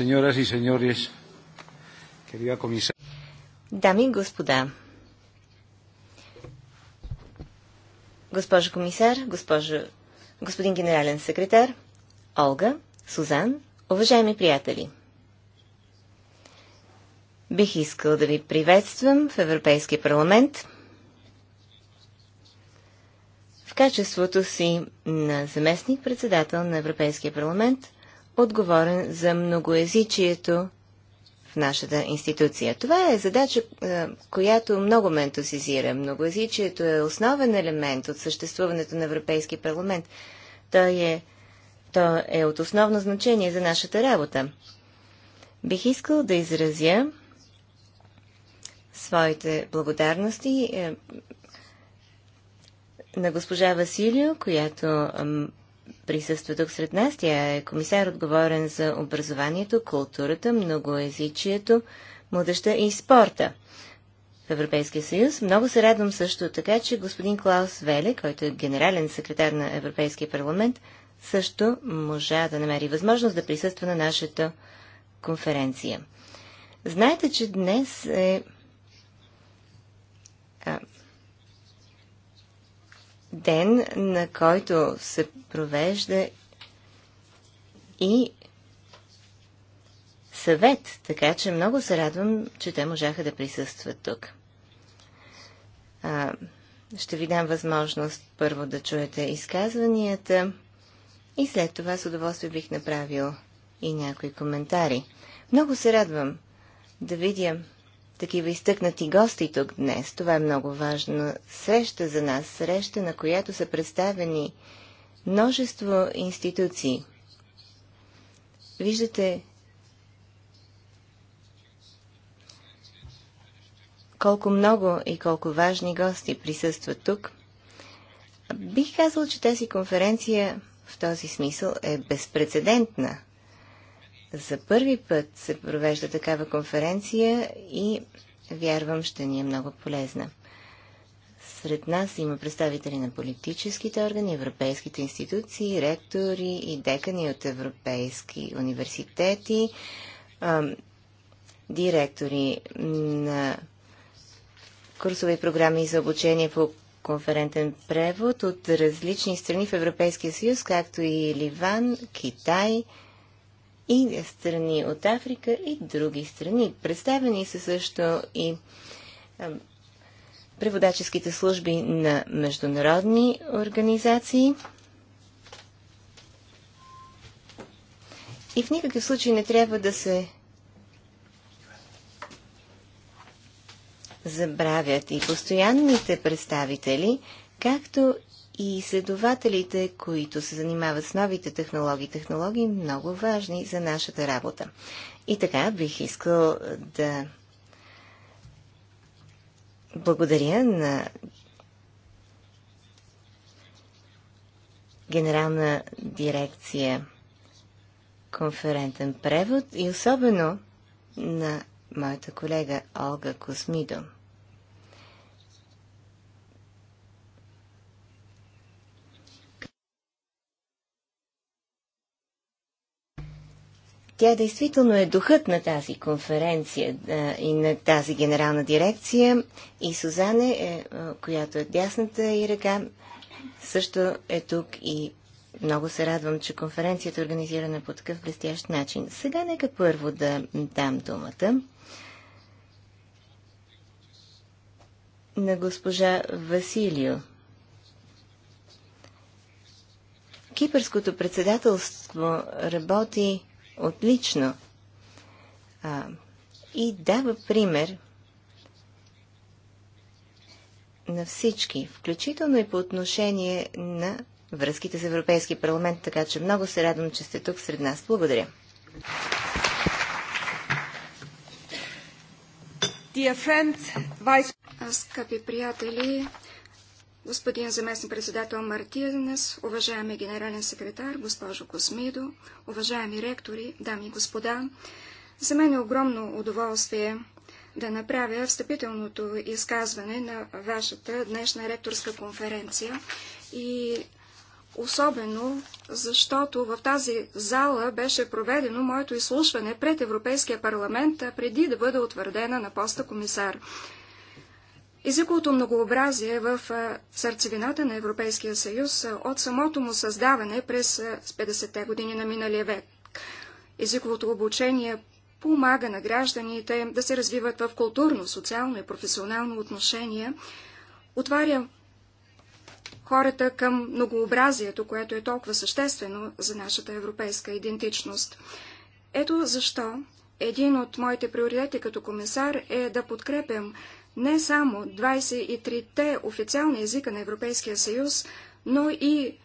Señoras y señores, querida Дами и господа, госпожо комисар, госпожо, господин генерален секретар, Олга, Сузан, уважаеми приятели. Бих искал да ви приветствам в Европейския парламент в качеството си на заместник-председател на Европейския парламент – отговорен за многоязичието в нашата институция. Това е задача, е, която много ме ентусизира. Многоязичието е основен елемент от съществуването на Европейски парламент. Той е, то е от основно значение за нашата работа. Бих искал да изразя своите благодарности е, на госпожа Василио, която присъства тук сред нас. Тя е комисар отговорен за образованието, културата, многоязичието, младеща и спорта в Европейския съюз. Много се радвам също така, че господин Клаус Веле, който е генерален секретар на Европейския парламент, също можа да намери възможност да присъства на нашата конференция. Знаете, че днес е ден, на който се провежда и съвет, така че много се радвам, че те можаха да присъстват тук. А, ще ви дам възможност първо да чуете изказванията и след това с удоволствие бих направил и някои коментари. Много се радвам да видя такива изтъкнати гости тук днес. Това е много важна среща за нас, среща, на която са представени множество институции. Виждате колко много и колко важни гости присъстват тук. Бих казал, че тази конференция в този смисъл е безпредседентна за първи път се провежда такава конференция и вярвам ще ни е много полезна. Сред нас има представители на политическите органи, европейските институции, ректори и декани от европейски университети, директори на курсове и програми за обучение по конферентен превод от различни страни в Европейския съюз, както и Ливан, Китай – и страни от Африка и други страни. Представени са също и преводаческите служби на международни организации. И в никакъв случай не трябва да се забравят и постоянните представители, както и изследователите, които се занимават с новите технологии. Технологии много важни за нашата работа. И така бих искал да благодаря на Генерална дирекция конферентен превод и особено на моята колега Олга Космидо. Тя действително е духът на тази конференция и на тази генерална дирекция. И Сузане, е, която е дясната и ръка, също е тук и много се радвам, че конференцията е организирана по такъв блестящ начин. Сега нека първо да дам думата на госпожа Василио. Кипърското председателство работи отлично а, и дава пример на всички, включително и по отношение на връзките с Европейски парламент, така че много се радвам, че сте тук сред нас. Благодаря. Скъпи приятели, господин заместник председател Мартинес, уважаеми генерален секретар, госпожо Космидо, уважаеми ректори, дами и господа, за мен е огромно удоволствие да направя встъпителното изказване на вашата днешна ректорска конференция и особено защото в тази зала беше проведено моето изслушване пред Европейския парламент, преди да бъда утвърдена на поста комисар. Езиковото многообразие в сърцевината на Европейския съюз от самото му създаване през 50-те години на миналия век. Езиковото обучение помага на гражданите да се развиват в културно, социално и професионално отношение, отваря хората към многообразието, което е толкова съществено за нашата европейска идентичност. Ето защо един от моите приоритети като комисар е да подкрепям не само 23-те официални езика на Европейския съюз, но и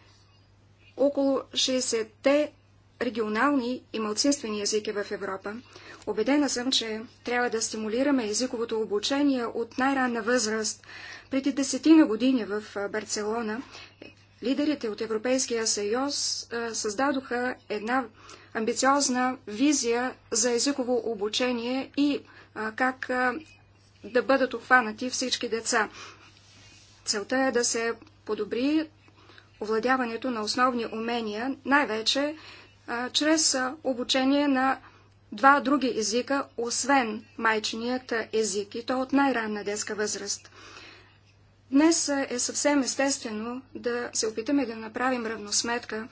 около 60-те регионални и малцинствени езики в Европа. Обедена съм, че трябва да стимулираме езиковото обучение от най-ранна възраст. Преди десетина години в Барселона лидерите от Европейския съюз създадоха една амбициозна визия за езиково обучение и как да бъдат обхванати всички деца. Целта е да се подобри овладяването на основни умения, най-вече чрез обучение на два други езика, освен майченият език, и то от най-ранна детска възраст. Днес е съвсем естествено да се опитаме да направим равносметка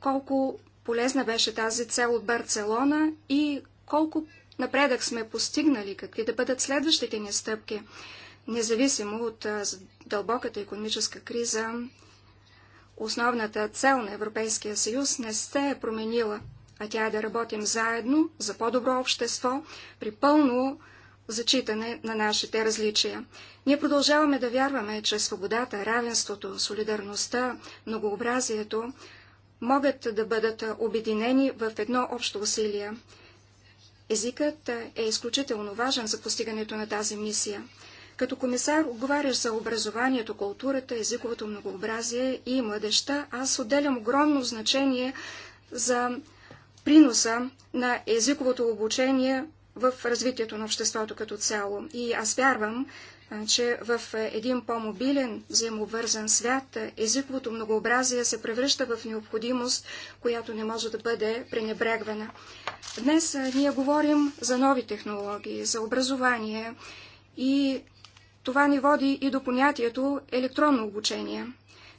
колко полезна беше тази цел от Барселона и колко напредък сме постигнали, какви да бъдат следващите ни стъпки. Независимо от дълбоката економическа криза, основната цел на Европейския съюз не се е променила, а тя е да работим заедно за по-добро общество при пълно зачитане на нашите различия. Ние продължаваме да вярваме, че свободата, равенството, солидарността, многообразието могат да бъдат обединени в едно общо усилие. Езикът е изключително важен за постигането на тази мисия. Като комисар отговаряш за образованието, културата, езиковото многообразие и младеща, аз отделям огромно значение за приноса на езиковото обучение в развитието на обществото като цяло. И аз вярвам, че в един по-мобилен, взаимовързан свят езиковото многообразие се превръща в необходимост, която не може да бъде пренебрегвана. Днес ние говорим за нови технологии, за образование и това ни води и до понятието електронно обучение.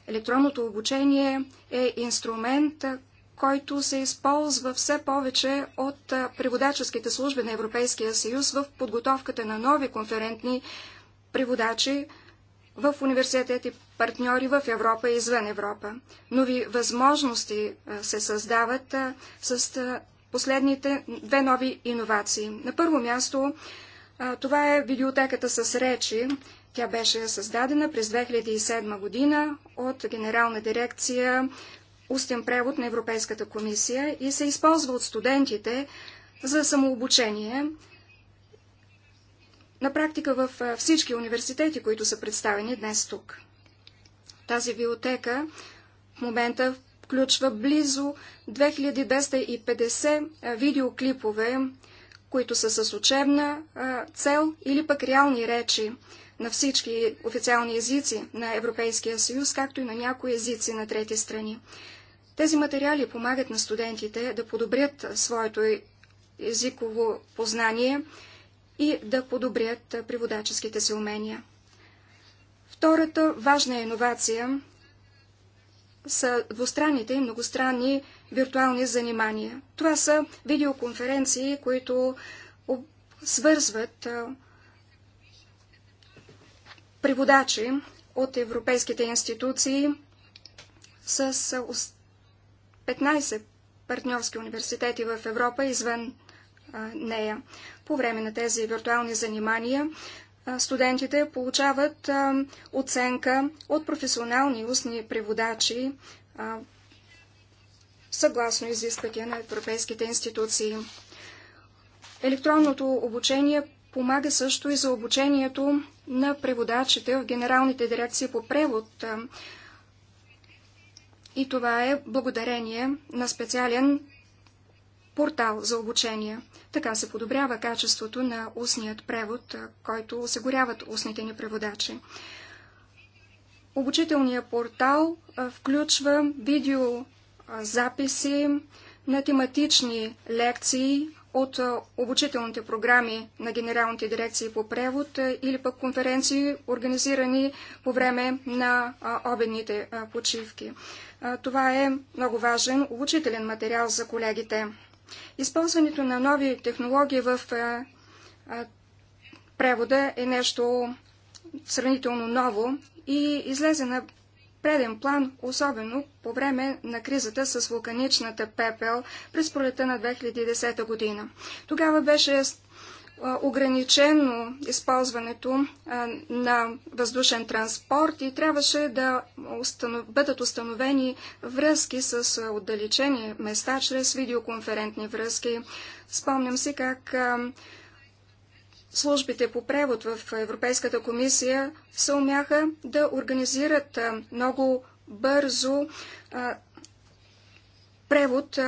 Електронното обучение е инструмент, който се използва все повече от преводаческите служби на Европейския съюз в подготовката на нови конферентни преводачи в университети, партньори в Европа и извън Европа. Нови възможности се създават с последните две нови иновации. На първо място това е видеотеката с речи. Тя беше създадена през 2007 година от Генерална дирекция Устен превод на Европейската комисия и се използва от студентите за самообучение, на практика в всички университети, които са представени днес тук. Тази биотека в момента включва близо 2250 видеоклипове, които са с учебна цел или пък реални речи на всички официални езици на Европейския съюз, както и на някои езици на трети страни. Тези материали помагат на студентите да подобрят своето езиково познание, и да подобрят приводаческите си умения. Втората важна иновация са двустранните и многостранни виртуални занимания. Това са видеоконференции, които свързват приводачи от европейските институции с 15 партньорски университети в Европа извън нея. По време на тези виртуални занимания студентите получават оценка от професионални устни преводачи съгласно изисквания на европейските институции. Електронното обучение помага също и за обучението на преводачите в генералните дирекции по превод. И това е благодарение на специален портал за обучение. Така се подобрява качеството на устният превод, който осигуряват устните ни преводачи. Обучителният портал включва видеозаписи на тематични лекции от обучителните програми на генералните дирекции по превод или пък конференции, организирани по време на обедните почивки. Това е много важен обучителен материал за колегите. Използването на нови технологии в а, а, превода е нещо сравнително ново и излезе на преден план, особено по време на кризата с вулканичната пепел през пролета на 2010 година. Тогава беше ограничено използването на въздушен транспорт и трябваше да бъдат установени връзки с отдалечени места чрез видеоконферентни връзки. Спомням си как службите по превод в Европейската комисия се умяха да организират много бързо превод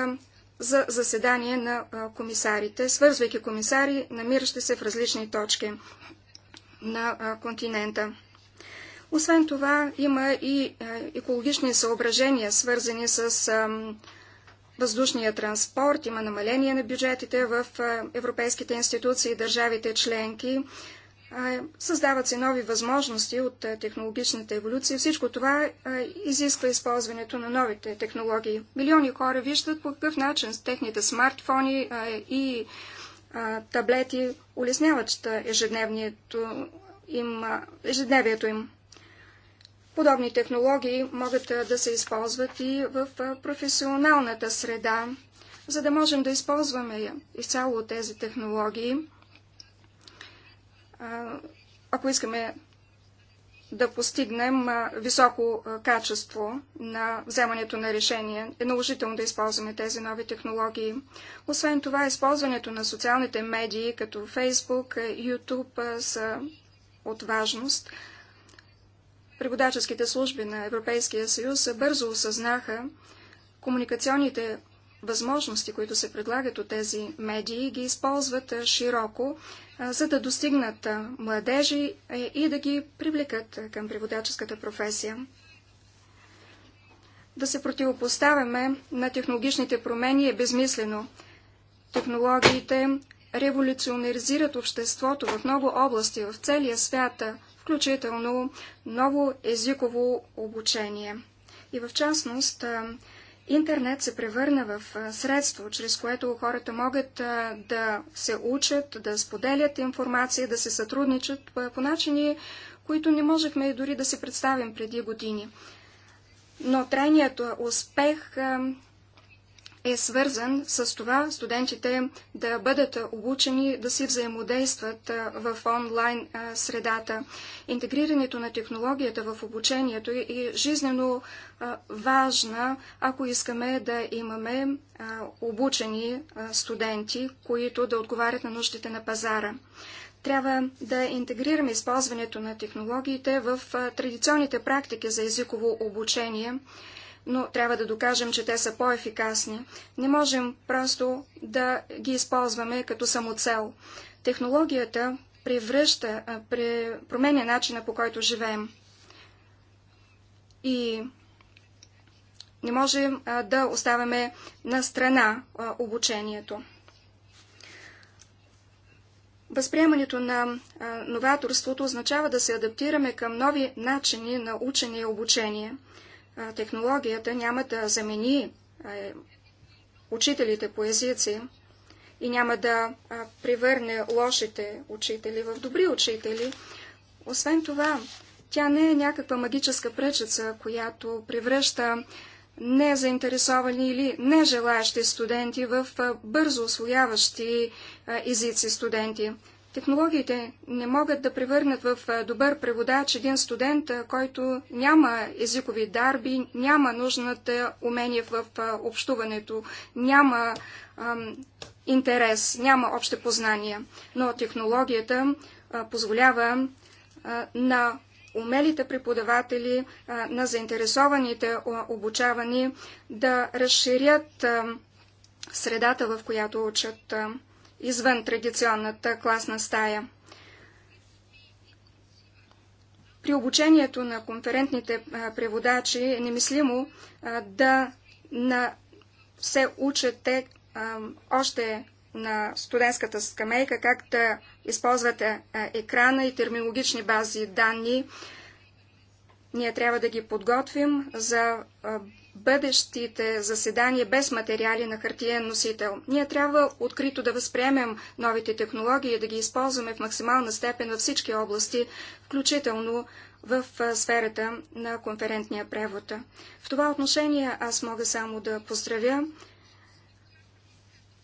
за заседание на комисарите, свързвайки комисари, намиращи се в различни точки на континента. Освен това, има и екологични съображения, свързани с въздушния транспорт, има намаление на бюджетите в европейските институции и държавите членки, Създават се нови възможности от технологичната еволюция. Всичко това изисква използването на новите технологии. Милиони хора виждат по какъв начин с техните смартфони и таблети улесняват ежедневието им. Ежедневието им. Подобни технологии могат да се използват и в професионалната среда. За да можем да използваме изцяло тези технологии, ако искаме да постигнем високо качество на вземането на решение, е наложително да използваме тези нови технологии. Освен това, използването на социалните медии, като Facebook, YouTube, са от важност. Преводаческите служби на Европейския съюз бързо осъзнаха комуникационните възможности, които се предлагат от тези медии, ги използват широко за да достигнат младежи е, и да ги привлекат към преводаческата професия. Да се противопоставяме на технологичните промени е безмислено. Технологиите революционеризират обществото в много области в целия свят, включително ново езиково обучение. И в частност, Интернет се превърна в средство, чрез което хората могат да се учат, да споделят информация, да се сътрудничат по начини, които не можехме и дори да се представим преди години. Но трайният успех е свързан с това студентите да бъдат обучени да си взаимодействат в онлайн средата. Интегрирането на технологията в обучението е, е жизнено важна, ако искаме да имаме обучени студенти, които да отговарят на нуждите на пазара трябва да интегрираме използването на технологиите в традиционните практики за езиково обучение, но трябва да докажем, че те са по-ефикасни. Не можем просто да ги използваме като самоцел. Технологията превръща, променя начина по който живеем. И не можем да оставяме на страна обучението. Възприемането на новаторството означава да се адаптираме към нови начини на учене и обучение – технологията няма да замени учителите по езици и няма да превърне лошите учители в добри учители. Освен това, тя не е някаква магическа пречица, която превръща незаинтересовани или нежелаящи студенти в бързо освояващи езици студенти. Технологиите не могат да превърнат в добър преводач един студент, който няма езикови дарби, няма нужната умение в общуването, няма ам, интерес, няма общи познания. Но технологията а, позволява а, на умелите преподаватели, а, на заинтересованите обучавани да разширят средата, в която учат извън традиционната класна стая. При обучението на конферентните преводачи е немислимо да на се учат те още на студентската скамейка как да използват екрана и терминологични бази данни. Ние трябва да ги подготвим за бъдещите заседания без материали на хартиен носител. Ние трябва открито да възприемем новите технологии и да ги използваме в максимална степен във всички области, включително в сферата на конферентния превод. В това отношение аз мога само да поздравя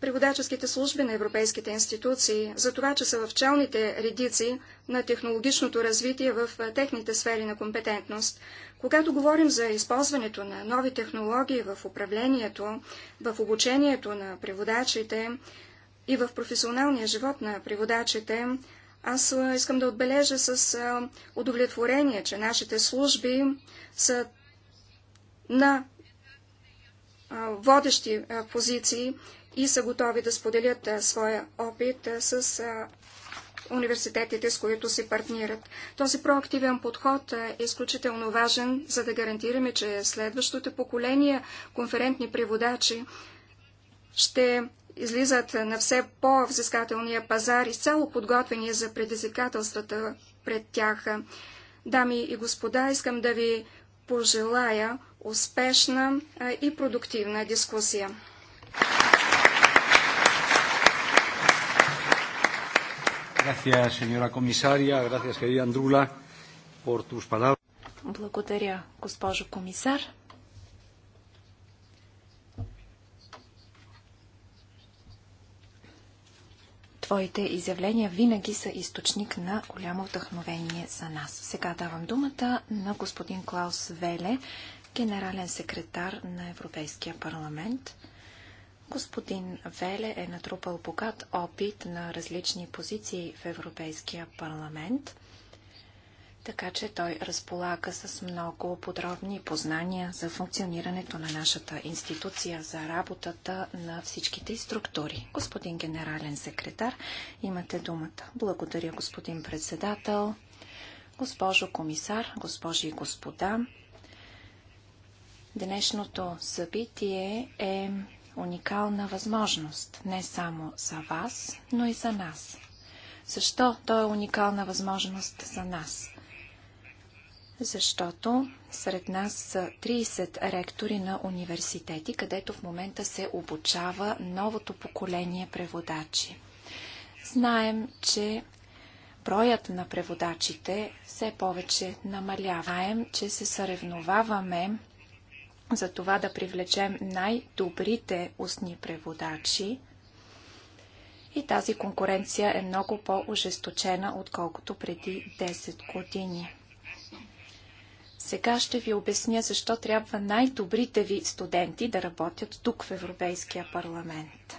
преводаческите служби на европейските институции, за това, че са в челните редици на технологичното развитие в техните сфери на компетентност. Когато говорим за използването на нови технологии в управлението, в обучението на преводачите и в професионалния живот на преводачите, аз искам да отбележа с удовлетворение, че нашите служби са на водещи позиции и са готови да споделят своя опит с университетите, с които си партнират. Този проактивен подход е изключително важен, за да гарантираме, че следващото поколение конферентни преводачи ще излизат на все по-взискателния пазар, и цяло подготвени за предизвикателствата пред тях. Дами и господа, искам да ви пожелая успешна и продуктивна дискусия. Gracias, señora Gracias, querida por tus palabras. Благодаря, госпожо комисар. Твоите изявления винаги са източник на голямо вдъхновение за нас. Сега давам думата на господин Клаус Веле, генерален секретар на Европейския парламент. Господин Веле е натрупал богат опит на различни позиции в Европейския парламент, така че той разполага с много подробни познания за функционирането на нашата институция, за работата на всичките структури. Господин генерален секретар, имате думата. Благодаря, господин председател, госпожо комисар, госпожи и господа. Днешното събитие е уникална възможност, не само за вас, но и за нас. Защо то е уникална възможност за нас? Защото сред нас са 30 ректори на университети, където в момента се обучава новото поколение преводачи. Знаем, че броят на преводачите все повече намалява. Знаем, че се съревноваваме за това да привлечем най-добрите устни преводачи. И тази конкуренция е много по-ожесточена, отколкото преди 10 години. Сега ще ви обясня защо трябва най-добрите ви студенти да работят тук в Европейския парламент.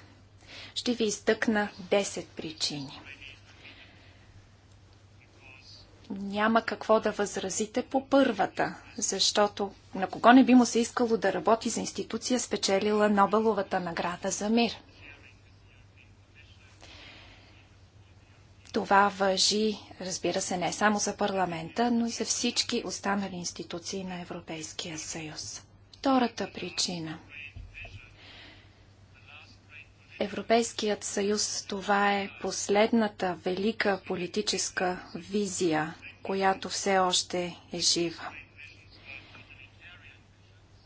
Ще ви изтъкна 10 причини няма какво да възразите по първата, защото на кого не би му се искало да работи за институция, спечелила Нобеловата награда за мир? Това въжи, разбира се, не само за парламента, но и за всички останали институции на Европейския съюз. Втората причина – Европейският съюз това е последната велика политическа визия, която все още е жива.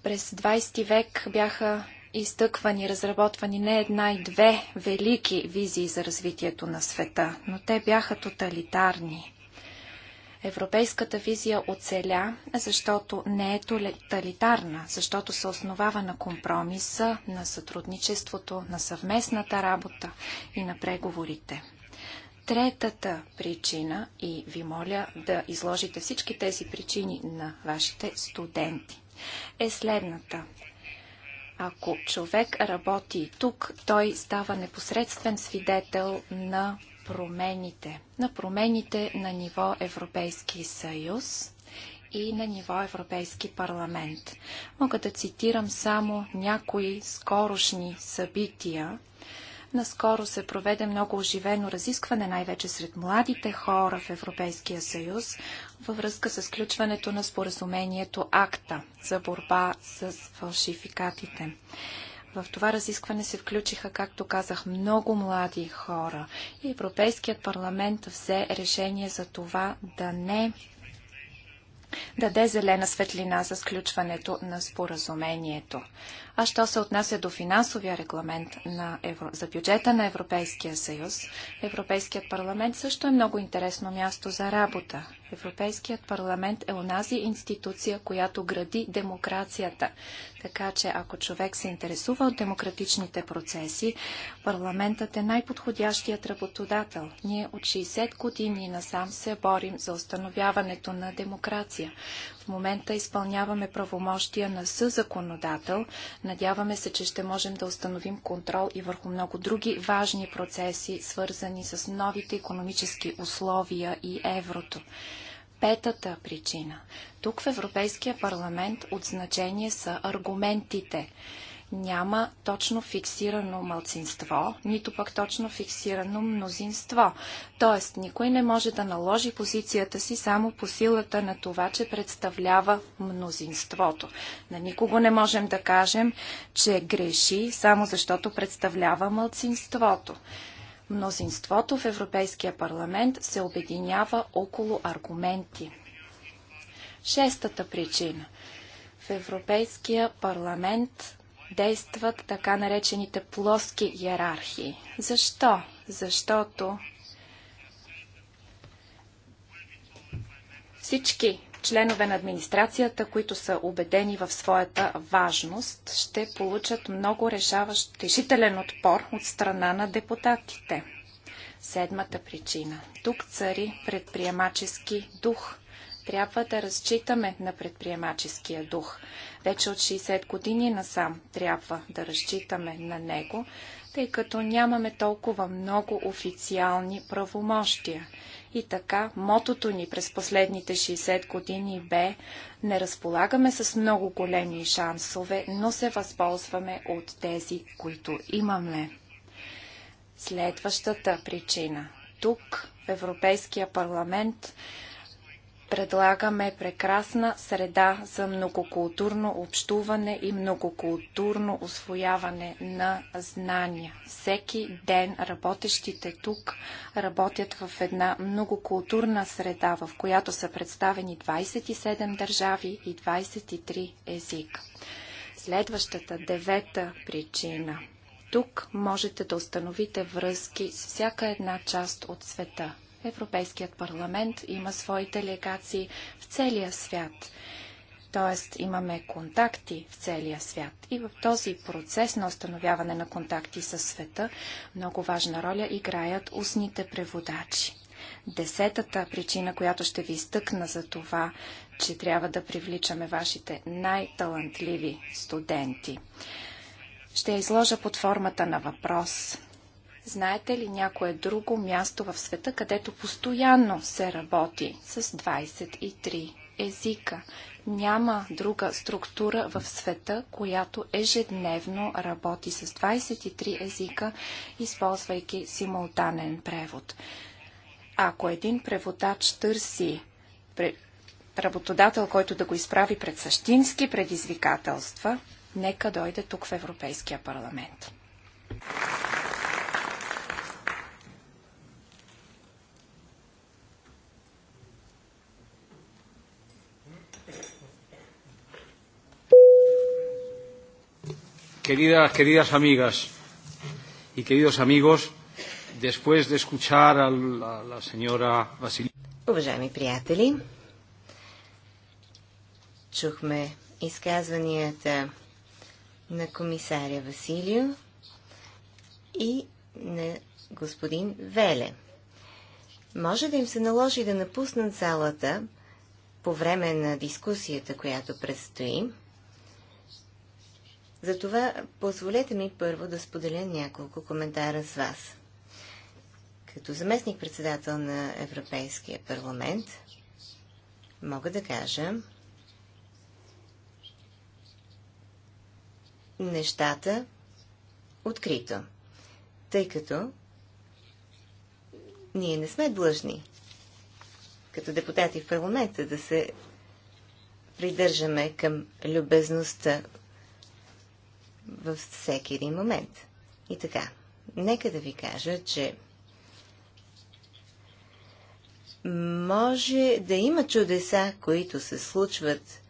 През 20 век бяха изтъквани, разработвани не една и две велики визии за развитието на света, но те бяха тоталитарни. Европейската визия оцеля, защото не е тоталитарна, защото се основава на компромиса, на сътрудничеството, на съвместната работа и на преговорите. Третата причина, и ви моля да изложите всички тези причини на вашите студенти, е следната. Ако човек работи тук, той става непосредствен свидетел на промените. На промените на ниво Европейски съюз и на ниво Европейски парламент. Мога да цитирам само някои скорошни събития. Наскоро се проведе много оживено разискване, най-вече сред младите хора в Европейския съюз, във връзка с включването на споразумението АКТА за борба с фалшификатите. В това разискване се включиха, както казах, много млади хора. И Европейският парламент взе решение за това да не даде зелена светлина за сключването на споразумението. А що се отнася до финансовия регламент на Евро... за бюджета на Европейския съюз, Европейският парламент също е много интересно място за работа. Европейският парламент е онази институция, която гради демокрацията. Така че ако човек се интересува от демократичните процеси, парламентът е най-подходящият работодател. Ние от 60 години насам се борим за установяването на демокрация. В момента изпълняваме правомощия на съзаконодател. Надяваме се, че ще можем да установим контрол и върху много други важни процеси, свързани с новите економически условия и еврото. Петата причина. Тук в Европейския парламент от значение са аргументите няма точно фиксирано мълцинство, нито пък точно фиксирано мнозинство. Тоест, никой не може да наложи позицията си само по силата на това, че представлява мнозинството. На никого не можем да кажем, че греши само защото представлява мълцинството. Мнозинството в Европейския парламент се обединява около аргументи. Шестата причина. В Европейския парламент действат така наречените плоски иерархии. Защо? Защото всички членове на администрацията, които са убедени в своята важност, ще получат много решаващ, решителен отпор от страна на депутатите. Седмата причина. Тук цари предприемачески дух – трябва да разчитаме на предприемаческия дух. Вече от 60 години насам трябва да разчитаме на него, тъй като нямаме толкова много официални правомощия. И така, мотото ни през последните 60 години бе не разполагаме с много големи шансове, но се възползваме от тези, които имаме. Следващата причина. Тук, в Европейския парламент, предлагаме прекрасна среда за многокултурно общуване и многокултурно освояване на знания. Всеки ден работещите тук работят в една многокултурна среда, в която са представени 27 държави и 23 езика. Следващата девета причина. Тук можете да установите връзки с всяка една част от света. Европейският парламент има свои делегации в целия свят. Тоест имаме контакти в целия свят. И в този процес на установяване на контакти с света много важна роля играят устните преводачи. Десетата причина, която ще ви изтъкна за това, че трябва да привличаме вашите най-талантливи студенти. Ще я изложа под формата на въпрос. Знаете ли някое друго място в света, където постоянно се работи с 23 езика? Няма друга структура в света, която ежедневно работи с 23 езика, използвайки симултанен превод. Ако един преводач търси работодател, който да го изправи пред същински предизвикателства, нека дойде тук в Европейския парламент. queridas, queridas amigas y queridos amigos, después de escuchar a la, a la señora Vasilieva. Уважаеми приятели, чухме изказванията на комисаря Василио и на господин Веле. Може да им се наложи да напуснат залата по време на дискусията, която предстои, затова позволете ми първо да споделя няколко коментара с вас. Като заместник-председател на Европейския парламент, мога да кажа нещата открито, тъй като ние не сме длъжни като депутати в парламента да се придържаме към любезността във всеки един момент. И така, нека да ви кажа, че може да има чудеса, които се случват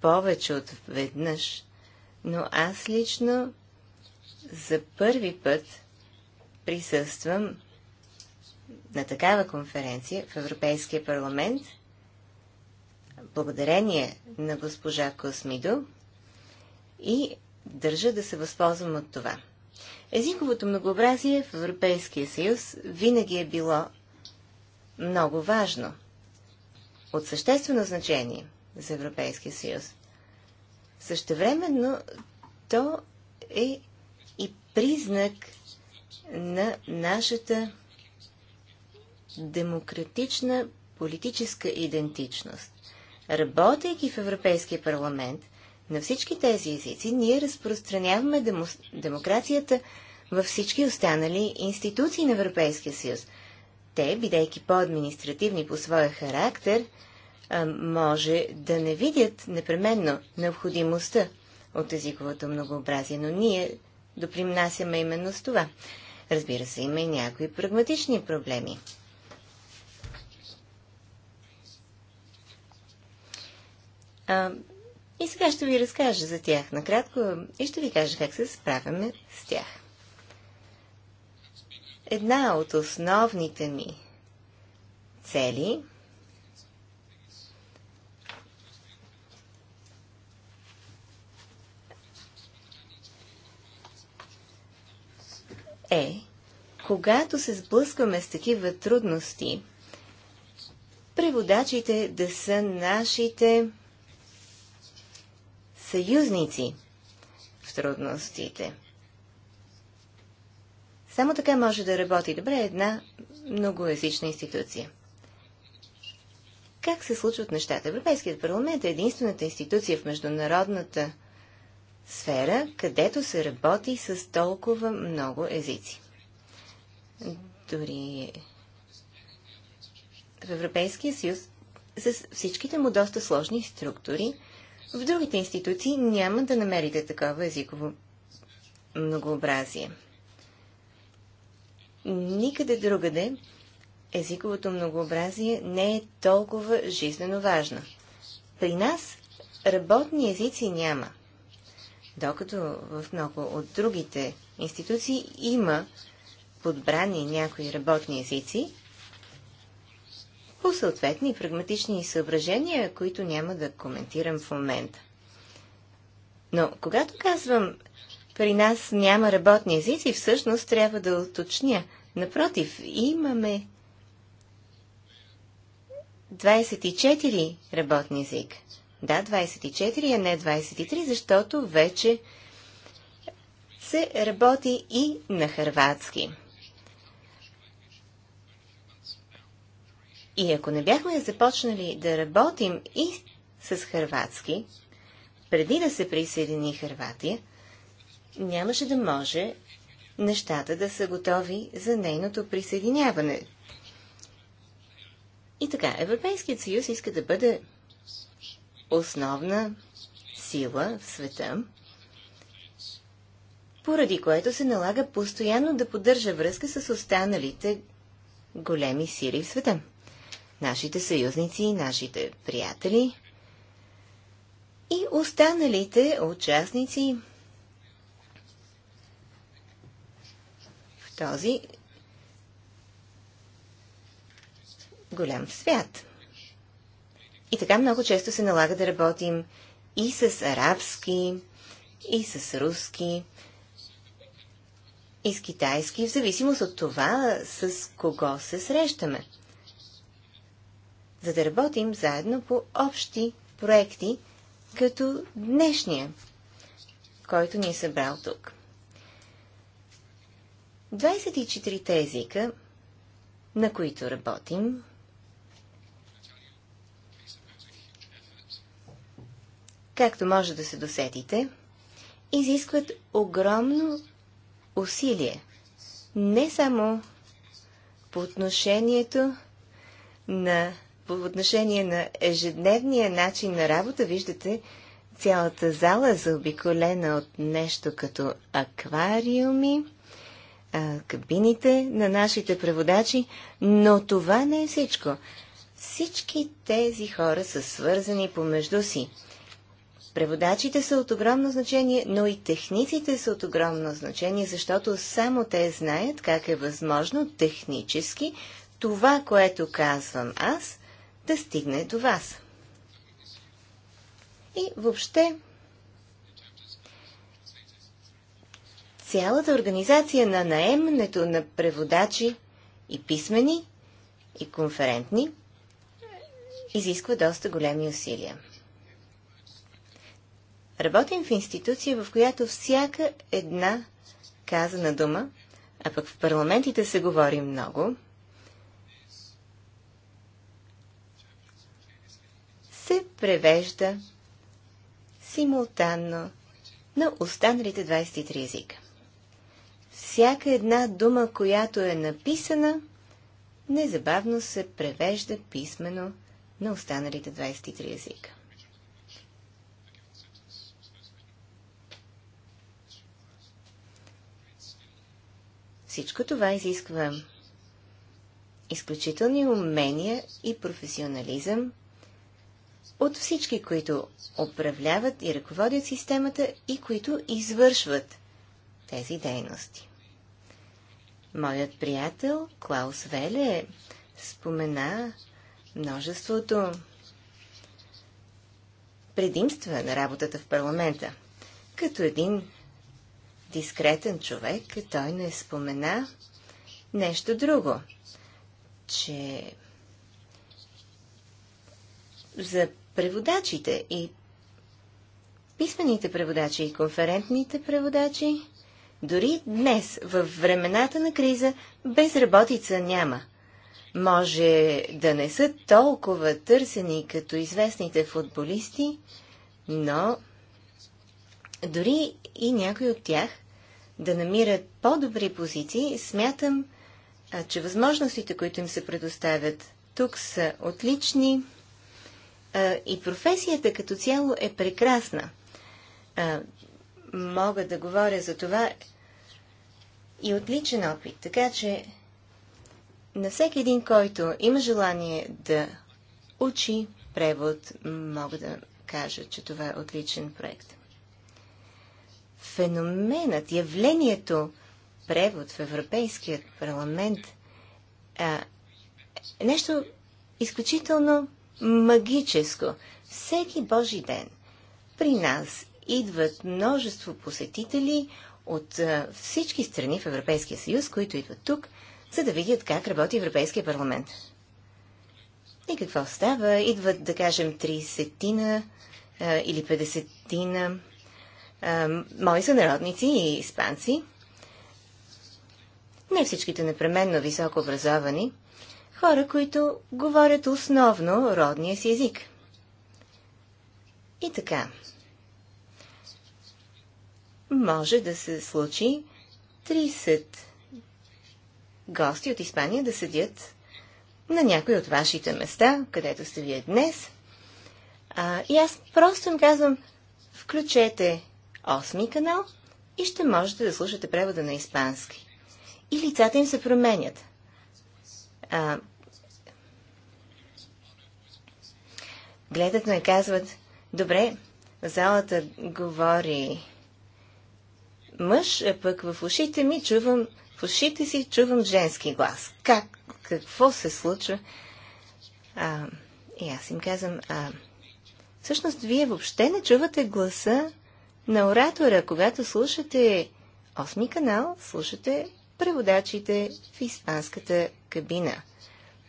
повече от веднъж, но аз лично за първи път присъствам на такава конференция в Европейския парламент, благодарение на госпожа Космидо и държа да се възползвам от това. Езиковото многообразие в Европейския съюз винаги е било много важно, от съществено значение за Европейския съюз. Същевременно то е и признак на нашата демократична политическа идентичност. Работейки в Европейския парламент, на всички тези езици, ние разпространяваме демо, демокрацията във всички останали институции на Европейския съюз. Те, бидейки по-административни по своя характер, може да не видят непременно необходимостта от езиковото многообразие, но ние допримнасяме именно с това. Разбира се, има и някои прагматични проблеми. А, и сега ще ви разкажа за тях накратко и ще ви кажа как се справяме с тях. Една от основните ми цели е, когато се сблъскваме с такива трудности, преводачите да са нашите съюзници в трудностите. Само така може да работи добре една многоязична институция. Как се случват нещата? Европейският парламент е единствената институция в международната сфера, където се работи с толкова много езици. Дори в Европейския съюз с всичките му доста сложни структури – в другите институции няма да намерите такова езиково многообразие. Никъде другаде езиковото многообразие не е толкова жизнено важно. При нас работни езици няма, докато в много от другите институции има подбрани някои работни езици, по съответни прагматични съображения, които няма да коментирам в момента. Но когато казвам при нас няма работни езици, всъщност трябва да уточня. Напротив, имаме 24 работни език. Да, 24, а не 23, защото вече се работи и на хърватски. И ако не бяхме започнали да работим и с хърватски, преди да се присъедини Хърватия, нямаше да може нещата да са готови за нейното присъединяване. И така, Европейският съюз иска да бъде основна сила в света, поради което се налага постоянно да поддържа връзка с останалите големи сили в света нашите съюзници и нашите приятели и останалите участници в този голям свят. И така много често се налага да работим и с арабски, и с руски, и с китайски, в зависимост от това с кого се срещаме за да работим заедно по общи проекти, като днешния, който ни е събрал тук. 24 езика, на които работим, както може да се досетите, изискват огромно усилие. Не само по отношението на по отношение на ежедневния начин на работа, виждате цялата зала заобиколена от нещо като аквариуми, кабините на нашите преводачи, но това не е всичко. Всички тези хора са свързани помежду си. Преводачите са от огромно значение, но и техниците са от огромно значение, защото само те знаят как е възможно технически това, което казвам аз, да стигне до вас. И въобще, цялата организация на наемането на преводачи и писмени, и конферентни изисква доста големи усилия. Работим в институция, в която всяка една казана дума, а пък в парламентите се говори много – се превежда симултанно на останалите 23 езика. Всяка една дума, която е написана, незабавно се превежда писменно на останалите 23 езика. Всичко това изисква изключителни умения и професионализъм – от всички, които управляват и ръководят системата и които извършват тези дейности. Моят приятел Клаус Веле спомена множеството предимства на работата в парламента. Като един дискретен човек, той не спомена нещо друго, че за преводачите и писмените преводачи и конферентните преводачи. Дори днес, в времената на криза, безработица няма. Може да не са толкова търсени като известните футболисти, но дори и някой от тях да намират по-добри позиции, смятам, че възможностите, които им се предоставят тук, са отлични и професията като цяло е прекрасна. Мога да говоря за това и отличен опит, така че на всеки един, който има желание да учи превод, мога да кажа, че това е отличен проект. Феноменът, явлението превод в Европейският парламент е нещо изключително магическо. Всеки Божи ден при нас идват множество посетители от всички страни в Европейския съюз, които идват тук, за да видят как работи Европейския парламент. И какво става? Идват, да кажем, 30-тина или 50-тина мои сънародници и испанци. Не всичките непременно високо образовани, хора, които говорят основно родния си език. И така. Може да се случи 30 гости от Испания да седят на някои от вашите места, където сте вие днес. А, и аз просто им казвам, включете осми канал и ще можете да слушате превода на испански. И лицата им се променят а, гледат ме и казват, добре, в залата говори мъж, а пък в ушите ми чувам, в ушите си чувам женски глас. Как, какво се случва? А, и аз им казвам, а, всъщност вие въобще не чувате гласа на оратора. Когато слушате осми канал, слушате преводачите в испанската кабина.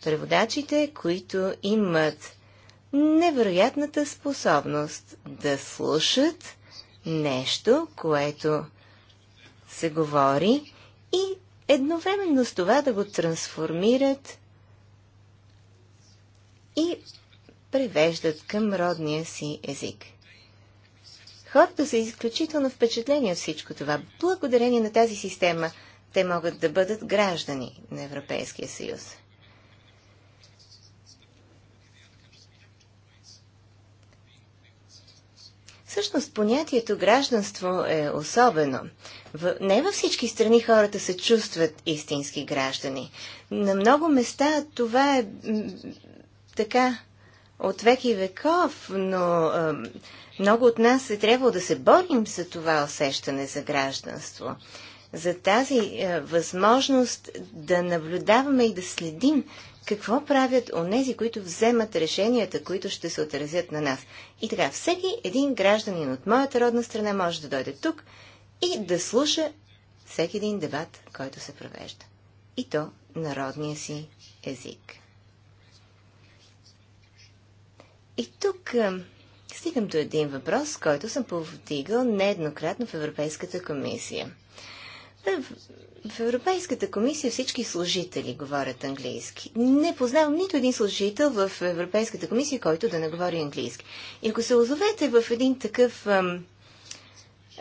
Преводачите, които имат невероятната способност да слушат нещо, което се говори и едновременно с това да го трансформират и превеждат към родния си език. Хората са изключително впечатлени от всичко това, благодарение на тази система – те могат да бъдат граждани на Европейския съюз. Всъщност понятието гражданство е особено. В... Не във всички страни хората се чувстват истински граждани. На много места това е така от веки веков, но е, много от нас е трябвало да се борим за това усещане за гражданство за тази е, възможност да наблюдаваме и да следим какво правят онези, които вземат решенията, които ще се отразят на нас. И така, всеки един гражданин от моята родна страна може да дойде тук и да слуша всеки един дебат, който се провежда. И то народния си език. И тук е, стигам до един въпрос, който съм повдигал нееднократно в Европейската комисия. Е, в Европейската комисия всички служители говорят английски. Не познавам нито един служител в Европейската комисия, който да не говори английски. И ако се озовете в един такъв ам,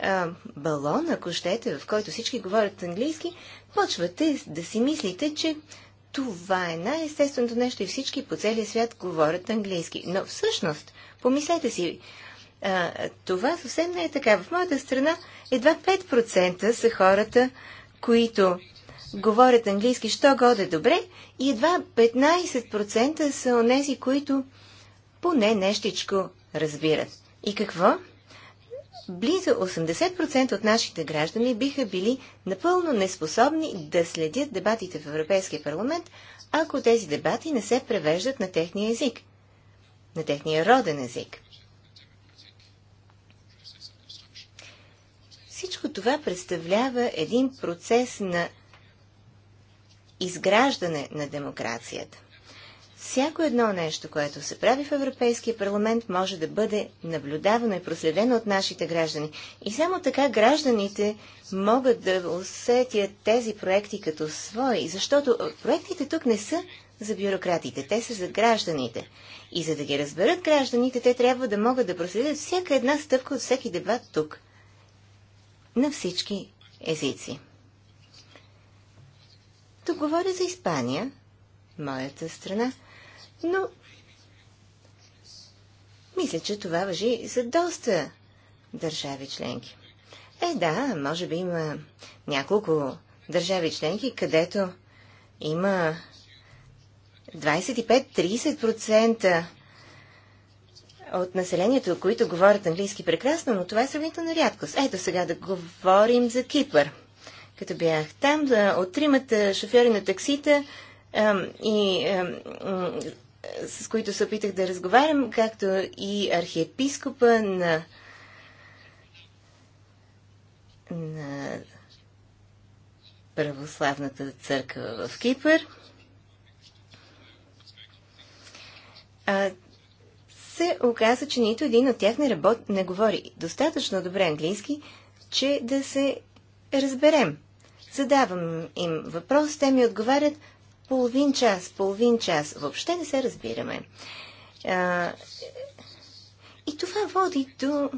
ам, балон, ако щете, в който всички говорят английски, почвате да си мислите, че това е най-естественото нещо и всички по целия свят говорят английски. Но всъщност, помислете си, а, това съвсем не е така. В моята страна едва 5% са хората, които говорят английски, що годе добре, и едва 15% са онези, които поне нещичко разбират. И какво? Близо 80% от нашите граждани биха били напълно неспособни да следят дебатите в Европейския парламент, ако тези дебати не се превеждат на техния език, на техния роден език. Всичко това представлява един процес на изграждане на демокрацията. Всяко едно нещо, което се прави в Европейския парламент, може да бъде наблюдавано и проследено от нашите граждани. И само така гражданите могат да усетят тези проекти като свои, защото проектите тук не са за бюрократите, те са за гражданите. И за да ги разберат гражданите, те трябва да могат да проследят всяка една стъпка от всеки дебат тук на всички езици. Тук говоря за Испания, моята страна, но мисля, че това въжи за доста държави членки. Е, да, може би има няколко държави членки, където има 25-30% от населението, които говорят английски прекрасно, но това е сравнително рядкост. Ето сега да говорим за Кипър. Като бях там, да, от тримата шофьори на таксита ам, и ам, с които се опитах да разговарям, както и архиепископа на, на православната църква в Кипър. А, се оказа, че нито един от тях не, работ... не говори достатъчно добре английски, че да се разберем. Задавам им въпрос, те ми отговарят половин час, половин час. Въобще не се разбираме. А, и това води до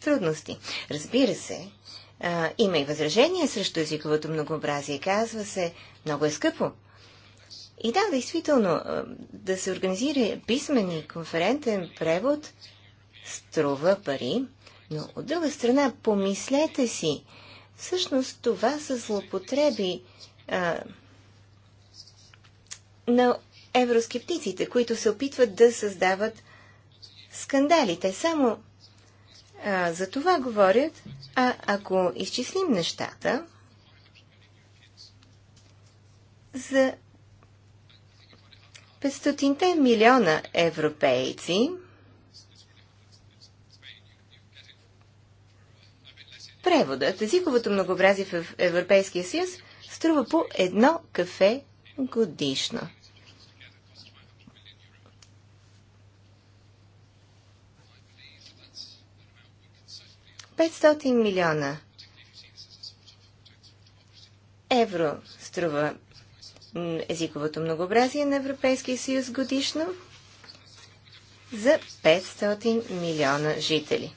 трудности. Разбира се, а, има и възражения срещу езиковото многообразие. Казва се, много е скъпо. И да, действително, да се организира писмен и конферентен превод струва пари, но от друга страна, помислете си, всъщност това са злопотреби а, на евроскептиците, които се опитват да създават скандалите. Само а, за това говорят, а ако изчислим нещата, за 500 милиона европейци преводът, езиковото многообразие в Европейския съюз струва по едно кафе годишно. Петстотин милиона евро струва езиковото многообразие на Европейския съюз годишно за 500 милиона жители.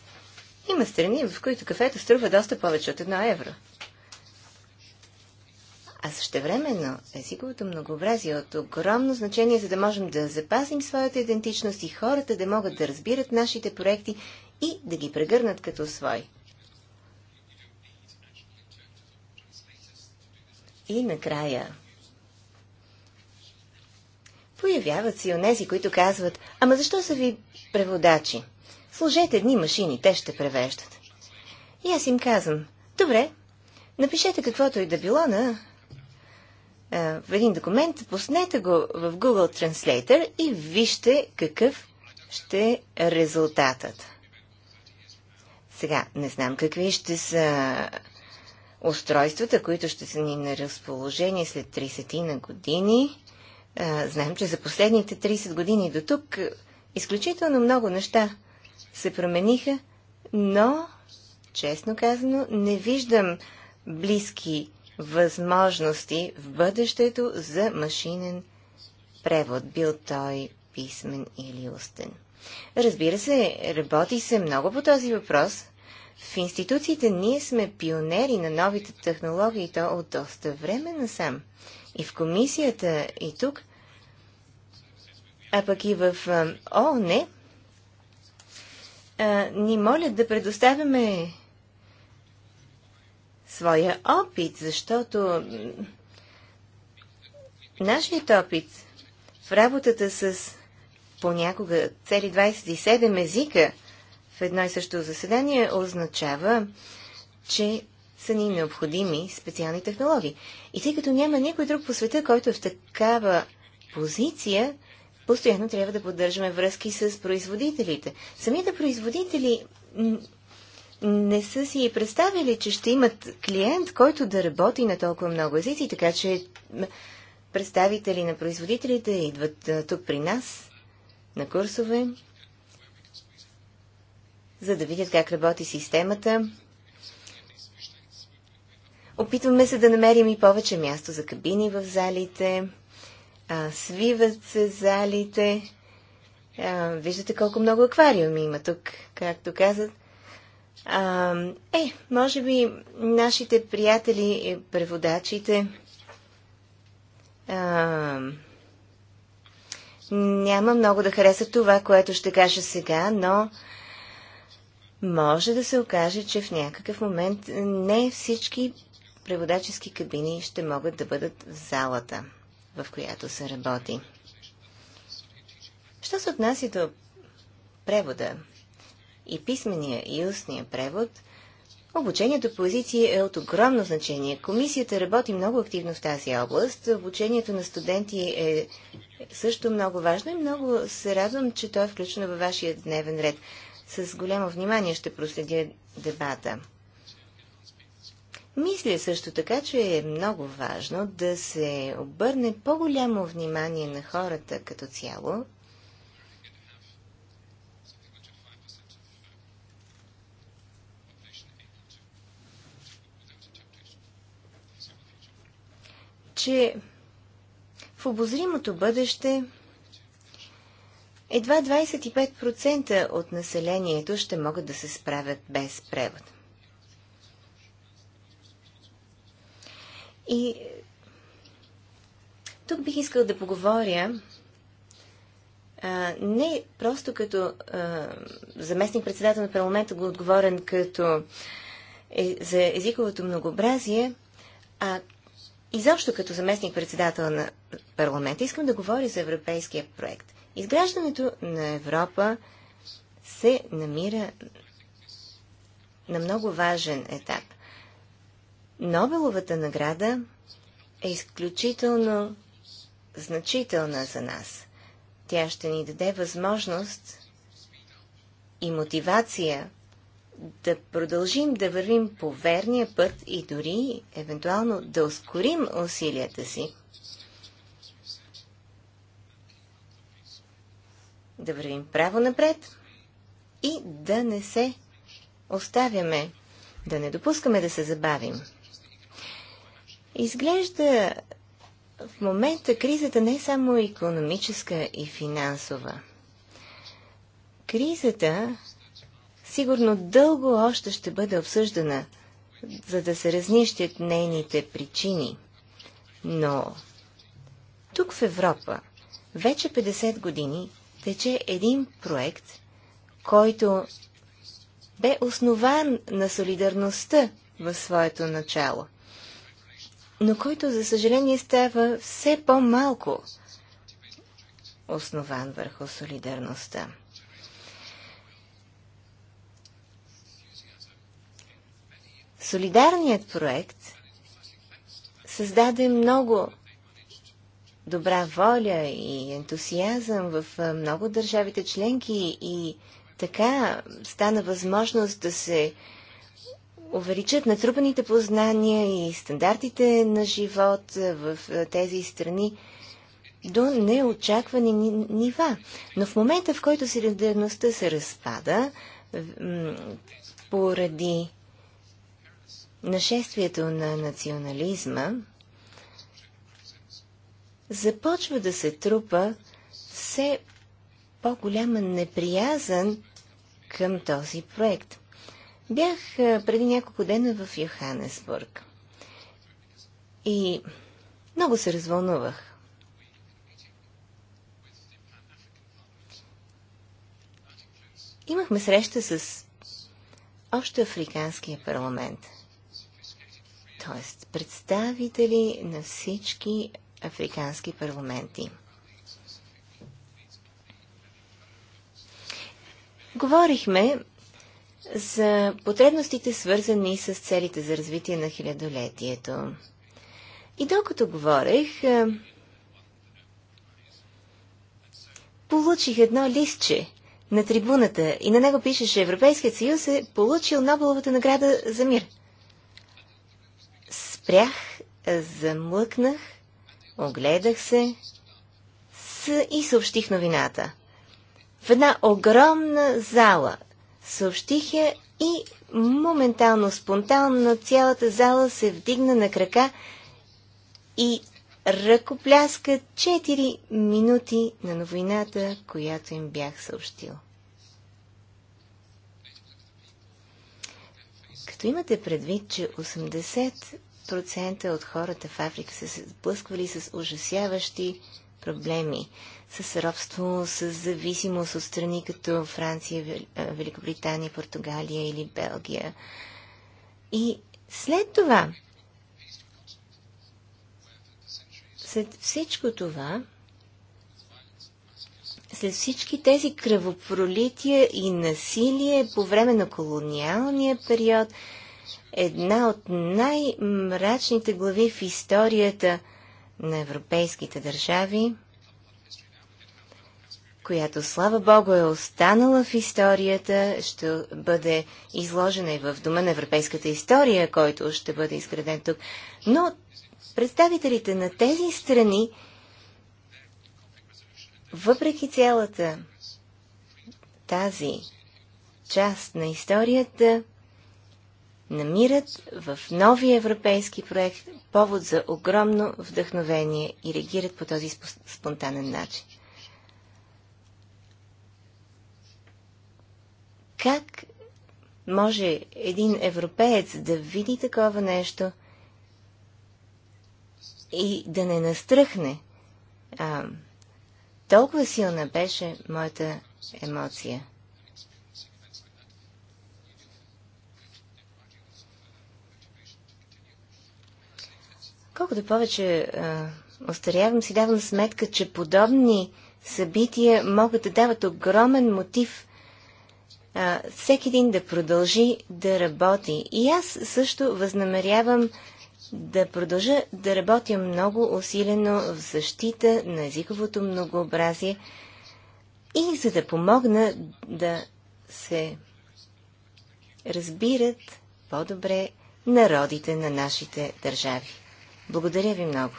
Има страни, в които кафето струва доста повече от 1 евро. А същевременно езиковото многообразие е от огромно значение, за да можем да запазим своята идентичност и хората да могат да разбират нашите проекти и да ги прегърнат като свои. И накрая, Появяват се и онези, които казват, ама защо са ви преводачи? Служете едни машини, те ще превеждат. И аз им казвам, добре, напишете каквото и да било на в един документ, пуснете го в Google Translator и вижте какъв ще е резултатът. Сега, не знам какви ще са устройствата, които ще са ни на разположение след 30 на години. Знаем, че за последните 30 години до тук изключително много неща се промениха, но, честно казано, не виждам близки възможности в бъдещето за машинен превод, бил той писмен или устен. Разбира се, работи се много по този въпрос. В институциите ние сме пионери на новите технологии, то от доста време насам. сам и в комисията, и тук, а пък и в ООН, ни молят да предоставяме своя опит, защото нашият опит в работата с понякога цели 27 езика в едно и също заседание означава, че са ни необходими специални технологии. И тъй като няма никой друг по света, който е в такава позиция, постоянно трябва да поддържаме връзки с производителите. Самите производители не са си представили, че ще имат клиент, който да работи на толкова много езици, така че представители на производителите идват тук при нас на курсове, за да видят как работи системата, Опитваме се да намерим и повече място за кабини в залите. А, свиват се залите. А, виждате колко много аквариуми има тук, както казат. А, е, може би нашите приятели, преводачите, а, няма много да харесат това, което ще кажа сега, но може да се окаже, че в някакъв момент не всички преводачески кабини ще могат да бъдат в залата, в която се работи. Що се отнася до превода и писмения и устния превод, обучението по езици е от огромно значение. Комисията работи много активно в тази област. Обучението на студенти е също много важно и много се радвам, че то е включено във вашия дневен ред. С голямо внимание ще проследя дебата. Мисля също така, че е много важно да се обърне по-голямо внимание на хората като цяло. че в обозримото бъдеще едва 25% от населението ще могат да се справят без превод. И тук бих искал да поговоря а, не просто като а, заместник председател на парламента го отговорен като е, за езиковото многообразие, а изобщо като заместник председател на парламента искам да говоря за европейския проект. Изграждането на Европа се намира на много важен етап. Нобеловата награда е изключително значителна за нас. Тя ще ни даде възможност и мотивация да продължим да вървим по верния път и дори евентуално да ускорим усилията си. Да вървим право напред и да не се оставяме, да не допускаме да се забавим. Изглежда в момента кризата не е само економическа и финансова. Кризата сигурно дълго още ще бъде обсъждана, за да се разнищят нейните причини. Но тук в Европа вече 50 години тече един проект, който бе основан на солидарността в своето начало – но който, за съжаление, става все по-малко основан върху солидарността. Солидарният проект създаде много добра воля и ентусиазъм в много държавите членки и така стана възможност да се увеличат натрупаните познания и стандартите на живот в тези страни до неочаквани нива. Но в момента, в който солидарността се разпада поради нашествието на национализма, започва да се трупа все по-голяма неприязан към този проект. Бях преди няколко дена в Йоханесбург и много се развълнувах. Имахме среща с още Африканския парламент, т.е. представители на всички африкански парламенти. Говорихме за потребностите, свързани с целите за развитие на хилядолетието. И докато говорех, получих едно листче на трибуната и на него пишеше Европейският съюз е получил Нобеловата награда за мир. Спрях, замлъкнах, огледах се и съобщих новината. В една огромна зала Съобщих я и моментално, спонтанно цялата зала се вдигна на крака и ръкопляска 4 минути на новината, която им бях съобщил. Като имате предвид, че 80% от хората в Африка са се сблъсквали с ужасяващи проблеми с робство, с зависимост от страни като Франция, Великобритания, Португалия или Белгия. И след това, след всичко това, след всички тези кръвопролития и насилие по време на колониалния период, една от най-мрачните глави в историята – на европейските държави, която, слава Богу, е останала в историята, ще бъде изложена и в Дома на европейската история, който ще бъде изграден тук. Но представителите на тези страни, въпреки цялата тази част на историята, намират в новия европейски проект повод за огромно вдъхновение и реагират по този спонтанен начин. Как може един европеец да види такова нещо и да не настръхне? А, толкова силна беше моята емоция. Колкото повече остарявам, си давам сметка, че подобни събития могат да дават огромен мотив а, всеки един да продължи да работи. И аз също възнамерявам да продължа да работя много усилено в защита на езиковото многообразие и за да помогна да се разбират по-добре народите на нашите държави. Благодаря ви много.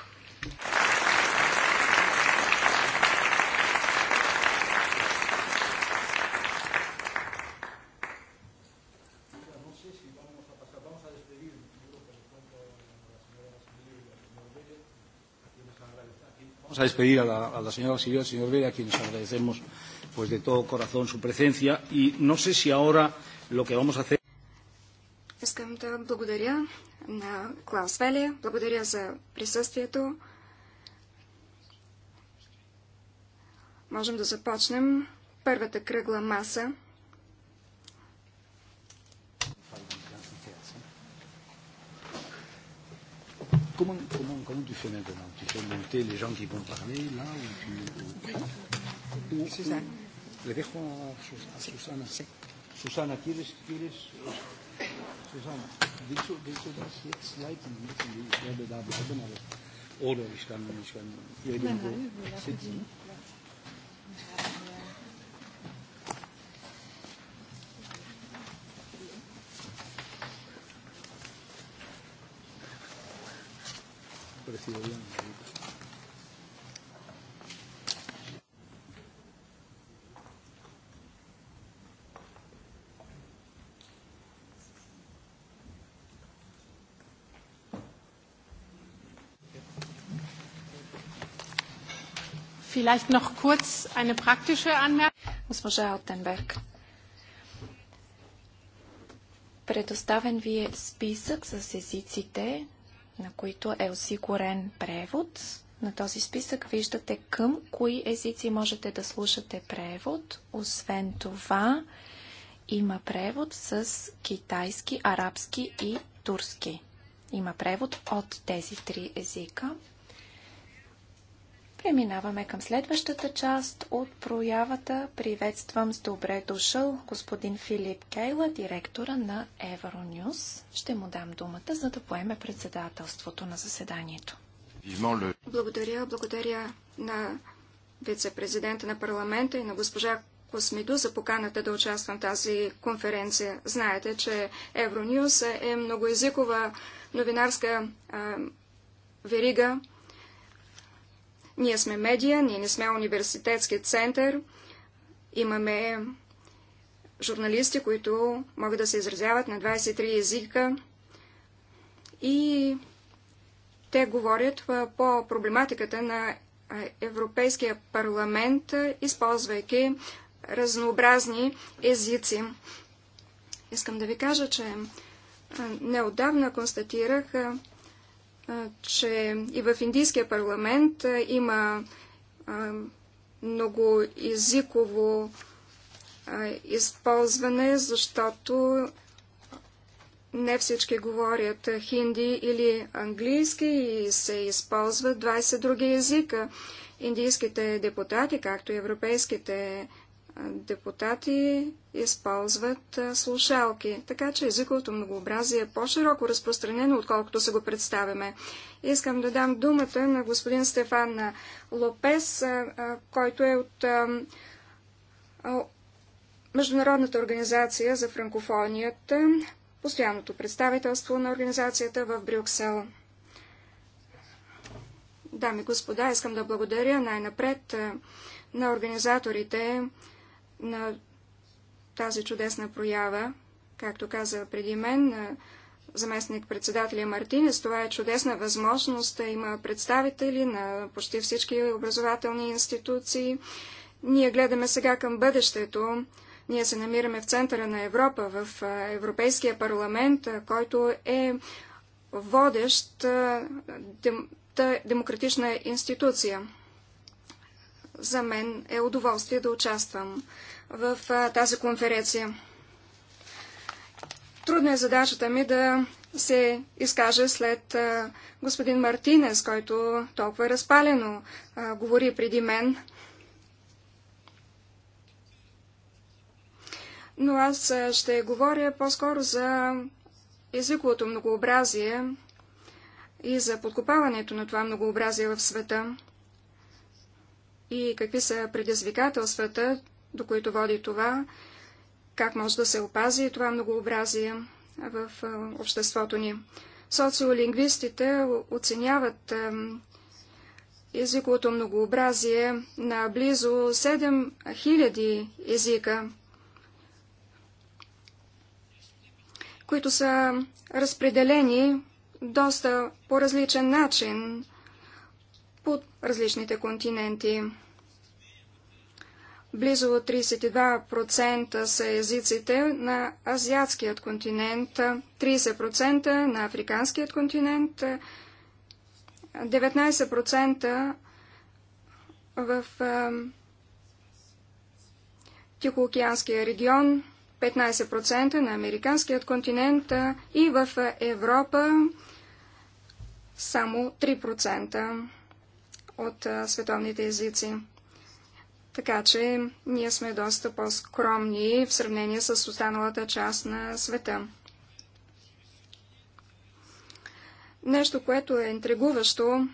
Vamos a despedir a la, a la señora auxiliar, al señor Vera, a quienes agradecemos pues, de todo corazón su presencia. Y no sé si ahora lo que vamos a hacer. Искам да благодаря на Клаус Веле, благодаря за присъствието. Можем да започнем първата кръгла маса. Comment, comment, comment tu fais maintenant Tu fais monter les gens qui vont parler là ou tu... Ou, Suzanne. Le dejo a, Sus a Susana. Sí. Susana, ¿quieres, quieres Susanne, willst du, willst du das jetzt leiten? Ich werde da bleiben, aber, oder ich kann, ich kann irgendwo nein, nein, sitzen. Prefiero Vielleicht noch kurz eine praktische Anmerkung. Госпожа Алтенберг, предоставен ви е списък с езиците, на които е осигурен превод. На този списък виждате към кои езици можете да слушате превод. Освен това, има превод с китайски, арабски и турски. Има превод от тези три езика. Преминаваме към следващата част от проявата. Приветствам с добре дошъл господин Филип Кейла, директора на Евронюс. Ще му дам думата, за да поеме председателството на заседанието. Благодаря, благодаря на вице-президента на парламента и на госпожа Космиду за поканата да участвам в тази конференция. Знаете, че Евронюс е многоязикова новинарска а, верига, ние сме медия, ние не сме университетски център, имаме журналисти, които могат да се изразяват на 23 езика и те говорят по проблематиката на Европейския парламент, използвайки разнообразни езици. Искам да ви кажа, че неодавна констатирах, че и в Индийския парламент има много езиково използване, защото не всички говорят хинди или английски и се използват 20 други езика. Индийските депутати, както и европейските депутати, депутати използват слушалки, така че езиковото многообразие е по-широко разпространено, отколкото се го представяме. Искам да дам думата на господин Стефан Лопес, който е от Международната организация за франкофонията, постоянното представителство на организацията в Брюксел. Дами и господа, искам да благодаря най-напред на организаторите на тази чудесна проява, както каза преди мен заместник председателя Мартинес, това е чудесна възможност. да Има представители на почти всички образователни институции. Ние гледаме сега към бъдещето. Ние се намираме в центъра на Европа, в Европейския парламент, който е водещ демократична институция. За мен е удоволствие да участвам в тази конференция. Трудна е задачата ми да се изкаже след господин Мартинес, който толкова е разпалено говори преди мен. Но аз ще говоря по-скоро за езиковото многообразие и за подкопаването на това многообразие в света и какви са предизвикателствата, до които води това, как може да се опази това многообразие в обществото ни. Социолингвистите оценяват езиковото многообразие на близо 7000 езика, които са разпределени доста по различен начин под различните континенти. Близо 32% са езиците на азиатският континент, 30% на африканският континент, 19% в Тихоокеанския регион, 15% на американският континент и в Европа само 3% от световните езици. Така че ние сме доста по-скромни в сравнение с останалата част на света. Нещо, което е интригуващо,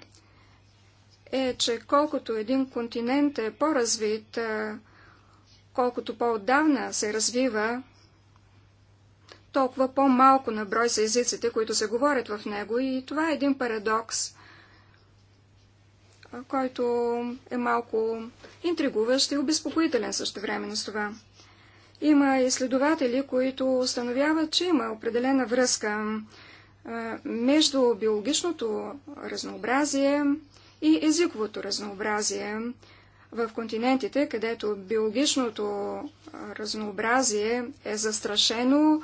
е, че колкото един континент е по-развит, е, колкото по-отдавна се развива, толкова по-малко на брой са езиците, които се говорят в него и това е един парадокс който е малко интригуващ и обезпокоителен също време с това. Има изследователи, които установяват, че има определена връзка между биологичното разнообразие и езиковото разнообразие в континентите, където биологичното разнообразие е застрашено,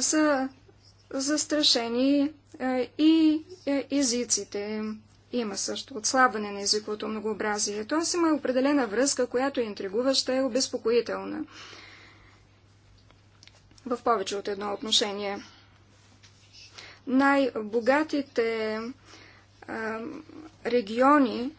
са застрашени и е, езиците, има също отслабване на езиковото многообразие. Тоест има определена връзка, която е интригуваща и е обезпокоителна в повече от едно отношение. Най-богатите региони,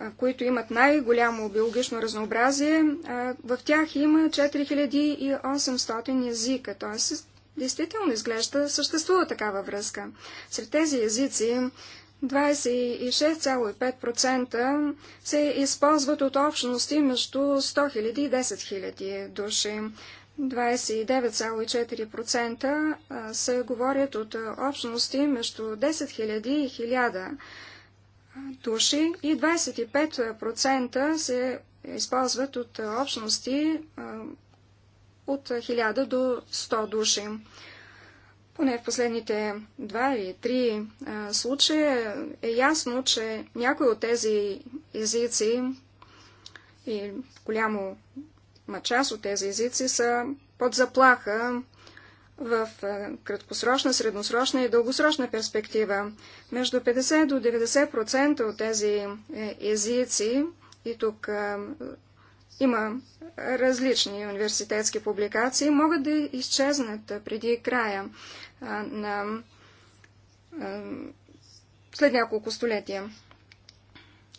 а, които имат най-голямо биологично разнообразие, а, в тях има 4800 езика, т.е. действително изглежда съществува такава връзка. Сред тези езици 26,5% се използват от общности между 100 000 и 10 000 души. 29,4% се говорят от общности между 10 000 и 1000 души и 25% се използват от общности от 1000 до 100 души. Поне в последните два или три а, случая е ясно, че някои от тези езици и голямо част от тези езици са под заплаха в краткосрочна, средносрочна и дългосрочна перспектива. Между 50 до 90% от тези е, езици, и тук а, има различни университетски публикации, могат да изчезнат преди края на след няколко столетия.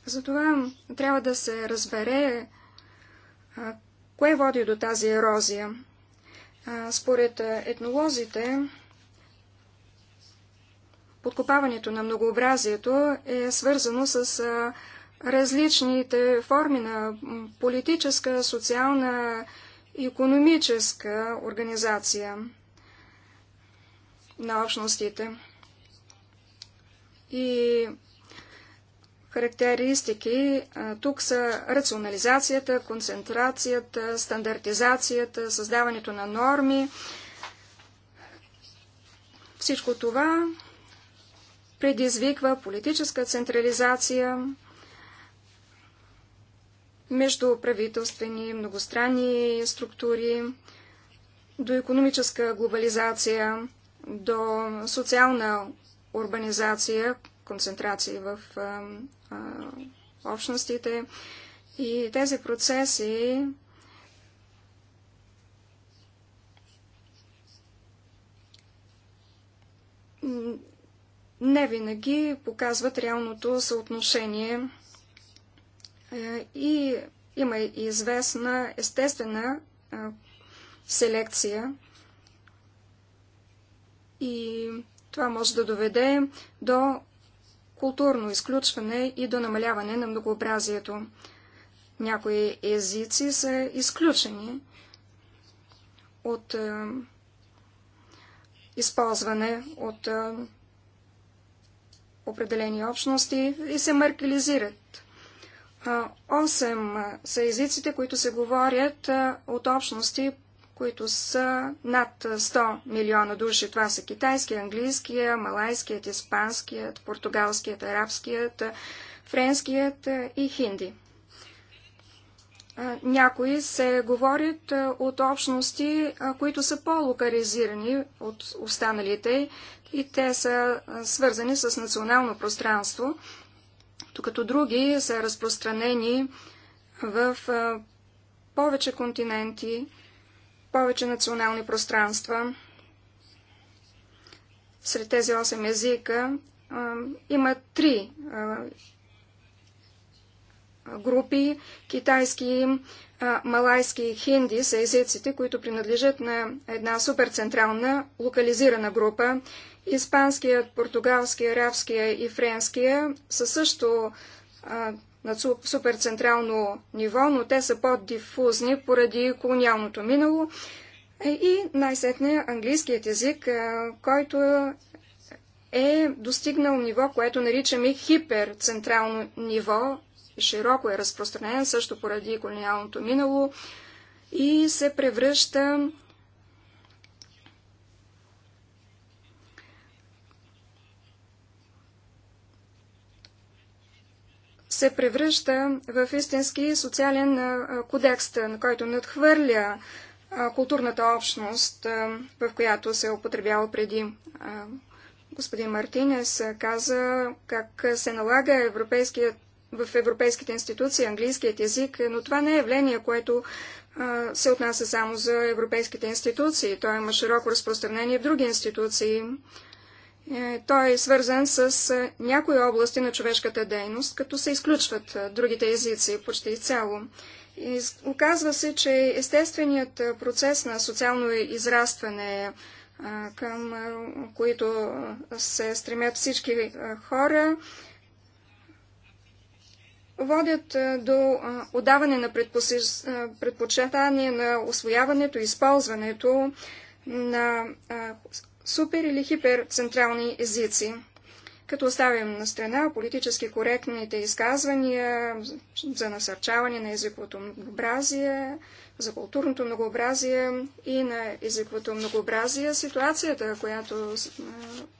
Затова трябва да се разбере кое води до тази ерозия. според етнолозите, подкопаването на многообразието е свързано с различните форми на политическа, социална и економическа организация на общностите и характеристики тук са рационализацията, концентрацията, стандартизацията, създаването на норми. Всичко това предизвиква политическа централизация между правителствени, многостранни структури, до економическа глобализация, до социална урбанизация, концентрации в а, а, общностите. И тези процеси не винаги показват реалното съотношение е, и има известна естествена селекция и това може да доведе до културно изключване и до намаляване на многообразието. Някои езици са изключени от е, използване от е, определени общности и се маркализират. Е, осем са езиците, които се говорят е, от общности които са над 100 милиона души. Това са китайски, английския, малайският, испанският, португалският, арабският, френският и хинди. Някои се говорят от общности, които са по-локализирани от останалите и те са свързани с национално пространство, докато други са разпространени в повече континенти, повече национални пространства. Сред тези 8 езика а, има 3 а, групи. Китайски, а, малайски и хинди са езиците, които принадлежат на една суперцентрална локализирана група. Испанският, португалския, арабския и френския са също на суперцентрално ниво, но те са по-дифузни поради колониалното минало. Е, и най-сетне английският език, е, който е достигнал ниво, което наричаме хиперцентрално ниво, широко е разпространен също поради колониалното минало и се превръща се превръща в истински социален кодекс, на който надхвърля културната общност, в която се е употребява преди. Господин Мартинес каза как се налага европейският в европейските институции английският език, но това не е явление, което а, се отнася само за европейските институции. Той има широко разпространение в други институции. Е, той е свързан с е, някои области на човешката дейност, като се изключват е, другите езици почти изцяло. Оказва се, че естественият процес на социално израстване, към които се стремят всички хора, водят до отдаване на предпочитание на освояването и използването на супер или хиперцентрални езици. Като оставим на страна политически коректните изказвания за насърчаване на езиковото многообразие, за културното многообразие и на езиковото многообразие, ситуацията, която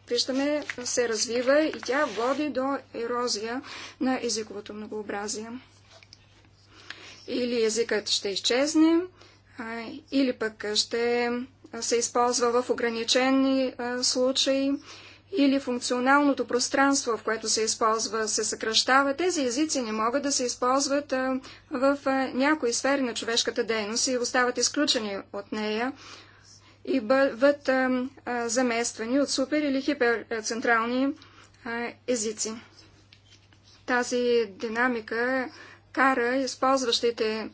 виждаме, се развива и тя води до ерозия на езиковото многообразие. Или езикът ще изчезне, или пък ще се използва в ограничени случаи или функционалното пространство, в което се използва, се съкръщава, тези езици не могат да се използват в някои сфери на човешката дейност и остават изключени от нея и бъдат замествани от супер или хиперцентрални езици. Тази динамика кара използващите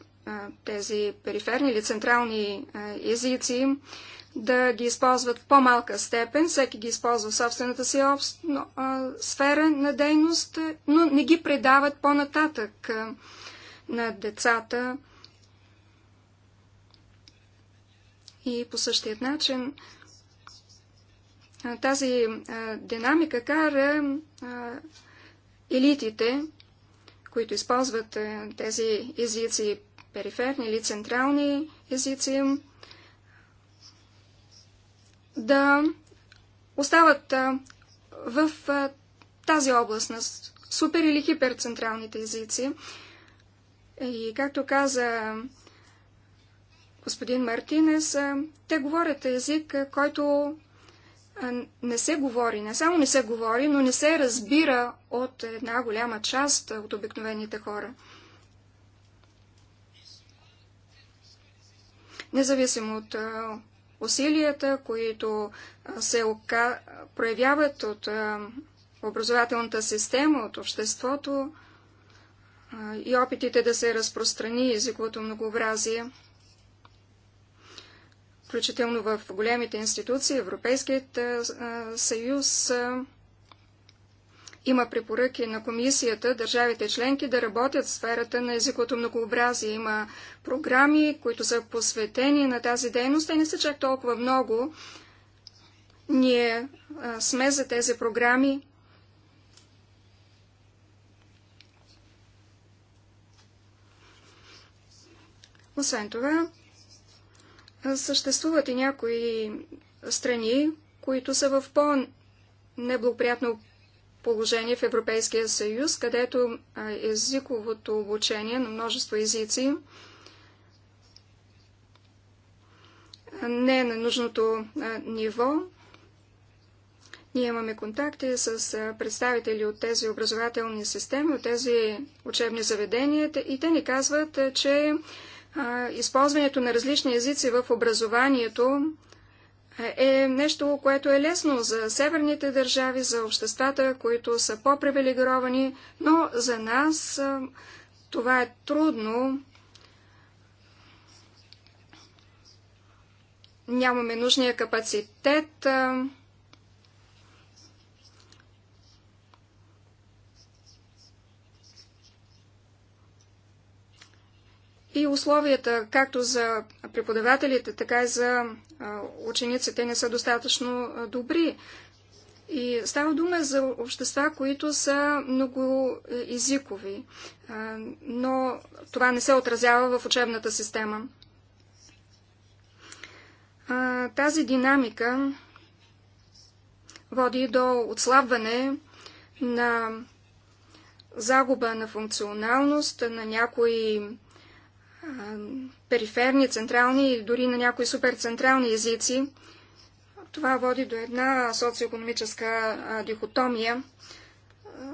тези периферни или централни езици, да ги използват в по-малка степен, всеки ги използва в собствената си а, сфера на дейност, но не ги предават по-нататък на децата. И по същия начин а, тази а, динамика кара а, елитите, които използват тези езици периферни или централни езици, да остават в тази област на супер или хиперцентралните езици. И както каза господин Мартинес, те говорят език, който не се говори. Не само не се говори, но не се разбира от една голяма част от обикновените хора. Независимо от усилията, които се проявяват от образователната система, от обществото и опитите да се разпространи езиковото многообразие, включително в големите институции, Европейският съюз, има препоръки на комисията държавите членки да работят в сферата на езиковото многообразие. Има програми, които са посветени на тази дейност. Те не са чак толкова много. Ние а, сме за тези програми. Освен това, съществуват и някои страни, които са в по-неблагоприятно положение в Европейския съюз, където езиковото обучение на множество езици не е на нужното ниво. Ние имаме контакти с представители от тези образователни системи, от тези учебни заведения и те ни казват, че използването на различни езици в образованието е нещо, което е лесно за северните държави, за обществата, които са по-привилегировани, но за нас това е трудно. Нямаме нужния капацитет. и условията както за преподавателите, така и за учениците не са достатъчно добри. И става дума за общества, които са много езикови, но това не се отразява в учебната система. Тази динамика води до отслабване на загуба на функционалност на някои периферни, централни и дори на някои суперцентрални езици. Това води до една социо-економическа дихотомия.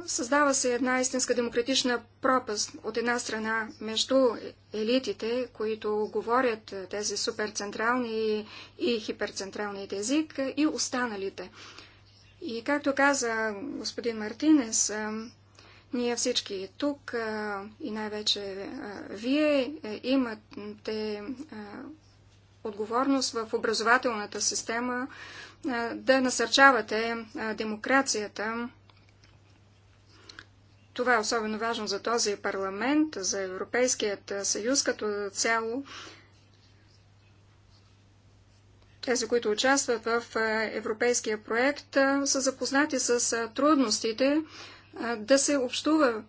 Създава се една истинска демократична пропаст от една страна между елитите, които говорят тези суперцентрални и хиперцентралният език и останалите. И както каза господин Мартинес, ние всички тук и най-вече вие е, имате отговорност в образователната система да насърчавате демокрацията. Това е особено важно за този парламент, за Европейският съюз като цяло. Тези, които участват в европейския проект, са запознати с трудностите, да се общува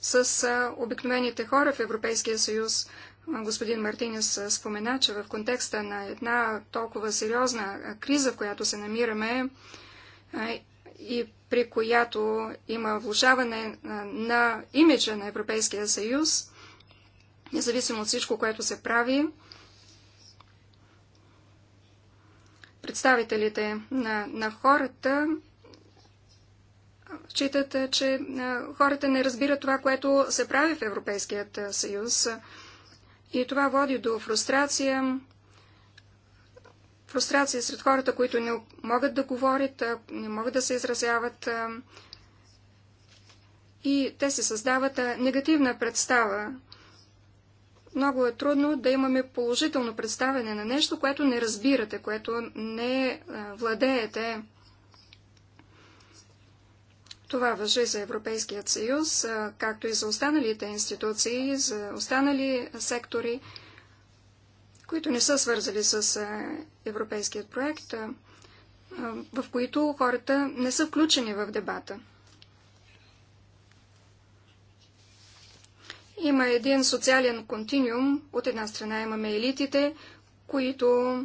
с обикновените хора в Европейския съюз. Господин Мартинес спомена, че в контекста на една толкова сериозна криза, в която се намираме и при която има влушаване на имиджа на Европейския съюз, независимо от всичко, което се прави, представителите на, на хората считат, че хората не разбират това, което се прави в Европейският съюз. И това води до фрустрация, фрустрация сред хората, които не могат да говорят, не могат да се изразяват. И те се създават негативна представа. Много е трудно да имаме положително представяне на нещо, което не разбирате, което не владеете. Това въжи за Европейският съюз, както и за останалите институции, за останали сектори, които не са свързали с европейският проект, в които хората не са включени в дебата. Има един социален континуум. От една страна имаме елитите, които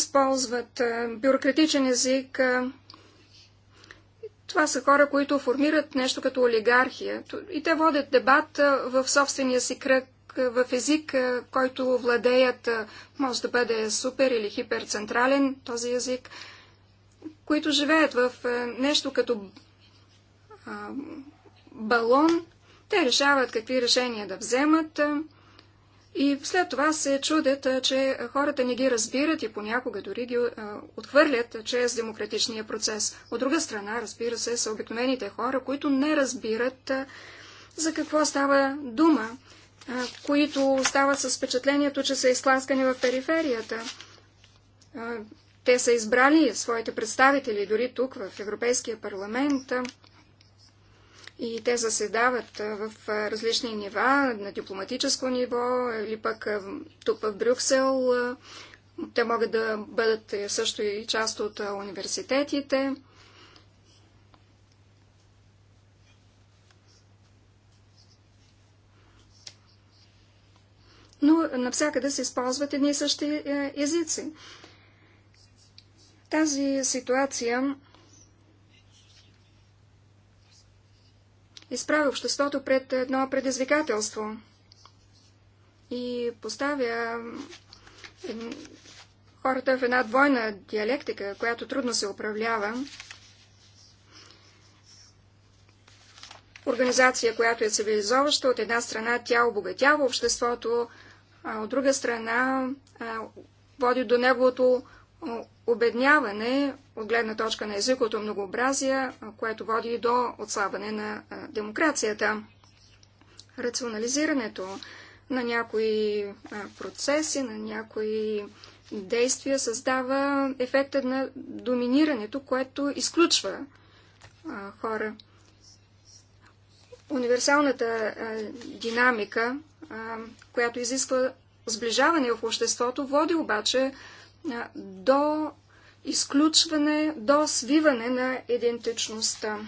използват е, бюрократичен език. Е. Това са хора, които формират нещо като олигархия. И те водят дебат е, в собствения си кръг, в език, който владеят. Може да бъде супер или хиперцентрален този език, които живеят в нещо като балон. Те решават какви решения да вземат. И след това се чудят, че хората не ги разбират и понякога дори ги отхвърлят чрез демократичния процес. От друга страна, разбира се, са обикновените хора, които не разбират за какво става дума, които остават с впечатлението, че са изтласкани в периферията. Те са избрали своите представители дори тук в Европейския парламент и те заседават в различни нива, на дипломатическо ниво или пък тук в Брюксел. Те могат да бъдат е, също и част от университетите. Но навсякъде се използват едни и същи е, езици. Тази ситуация изправя обществото пред едно предизвикателство и поставя хората в една двойна диалектика, която трудно се управлява. Организация, която е цивилизоваща, от една страна тя обогатява обществото, а от друга страна води до неговото обедняване от гледна точка на езиковото многообразие, което води и до отслабване на демокрацията. Рационализирането на някои процеси, на някои действия създава ефекта на доминирането, което изключва хора. Универсалната динамика, която изисква сближаване в обществото, води обаче до изключване до свиване на идентичността.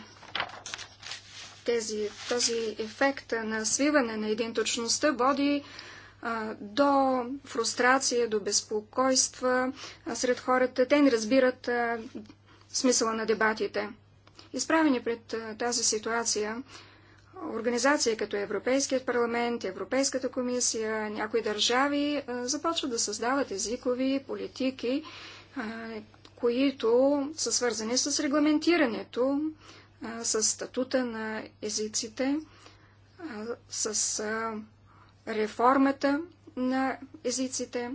Тези, този ефект на свиване на идентичността води а, до фрустрация, до безпокойства а, сред хората. Те не разбират а, смисъла на дебатите. Изправени пред а, тази ситуация, организации като Европейският парламент, Европейската комисия, някои държави започват да създават езикови политики, които са свързани с регламентирането, с статута на езиците, с реформата на езиците.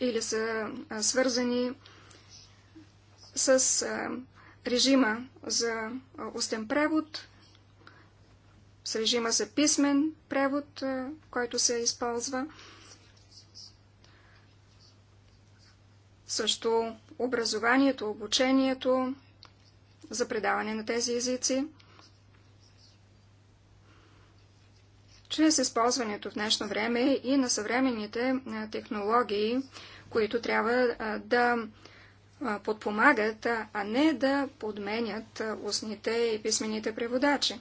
Или са свързани с режима за устен превод, с режима за писмен превод, който се използва. също образованието, обучението за предаване на тези езици. Чрез използването в днешно време и на съвременните технологии, които трябва да подпомагат, а не да подменят устните и писмените преводачи.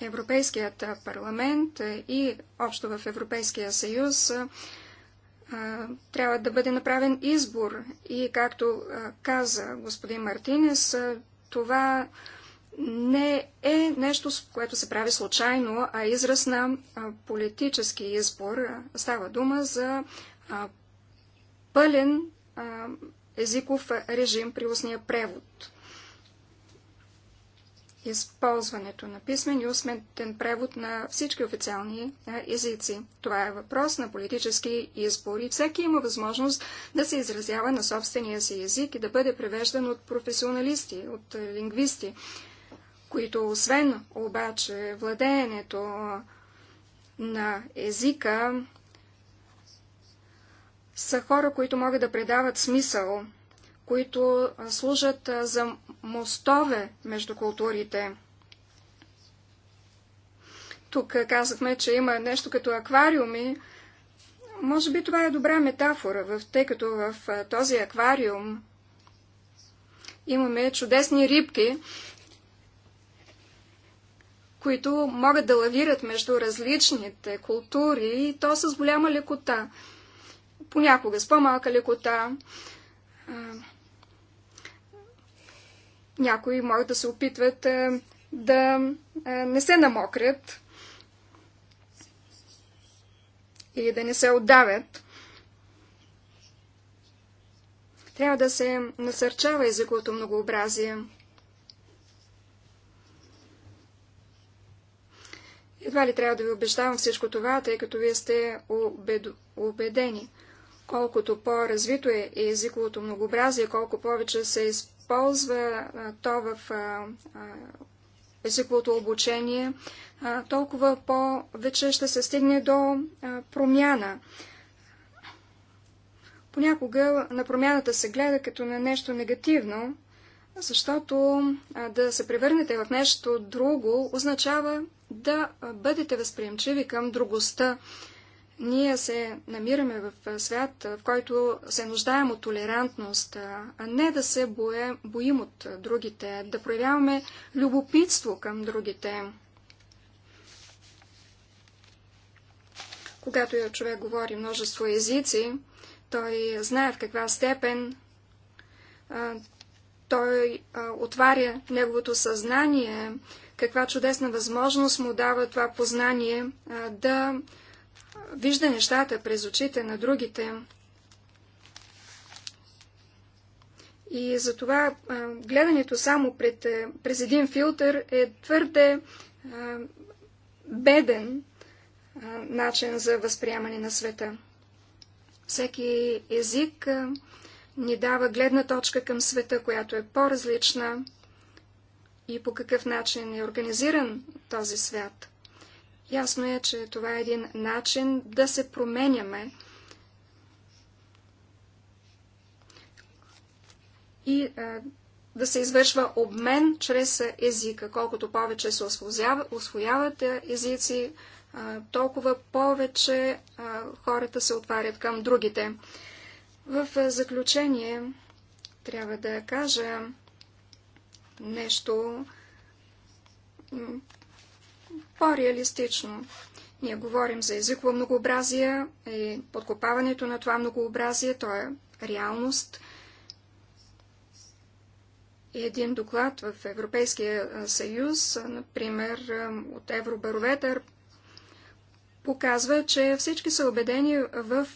Европейският парламент и общо в Европейския съюз трябва да бъде направен избор. И както каза господин Мартинес, това не е нещо, което се прави случайно, а израз на политически избор. Става дума за пълен езиков режим при устния превод използването на писмен и усментен превод на всички официални езици. Това е въпрос на политически избор и всеки има възможност да се изразява на собствения си език и да бъде превеждан от професионалисти, от лингвисти, които освен обаче владеенето на езика са хора, които могат да предават смисъл, които служат за мостове между културите. Тук казахме, че има нещо като аквариуми. Може би това е добра метафора, тъй като в този аквариум имаме чудесни рибки, които могат да лавират между различните култури и то с голяма лекота. Понякога с по-малка лекота. Някои могат да се опитват е, да е, не се намокрят или да не се отдавят. Трябва да се насърчава езиковото многообразие. Едва ли трябва да ви обещавам всичко това, тъй като вие сте убед... убедени. Колкото по-развито е езиковото многообразие, колко повече се използва то в езиковото обучение, толкова повече ще се стигне до промяна. Понякога на промяната се гледа като на нещо негативно, защото да се превърнете в нещо друго означава да бъдете възприемчиви към другостта, ние се намираме в свят, в който се нуждаем от толерантност, а не да се боем, боим от другите, да проявяваме любопитство към другите. Когато човек говори множество езици, той знае в каква степен а, той а, отваря неговото съзнание, каква чудесна възможност му дава това познание а, да вижда нещата през очите на другите. И затова гледането само пред, е, през един филтър е твърде беден начин за възприемане на света. Всеки език ни дава гледна точка към света, която е по-различна и по какъв начин е организиран този свят. Ясно е, че това е един начин да се променяме и а, да се извършва обмен чрез езика. Колкото повече се освояват езици, а, толкова повече а, хората се отварят към другите. В заключение трябва да кажа нещо, по-реалистично. Ние говорим за езиково многообразие и подкопаването на това многообразие, то е реалност. И един доклад в Европейския съюз, например от Евробарометър, показва, че всички са убедени в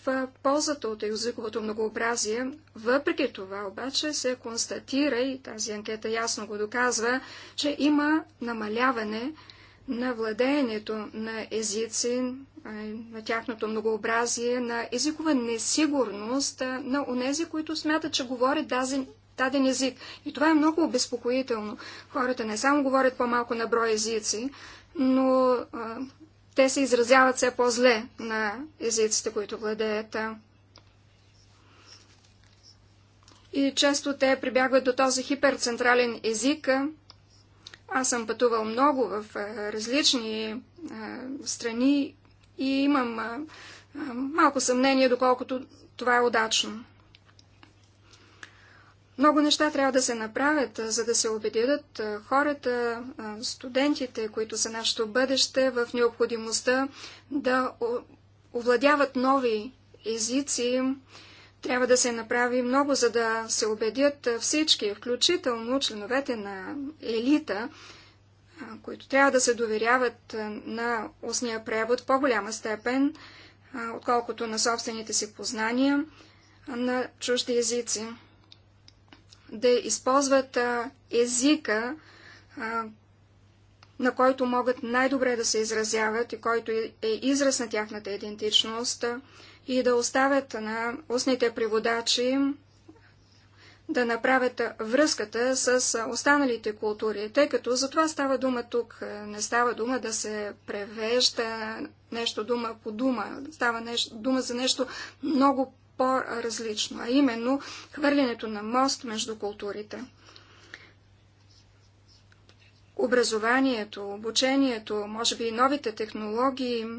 ползата от езиковото многообразие. Въпреки това обаче се констатира, и тази анкета ясно го доказва, че има намаляване на владеенето на езици, на тяхното многообразие, на езикова несигурност на онези, които смятат, че говорят даден, даден език. И това е много обезпокоително. Хората не само говорят по-малко на брой езици, но а, те се изразяват все по-зле на езиците, които владеят. И често те прибягват до този хиперцентрален език, аз съм пътувал много в различни страни и имам малко съмнение, доколкото това е удачно. Много неща трябва да се направят, за да се убедят хората, студентите, които са нашето бъдеще, в необходимостта да овладяват нови езици, трябва да се направи много, за да се убедят всички, включително членовете на елита, които трябва да се доверяват на устния превод в по-голяма степен, отколкото на собствените си познания на чужди езици. Да използват езика, на който могат най-добре да се изразяват и който е израз на тяхната идентичност, и да оставят на устните преводачи да направят връзката с останалите култури, тъй като за това става дума тук. Не става дума да се превежда нещо дума по дума. Става нещо, дума за нещо много по-различно, а именно хвърлянето на мост между културите. Образованието, обучението, може би и новите технологии –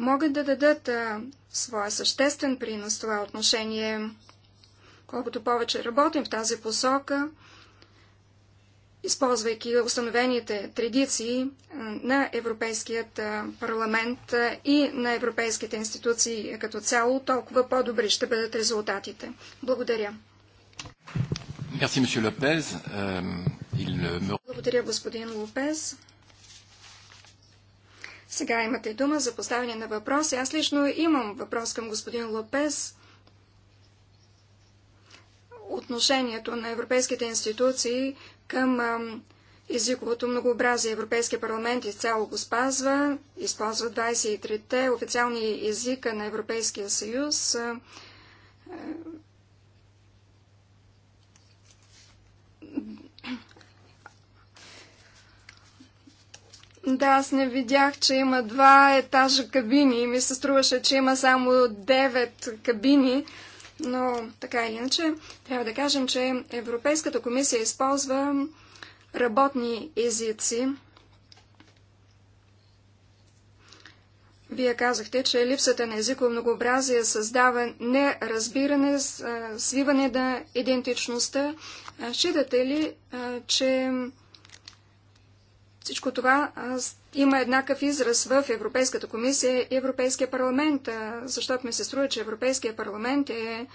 могат да дадат а, своя съществен принос в това отношение. Колкото повече работим в тази посока, използвайки установените традиции на Европейският парламент и на европейските институции като цяло, толкова по-добри ще бъдат резултатите. Благодаря. Euh, Благодаря, господин Лопез. Сега имате дума за поставяне на въпрос. Аз лично имам въпрос към господин Лопес. Отношението на европейските институции към езиковото многообразие. Европейския парламент изцяло го спазва, използва 23-те официални езика на Европейския съюз. Да, аз не видях, че има два етажа кабини и ми се струваше, че има само девет кабини. Но така или иначе, трябва да кажем, че Европейската комисия използва работни езици. Вие казахте, че липсата на езиково многообразие създава неразбиране, свиване на идентичността. Считате ли, че всичко това има еднакъв израз в Европейската комисия и Европейския парламент, защото ми се струва, че Европейския парламент е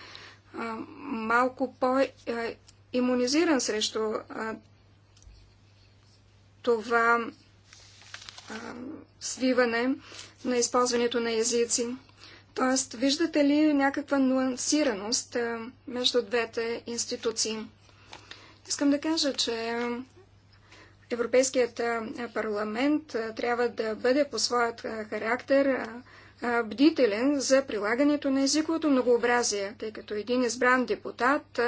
малко по-иммунизиран срещу това свиване на използването на езици. Тоест, виждате ли някаква нуансираност между двете институции? Искам да кажа, че Европейският парламент трябва да бъде по своят характер бдителен за прилагането на езиковото многообразие, тъй като един избран депутат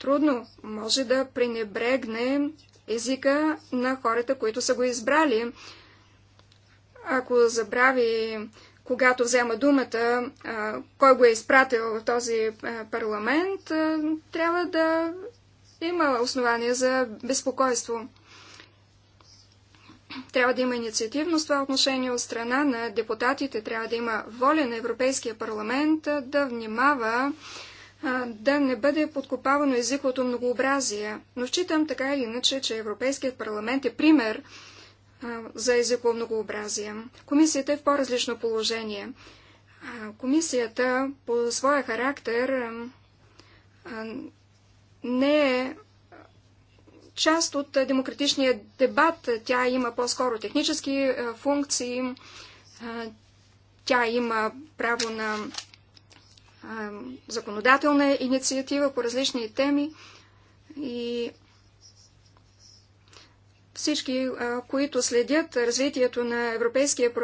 трудно може да пренебрегне езика на хората, които са го избрали. Ако забрави, когато взема думата, кой го е изпратил в този парламент, трябва да има основания за безпокойство. Трябва да има инициативност в това отношение от страна на депутатите. Трябва да има воля на Европейския парламент да внимава да не бъде подкопавано езиковото многообразие. Но считам така или иначе, че Европейският парламент е пример за езиково многообразие. Комисията е в по-различно положение. Комисията по своя характер не е част от е, демократичния дебат. Тя има по-скоро технически е, функции, е, тя има право на законодателна инициатива по различни теми и всички, които следят развитието на европейския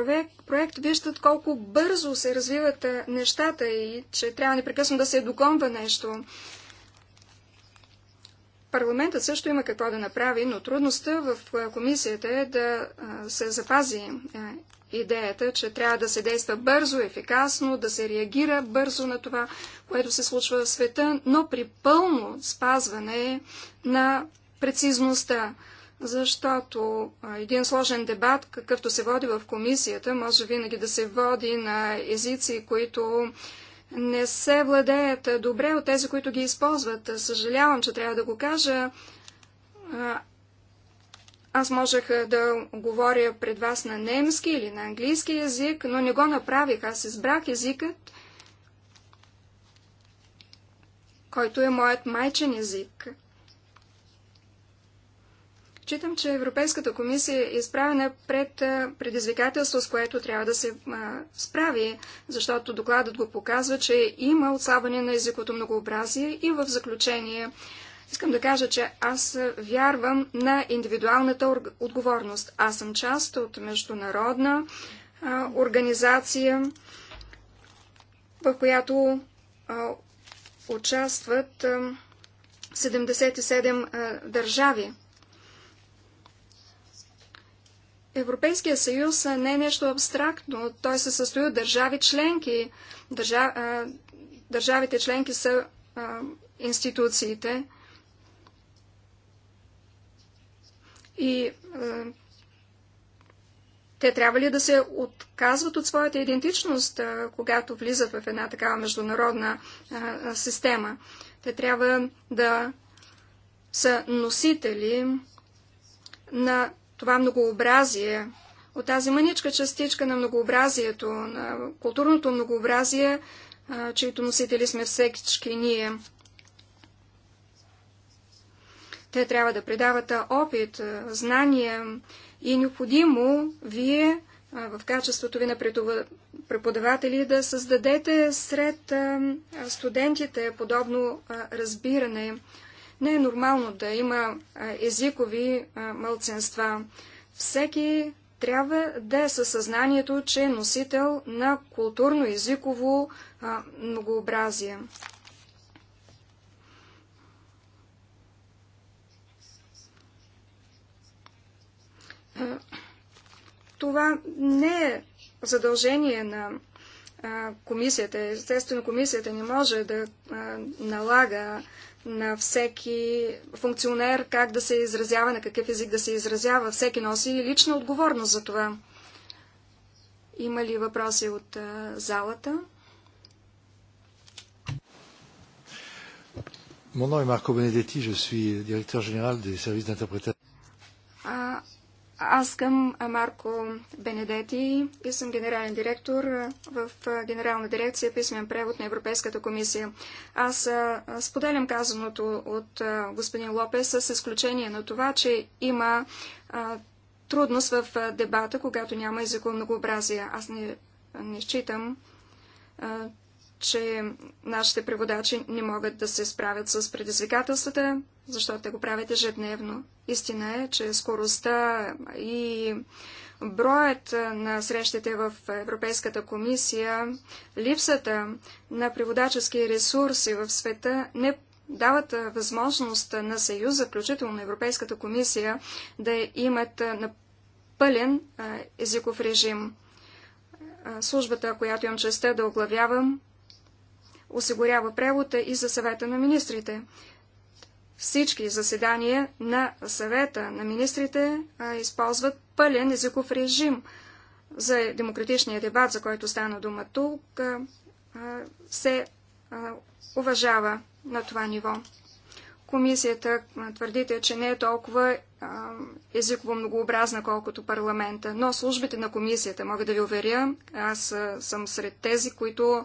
проект, виждат колко бързо се развиват нещата и че трябва непрекъснато да се догонва нещо. Парламентът също има какво да направи, но трудността в комисията е да се запази идеята, че трябва да се действа бързо, ефикасно, да се реагира бързо на това, което се случва в света, но при пълно спазване на прецизността. Защото един сложен дебат, какъвто се води в комисията, може винаги да се води на езици, които не се владеят добре от тези, които ги използват. Съжалявам, че трябва да го кажа. Аз можех да говоря пред вас на немски или на английски язик, но не го направих. Аз избрах езикът, който е моят майчен език. Читам, че Европейската комисия е изправена пред предизвикателство, с което трябва да се а, справи, защото докладът го показва, че има отслабване на езикото многообразие и в заключение искам да кажа, че аз вярвам на индивидуалната отговорност. Аз съм част от международна а, организация, в която а, участват 77 държави. Европейския съюз не е нещо абстрактно. Той се състои от държави членки. Държа... Държавите членки са а, институциите. И а, те трябва ли да се отказват от своята идентичност, а, когато влизат в една такава международна а, система? Те трябва да са носители на това многообразие, от тази мъничка частичка на многообразието, на културното многообразие, чието носители сме всеки ние. Те трябва да предават опит, знания и е необходимо вие в качеството ви на преподаватели да създадете сред студентите подобно разбиране. Не е нормално да има езикови мълценства. Всеки трябва да е със съзнанието, че е носител на културно-езиково многообразие. Това не е задължение на комисията. Естествено, комисията не може да налага на всеки функционер как да се изразява, на какъв език да се изразява. Всеки носи лична отговорност за това. Има ли въпроси от а, залата? Mon nom est Marco Benedetti, je suis directeur général des services d'interprétation. Аз съм Марко Бенедети и съм генерален директор в Генерална дирекция писмен превод на Европейската комисия. Аз споделям казаното от господин Лопес с изключение на това, че има трудност в дебата, когато няма езиково многообразие. Аз не, не считам, че нашите преводачи не могат да се справят с предизвикателствата, защото те го правят ежедневно. Истина е, че скоростта и броят на срещите в Европейската комисия, липсата на преводачески ресурси в света не дават възможност на Съюза, включително на Европейската комисия, да имат на пълен езиков режим. Службата, която имам честа да оглавявам, осигурява превода и за съвета на министрите. Всички заседания на съвета на министрите а, използват пълен езиков режим. За демократичния дебат, за който стана дума тук, а, а, се уважава на това ниво. Комисията твърдите, че не е толкова езиково многообразна, колкото парламента, но службите на комисията, мога да ви уверя, аз съм сред тези, които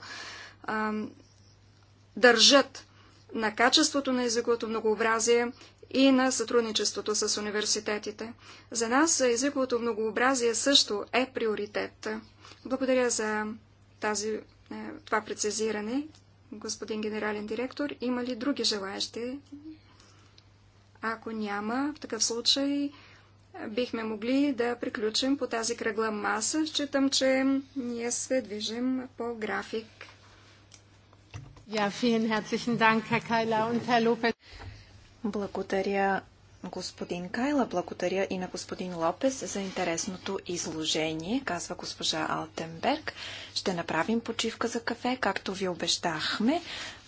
държат на качеството на езиковото многообразие и на сътрудничеството с университетите. За нас езиковото многообразие също е приоритет. Благодаря за тази, е, това прецизиране, господин генерален директор. Има ли други желаящи? Ако няма, в такъв случай е, бихме могли да приключим по тази кръгла маса. Считам, че ние се движим по график. Благодаря, господин Кайла. Благодаря и на господин Лопес за интересното изложение, казва госпожа Алтенберг. Ще направим почивка за кафе, както ви обещахме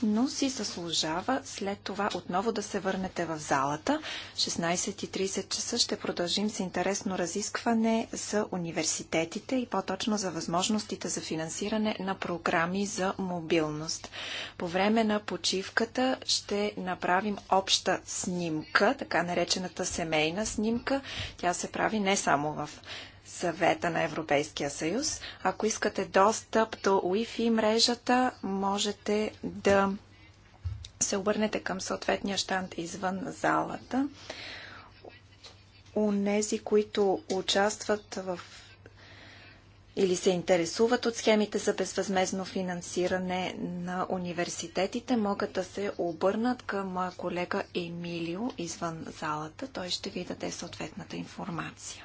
но си заслужава след това отново да се върнете в залата. 16.30 часа ще продължим с интересно разискване за университетите и по-точно за възможностите за финансиране на програми за мобилност. По време на почивката ще направим обща снимка, така наречената семейна снимка. Тя се прави не само в съвета на Европейския съюз. Ако искате достъп до Wi-Fi мрежата, можете да се обърнете към съответния щанд извън залата. Унези, които участват в или се интересуват от схемите за безвъзмезно финансиране на университетите, могат да се обърнат към моя колега Емилио извън залата. Той ще ви даде съответната информация.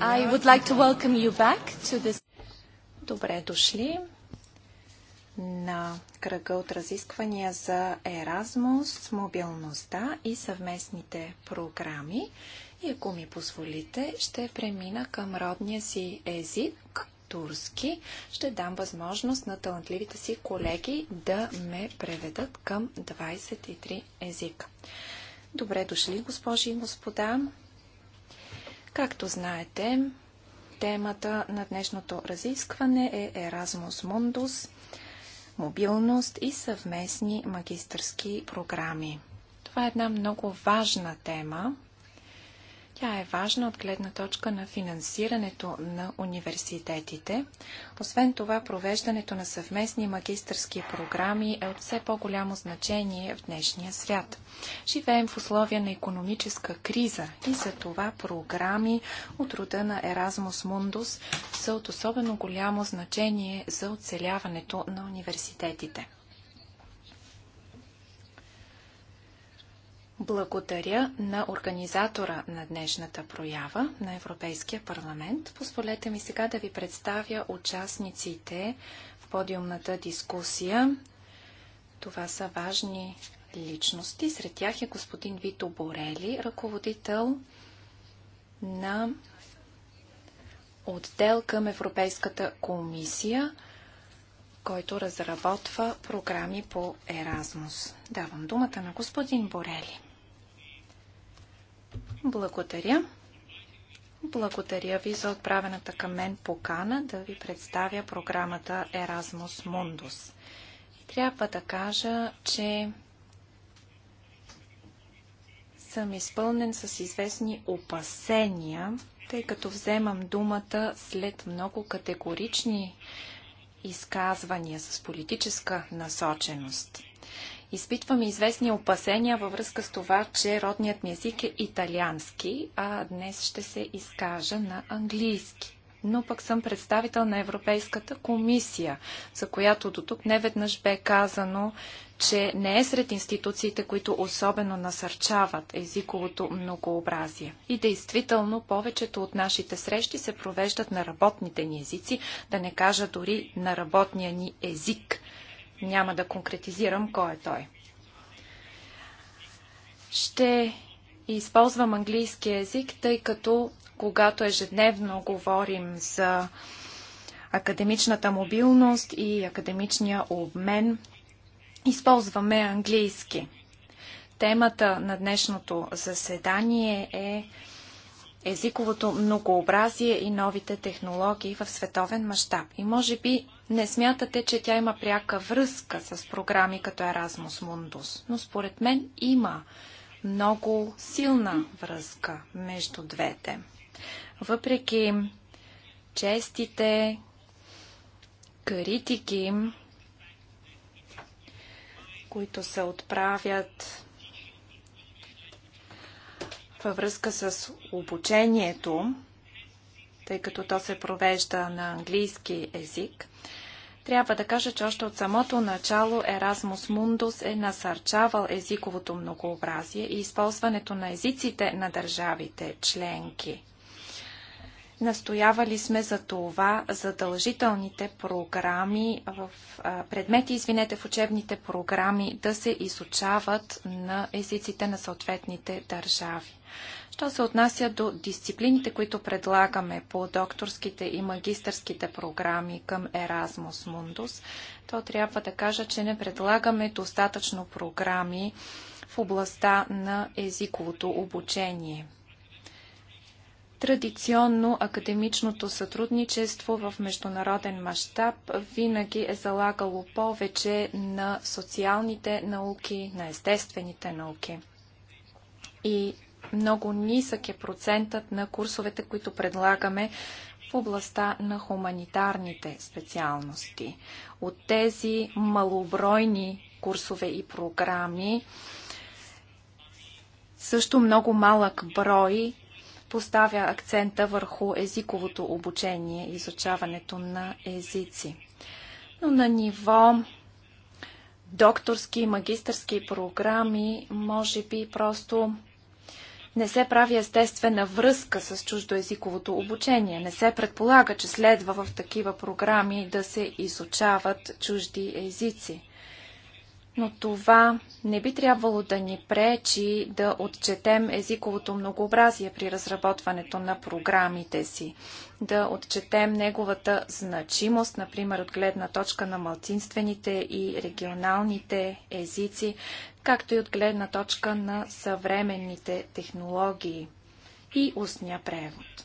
I would like to welcome you back to this. Добре дошли на кръга от разисквания за Еразмус, мобилността и съвместните програми. И ако ми позволите, ще премина към родния си език, турски. Ще дам възможност на талантливите си колеги да ме преведат към 23 езика. Добре дошли, госпожи и господа. Както знаете, темата на днешното разискване е Erasmus Mundus, мобилност и съвместни магистърски програми. Това е една много важна тема, тя е важна от гледна точка на финансирането на университетите. Освен това, провеждането на съвместни магистърски програми е от все по-голямо значение в днешния свят. Живеем в условия на економическа криза и за това програми от рода на Erasmus Mundus са от особено голямо значение за оцеляването на университетите. Благодаря на организатора на днешната проява на Европейския парламент. Позволете ми сега да ви представя участниците в подиумната дискусия. Това са важни личности. Сред тях е господин Вито Борели, ръководител на отдел към Европейската комисия, който разработва програми по Еразмус. Давам думата на господин Борели. Благодаря. Благодаря ви за отправената към мен покана да ви представя програмата Erasmus Mundus. Трябва да кажа, че съм изпълнен с известни опасения, тъй като вземам думата след много категорични изказвания с политическа насоченост. Изпитвам известни опасения във връзка с това, че родният ми език е италиански, а днес ще се изкажа на английски. Но пък съм представител на Европейската комисия, за която до тук неведнъж бе казано, че не е сред институциите, които особено насърчават езиковото многообразие. И действително повечето от нашите срещи се провеждат на работните ни езици, да не кажа дори на работния ни език – няма да конкретизирам кой е той. Ще използвам английски език, тъй като когато ежедневно говорим за академичната мобилност и академичния обмен, използваме английски. Темата на днешното заседание е езиковото многообразие и новите технологии в световен мащаб. И може би не смятате, че тя има пряка връзка с програми като Erasmus Mundus, но според мен има много силна връзка между двете. Въпреки честите критики, които се отправят във връзка с обучението, тъй като то се провежда на английски език, трябва да кажа, че още от самото начало Еразмус Мундус е насърчавал езиковото многообразие и използването на езиците на държавите членки. Настоявали сме за това задължителните програми в предмети, извинете, в учебните програми да се изучават на езиците на съответните държави. Що се отнася до дисциплините, които предлагаме по докторските и магистърските програми към Erasmus Mundus, то трябва да кажа, че не предлагаме достатъчно програми в областта на езиковото обучение. Традиционно академичното сътрудничество в международен мащаб винаги е залагало повече на социалните науки, на естествените науки. И много нисък е процентът на курсовете, които предлагаме в областта на хуманитарните специалности. От тези малобройни курсове и програми също много малък брой поставя акцента върху езиковото обучение, изучаването на езици. Но на ниво докторски и магистърски програми, може би просто не се прави естествена връзка с чуждоязиковото обучение. Не се предполага, че следва в такива програми да се изучават чужди езици но това не би трябвало да ни пречи да отчетем езиковото многообразие при разработването на програмите си, да отчетем неговата значимост, например от гледна точка на малцинствените и регионалните езици, както и от гледна точка на съвременните технологии и устния превод.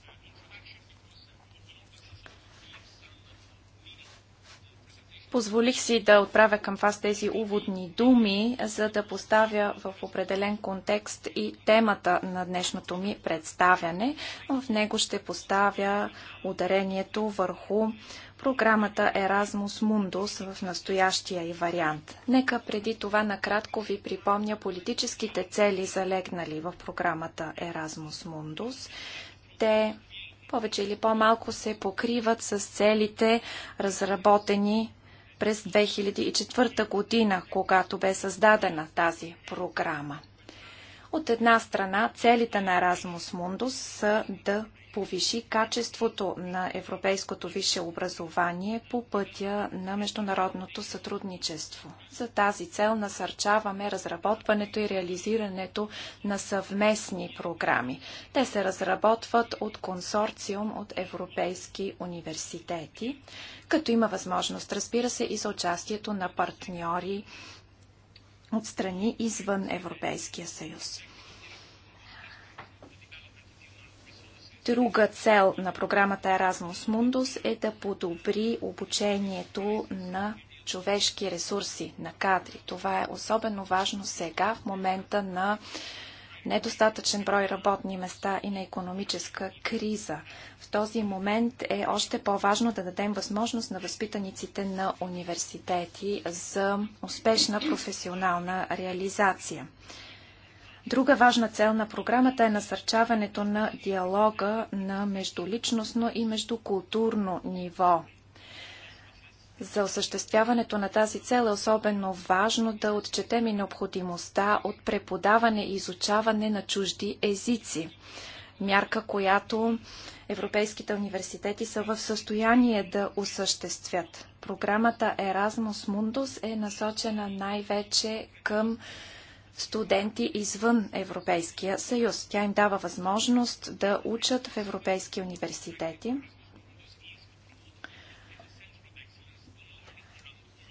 Позволих си да отправя към вас тези уводни думи, за да поставя в определен контекст и темата на днешното ми представяне. В него ще поставя ударението върху програмата Erasmus Mundus в настоящия и вариант. Нека преди това накратко ви припомня политическите цели, залегнали в програмата Erasmus Mundus. Те повече или по-малко се покриват с целите, разработени през 2004 година, когато бе създадена тази програма. От една страна, целите на Erasmus Mundus са да повиши качеството на европейското висше образование по пътя на международното сътрудничество. За тази цел насърчаваме разработването и реализирането на съвместни програми. Те се разработват от консорциум от европейски университети, като има възможност, разбира се, и за участието на партньори от страни извън Европейския съюз. Друга цел на програмата Erasmus Mundus е да подобри обучението на човешки ресурси, на кадри. Това е особено важно сега, в момента на недостатъчен брой работни места и на економическа криза. В този момент е още по-важно да дадем възможност на възпитаниците на университети за успешна професионална реализация. Друга важна цел на програмата е насърчаването на диалога на междуличностно и междукултурно ниво. За осъществяването на тази цел е особено важно да отчетем и необходимостта от преподаване и изучаване на чужди езици. Мярка, която европейските университети са в състояние да осъществят. Програмата Erasmus Mundus е насочена най-вече към студенти извън Европейския съюз. Тя им дава възможност да учат в европейски университети.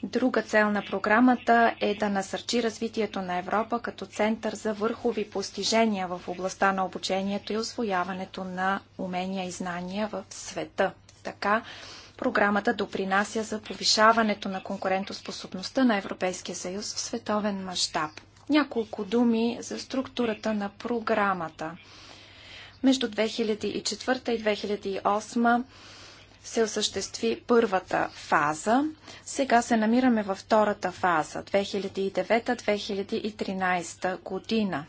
Друга цел на програмата е да насърчи развитието на Европа като център за върхови постижения в областта на обучението и освояването на умения и знания в света. Така, програмата допринася за повишаването на конкурентоспособността на Европейския съюз в световен мащаб. Няколко думи за структурата на програмата. Между 2004 и 2008 се осъществи първата фаза. Сега се намираме във втората фаза 2009-2013 година.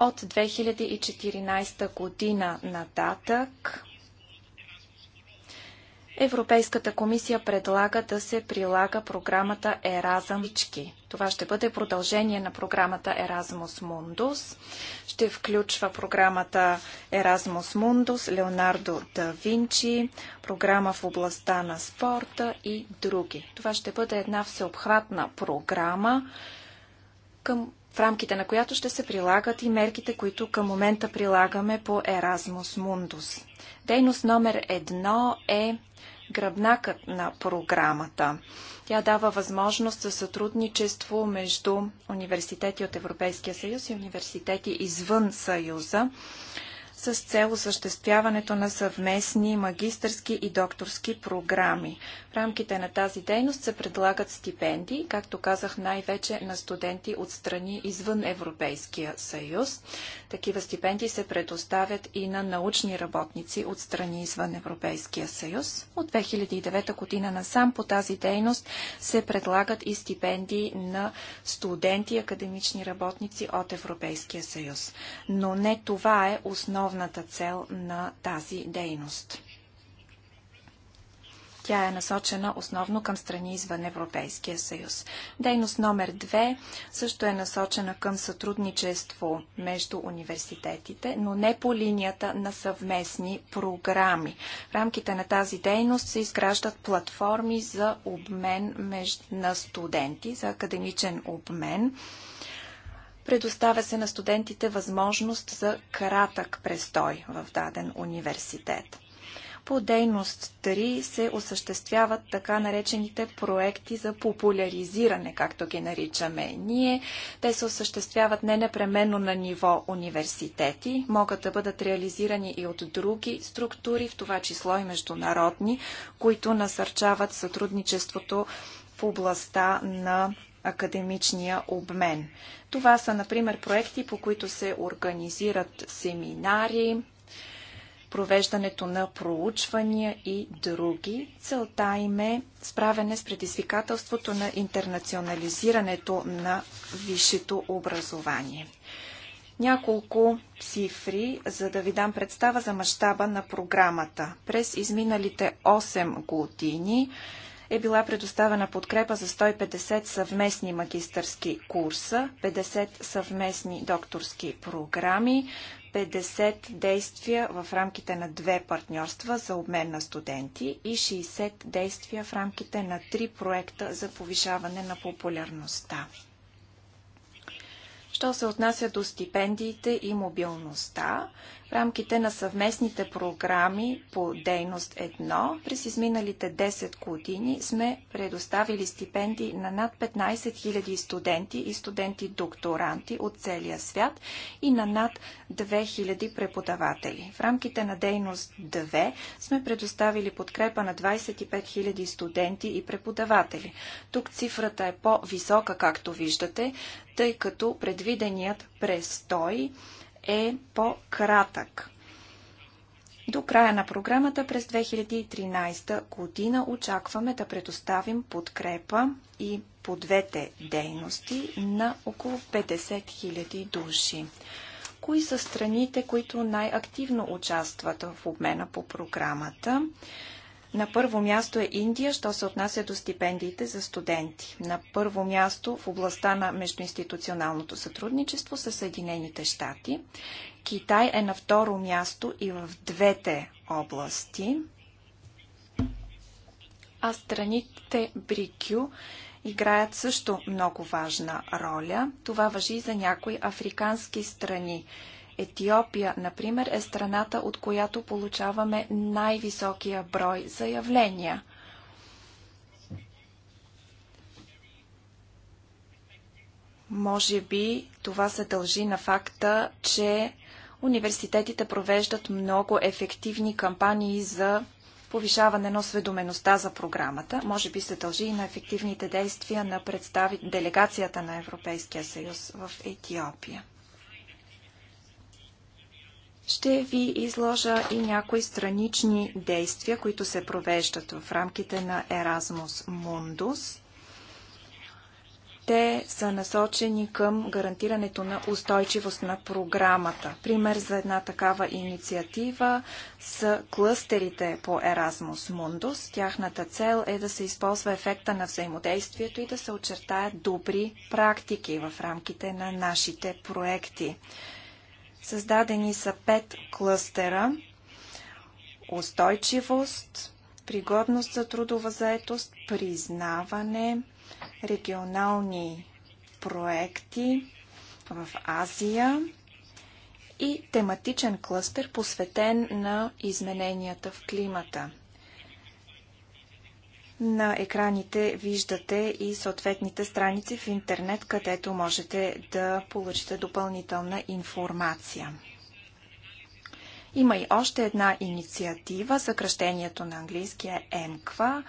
От 2014 година нататък Европейската комисия предлага да се прилага програмата Еразъмчки. Това ще бъде продължение на програмата Erasmus Mundus. Ще включва програмата Erasmus Mundus, Леонардо да Винчи, програма в областта на спорта и други. Това ще бъде една всеобхватна програма, към, в рамките на която ще се прилагат и мерките, които към момента прилагаме по Erasmus Mundus. Дейност номер едно е гръбнакът на програмата. Тя дава възможност за сътрудничество между университети от Европейския съюз и университети извън съюза с цел осъществяването на съвместни магистърски и докторски програми. В рамките на тази дейност се предлагат стипендии, както казах, най-вече на студенти от страни извън Европейския съюз. Такива стипендии се предоставят и на научни работници от страни извън Европейския съюз. От 2009 година насам по тази дейност се предлагат и стипендии на студенти и академични работници от Европейския съюз. Но не това е основно основната цел на тази дейност. Тя е насочена основно към страни извън Европейския съюз. Дейност номер 2 също е насочена към сътрудничество между университетите, но не по линията на съвместни програми. В рамките на тази дейност се изграждат платформи за обмен между... на студенти, за академичен обмен Предоставя се на студентите възможност за кратък престой в даден университет. По дейност 3 се осъществяват така наречените проекти за популяризиране, както ги наричаме ние. Те се осъществяват не непременно на ниво университети, могат да бъдат реализирани и от други структури, в това число и международни, които насърчават сътрудничеството в областта на академичния обмен. Това са, например, проекти, по които се организират семинари, провеждането на проучвания и други. Целта им е справяне с предизвикателството на интернационализирането на висшето образование. Няколко цифри, за да ви дам представа за мащаба на програмата. През изминалите 8 години е била предоставена подкрепа за 150 съвместни магистърски курса, 50 съвместни докторски програми, 50 действия в рамките на две партньорства за обмен на студенти и 60 действия в рамките на три проекта за повишаване на популярността. Що се отнася до стипендиите и мобилността, в рамките на съвместните програми по дейност 1 през изминалите 10 години сме предоставили стипендии на над 15 000 студенти и студенти-докторанти от целия свят и на над 2000 преподаватели. В рамките на дейност 2 сме предоставили подкрепа на 25 000 студенти и преподаватели. Тук цифрата е по-висока, както виждате, тъй като предвиденият престой е по-кратък. До края на програмата през 2013 година очакваме да предоставим подкрепа и по двете дейности на около 50 000 души. Кои са страните, които най-активно участват в обмена по програмата? На първо място е Индия, що се отнася до стипендиите за студенти. На първо място в областта на междуинституционалното сътрудничество са Съединените щати. Китай е на второ място и в двете области. А страните Брикю играят също много важна роля. Това въжи и за някои африкански страни. Етиопия, например, е страната, от която получаваме най-високия брой заявления. Може би това се дължи на факта, че университетите провеждат много ефективни кампании за повишаване на осведомеността за програмата. Може би се дължи и на ефективните действия на представи... делегацията на Европейския съюз в Етиопия. Ще ви изложа и някои странични действия, които се провеждат в рамките на Erasmus Mundus. Те са насочени към гарантирането на устойчивост на програмата. Пример за една такава инициатива са клъстерите по Erasmus Mundus. Тяхната цел е да се използва ефекта на взаимодействието и да се очертаят добри практики в рамките на нашите проекти. Създадени са пет клъстера – устойчивост, пригодност за трудова заетост, признаване, регионални проекти в Азия и тематичен клъстер, посветен на измененията в климата. На екраните виждате и съответните страници в интернет, където можете да получите допълнителна информация. Има и още една инициатива, съкръщението на английския МКВА.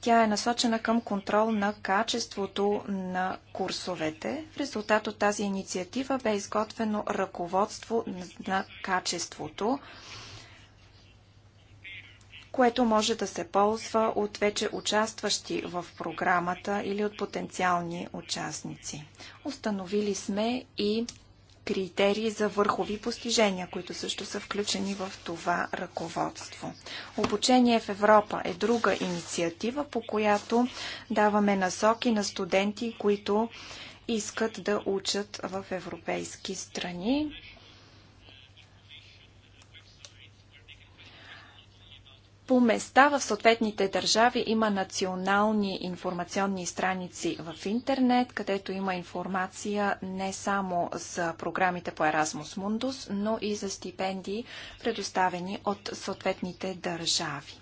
Тя е насочена към контрол на качеството на курсовете. В резултат от тази инициатива бе изготвено ръководство на качеството което може да се ползва от вече участващи в програмата или от потенциални участници. Установили сме и критерии за върхови постижения, които също са включени в това ръководство. Обучение в Европа е друга инициатива, по която даваме насоки на студенти, които искат да учат в европейски страни. по места в съответните държави има национални информационни страници в интернет, където има информация не само за програмите по Erasmus Mundus, но и за стипендии, предоставени от съответните държави.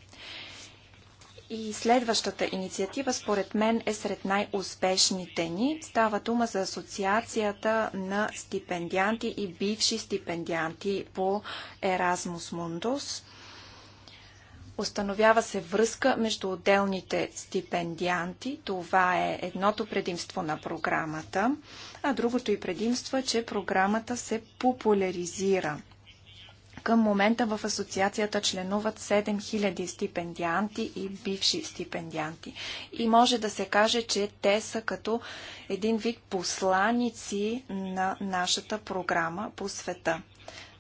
И следващата инициатива, според мен, е сред най-успешните ни. Става дума за Асоциацията на стипендианти и бивши стипендианти по Erasmus Mundus – Установява се връзка между отделните стипендианти. Това е едното предимство на програмата, а другото и предимство е, че програмата се популяризира. Към момента в асоциацията членуват 7000 стипендианти и бивши стипендианти. И може да се каже, че те са като един вид посланици на нашата програма по света.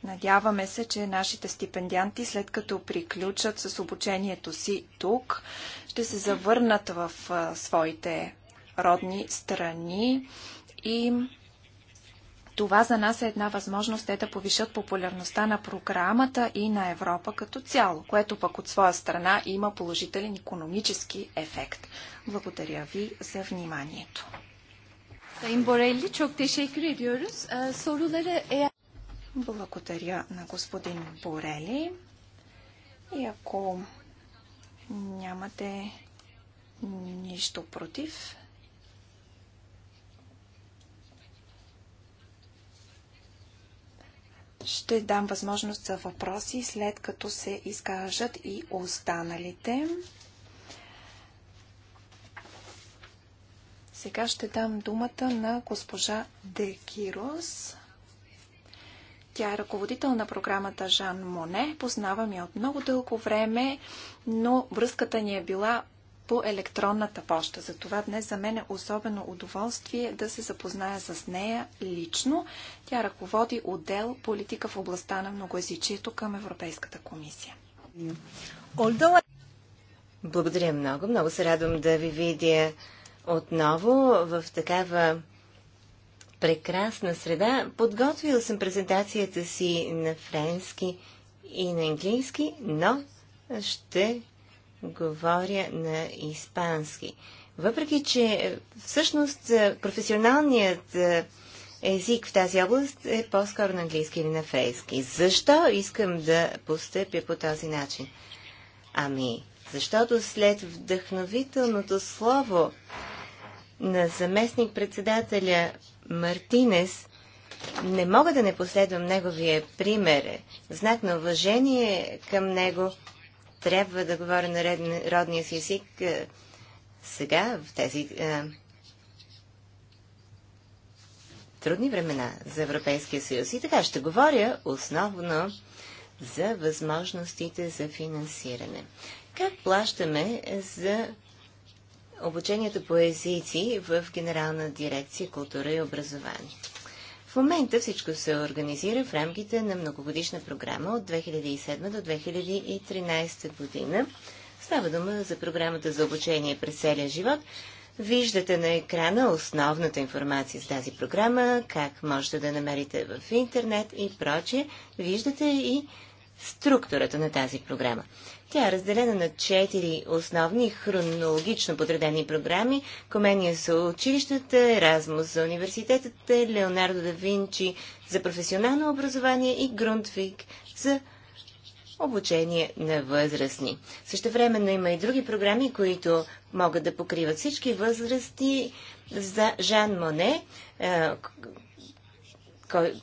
Надяваме се, че нашите стипендианти, след като приключат с обучението си тук, ще се завърнат в своите родни страни и това за нас е една възможност е да повишат популярността на програмата и на Европа като цяло, което пък от своя страна има положителен економически ефект. Благодаря ви за вниманието. Благодаря на господин Борели. И ако нямате нищо против, ще дам възможност за въпроси, след като се изкажат и останалите. Сега ще дам думата на госпожа Декирос. Тя е ръководител на програмата Жан Моне. Познавам я от много дълго време, но връзката ни е била по електронната поща. Затова днес за мен е особено удоволствие да се запозная с нея лично. Тя ръководи отдел политика в областта на многоязичието към Европейската комисия. Благодаря много. Много се радвам да ви видя отново в такава прекрасна среда. Подготвил съм презентацията си на френски и на английски, но ще говоря на испански. Въпреки, че всъщност е, професионалният е, език в тази област е по-скоро на английски или на френски. Защо искам да постъпя по този начин? Ами, защото след вдъхновителното слово на заместник-председателя Мартинес, не мога да не последвам неговия пример. знак на уважение към него трябва да говоря на родния си език е, сега, в тези е, трудни времена за Европейския съюз. И така ще говоря основно за възможностите за финансиране. Как плащаме за обучението по езици в Генерална дирекция култура и образование. В момента всичко се организира в рамките на многогодишна програма от 2007 до 2013 година. Става дума за програмата за обучение през целия живот. Виждате на екрана основната информация с тази програма, как можете да намерите в интернет и прочие. Виждате и структурата на тази програма. Тя е разделена на четири основни хронологично подредени програми. Комения за училищата, Еразмус за университетите, Леонардо да Винчи за професионално образование и Грунтвик за обучение на възрастни. Също времено има и други програми, които могат да покриват всички възрасти за Жан Моне,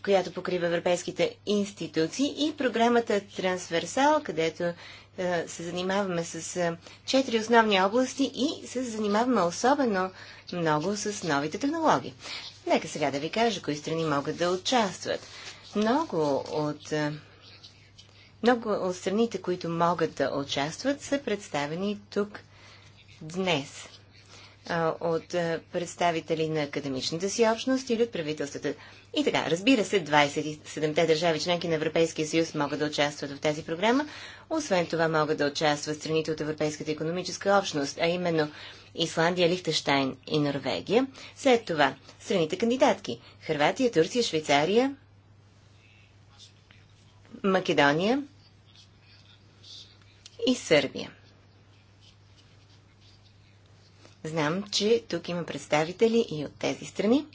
която покрива европейските институции и програмата Трансверсал, където е, се занимаваме с е, четири основни области и се занимаваме особено много с новите технологии. Нека сега да ви кажа кои страни могат да участват. Много от, е, много от страните, които могат да участват, са представени тук днес от представители на академичната си общност или от правителствата. И така, разбира се, 27-те държави членки на Европейския съюз могат да участват в тази програма. Освен това могат да участват страните от Европейската економическа общност, а именно Исландия, Лихтенштайн и Норвегия. След това страните кандидатки Хрватия, Турция, Швейцария, Македония и Сърбия. Знам, че тук има представители и от тези страни.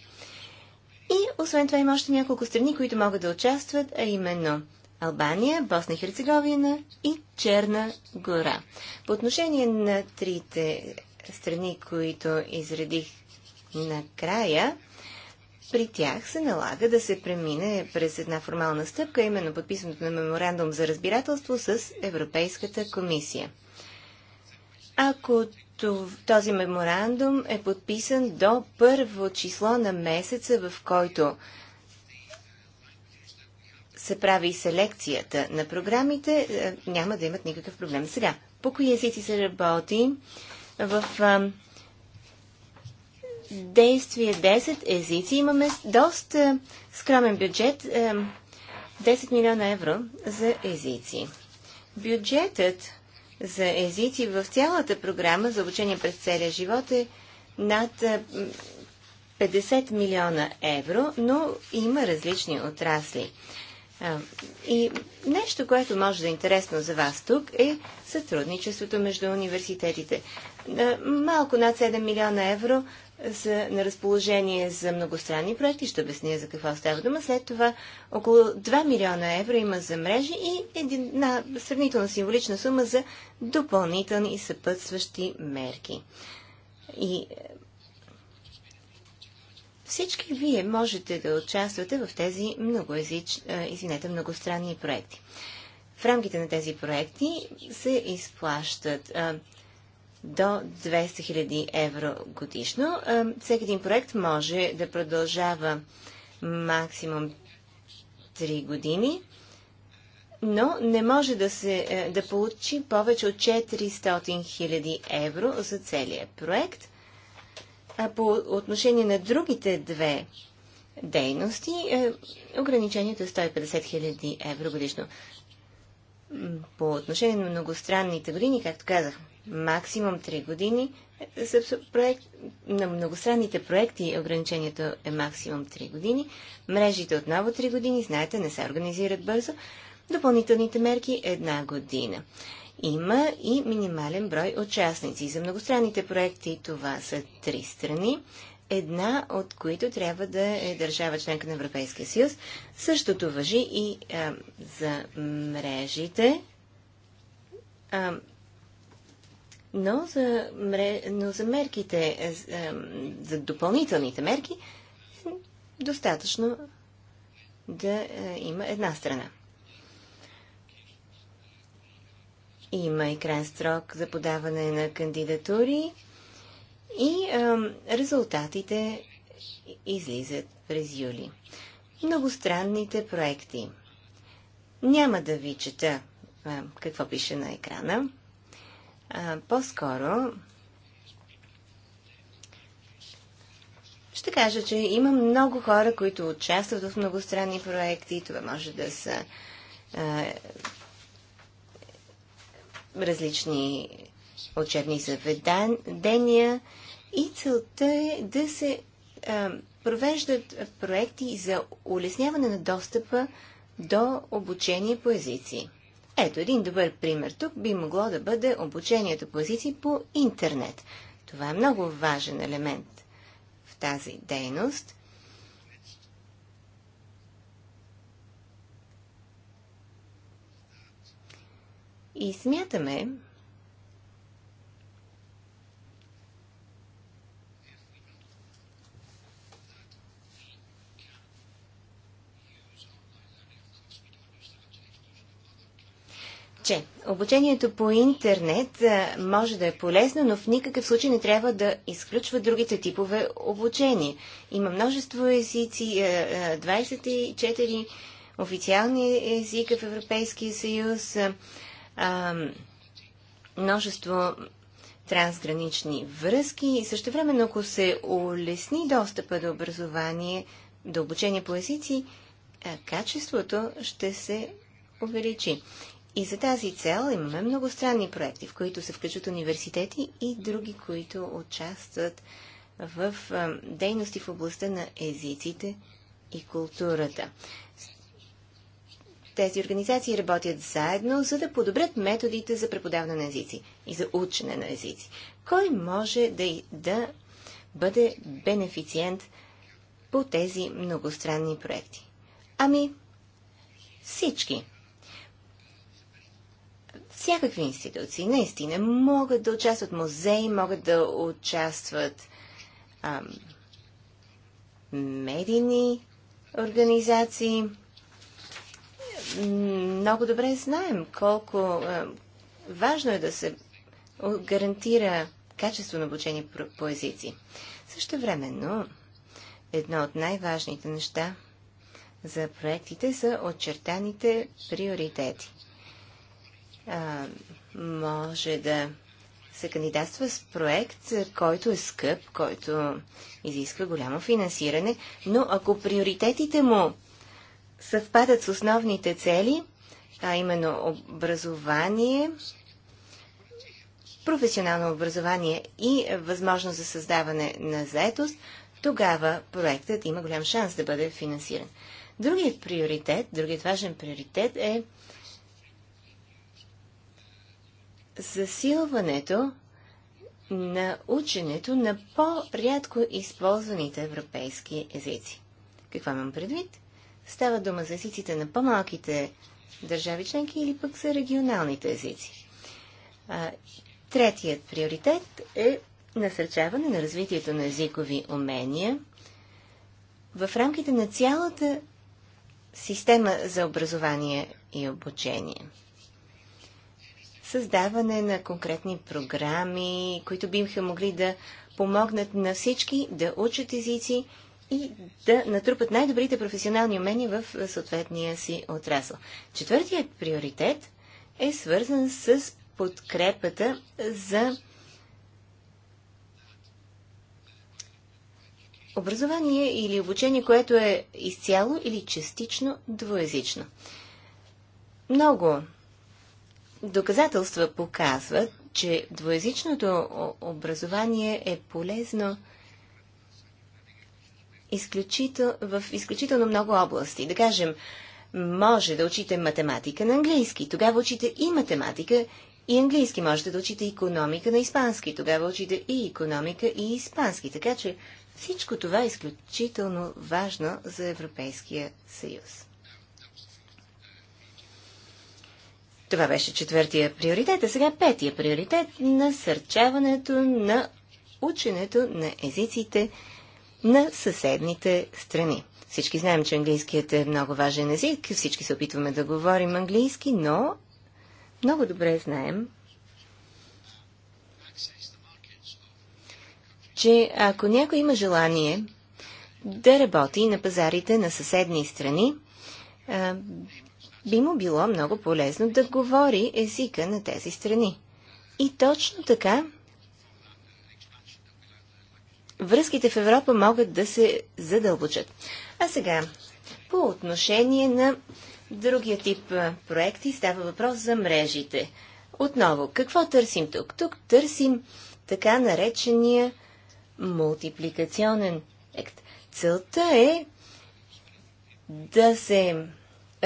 И освен това има още няколко страни, които могат да участват, а именно Албания, Босна и Херцеговина и Черна гора. По отношение на трите страни, които изредих накрая, при тях се налага да се премине през една формална стъпка, именно подписването на меморандум за разбирателство с Европейската комисия. Ако този меморандум е подписан до първо число на месеца, в който се прави селекцията на програмите, е, няма да имат никакъв проблем. Сега, по кои езици се работи? В а, действие 10 езици имаме доста скромен бюджет, а, е, 10 милиона евро за езици. Бюджетът за езици в цялата програма за обучение през целия живот е над 50 милиона евро, но има различни отрасли. И нещо, което може да е интересно за вас тук е сътрудничеството между университетите. Малко над 7 милиона евро са на разположение за многостранни проекти. Ще обясня за какво става дума. След това около 2 милиона евро има за мрежи и една сравнително символична сума за допълнителни съпътстващи мерки. И е, всички вие можете да участвате в тези многоязич... Е, извинете, многостранни проекти. В рамките на тези проекти се изплащат а, е, до 200 000 евро годишно. Всеки един проект може да продължава максимум 3 години, но не може да, се, е, да получи повече от 400 000 евро за целият проект. А по отношение на другите две дейности, е, ограничението е 150 000 евро годишно. По отношение на многостранните години, както казах, максимум 3 години. За проект, на многостранните проекти ограничението е максимум 3 години. Мрежите отново 3 години, знаете, не се организират бързо. Допълнителните мерки една година. Има и минимален брой участници. За многостранните проекти това са три страни, една от които трябва да е държава членка на Европейския съюз. Същото въжи и а, за мрежите. А, но за, мре... но за мерките, е, е, за допълнителните мерки, достатъчно да е, има една страна. Има и крайен строк за подаване на кандидатури и резултатите излизат през юли. Многостранните проекти. Няма да ви чета какво пише на екрана по-скоро ще кажа, че има много хора, които участват в многостранни проекти. Това може да са различни учебни заведения. И целта е да се провеждат проекти за улесняване на достъпа до обучение по езици. Ето един добър пример тук би могло да бъде обучението по езици по интернет. Това е много важен елемент в тази дейност. И смятаме, че обучението по интернет може да е полезно, но в никакъв случай не трябва да изключва другите типове обучение. Има множество езици, 24 официални езика в Европейския съюз, множество трансгранични връзки и също време, ако се улесни достъпа до образование, до обучение по езици, качеството ще се увеличи. И за тази цел имаме многостранни проекти, в които се включват университети и други, които участват в дейности в областта на езиците и културата. Тези организации работят заедно, за да подобрят методите за преподаване на езици и за учене на езици. Кой може да, да бъде бенефициент по тези многостранни проекти? Ами, всички всякакви институции наистина могат да участват музеи, могат да участват ам, медийни организации. Много добре знаем колко ам, важно е да се гарантира качество на обучение по езици. Също времено, едно от най-важните неща за проектите са очертаните приоритети може да се кандидатства с проект, който е скъп, който изисква голямо финансиране, но ако приоритетите му съвпадат с основните цели, а именно образование, професионално образование и възможност за създаване на заетост, тогава проектът има голям шанс да бъде финансиран. Другият приоритет, другият важен приоритет е засилването на ученето на по-рядко използваните европейски езици. Какво имам предвид? Става дума за езиците на по-малките държави членки или пък за регионалните езици. А, третият приоритет е насърчаване на развитието на езикови умения в рамките на цялата система за образование и обучение създаване на конкретни програми, които имха могли да помогнат на всички да учат езици и да натрупат най-добрите професионални умения в съответния си отрасъл. Четвъртият приоритет е свързан с подкрепата за образование или обучение, което е изцяло или частично двоязично. Много Доказателства показват, че двоязичното образование е полезно изключител... в изключително много области. Да кажем, може да учите математика на английски. Тогава учите и математика, и английски. Можете да учите економика на испански. Тогава учите и економика, и испански. Така че всичко това е изключително важно за Европейския съюз. Това беше четвъртия приоритет, а сега петия приоритет – насърчаването на ученето на езиците на съседните страни. Всички знаем, че английският е много важен език, всички се опитваме да говорим английски, но много добре знаем, че ако някой има желание да работи на пазарите на съседни страни, би му било много полезно да говори езика на тези страни. И точно така връзките в Европа могат да се задълбочат. А сега, по отношение на другия тип проекти, става въпрос за мрежите. Отново, какво търсим тук? Тук търсим така наречения мултипликационен ект. Целта е да се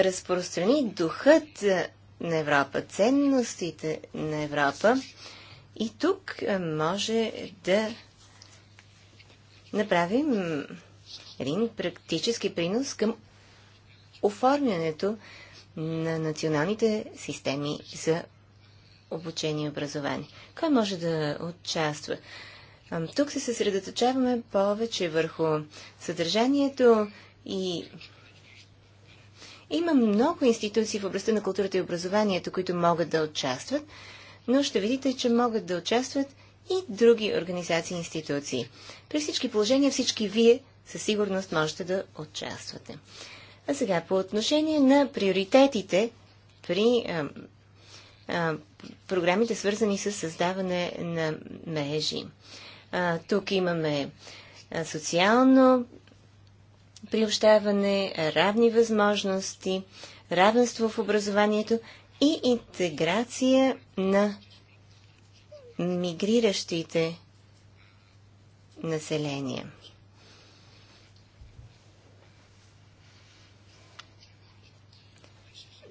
разпространи духът на Европа, ценностите на Европа. И тук е, може да направим един практически принос към оформянето на националните системи за обучение и образование. Кой може да участва? Тук се съсредоточаваме повече върху съдържанието и има много институции в областта на културата и образованието, които могат да участват, но ще видите, че могат да участват и други организации и институции. При всички положения всички вие със сигурност можете да участвате. А сега по отношение на приоритетите при а, а, програмите, свързани с създаване на мрежи. А, тук имаме социално приобщаване, равни възможности, равенство в образованието и интеграция на мигриращите населения.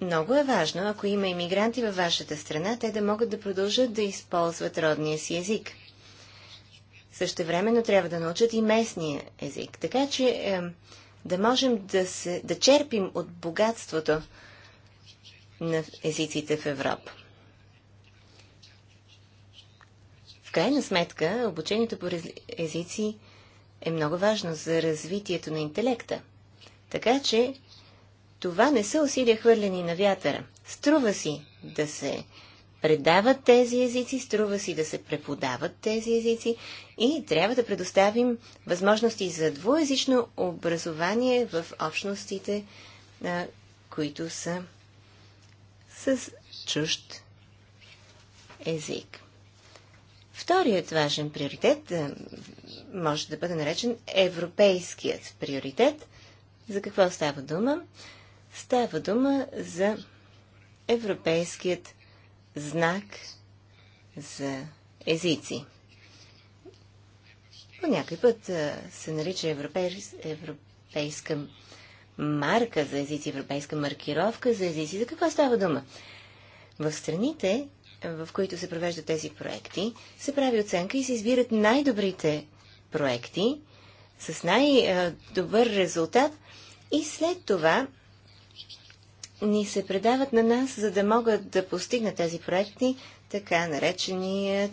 Много е важно, ако има иммигранти във вашата страна, те да могат да продължат да използват родния си език – Същевременно трябва да научат и местния език. Така че е, да можем да, се, да черпим от богатството на езиците в Европа. В крайна сметка, обучението по езици е много важно за развитието на интелекта. Така че това не са усилия хвърлени на вятъра. Струва си да се предават тези езици, струва си да се преподават тези езици и трябва да предоставим възможности за двуязично образование в общностите, които са с чужд език. Вторият важен приоритет може да бъде наречен европейският приоритет. За какво става дума? Става дума за европейският знак за езици. По някой път се нарича европейска марка за езици, европейска маркировка за езици. За какво става дума? В страните, в които се провеждат тези проекти, се прави оценка и се избират най-добрите проекти с най-добър резултат и след това ни се предават на нас, за да могат да постигнат тези проекти, така нареченият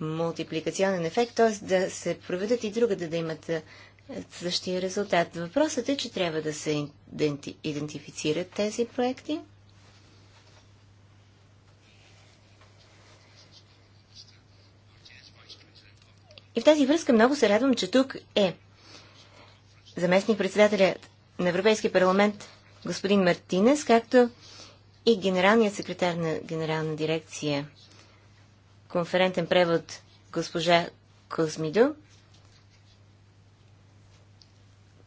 мултипликационен ефект, т.е. да се проведат и друга да, да имат същия резултат. Въпросът е, че трябва да се идентифицират тези проекти. И в тази връзка много се радвам, че тук е заместник председателя на Европейския парламент господин Мартинес, както и генералният секретар на Генерална дирекция конферентен превод госпожа Козмидо,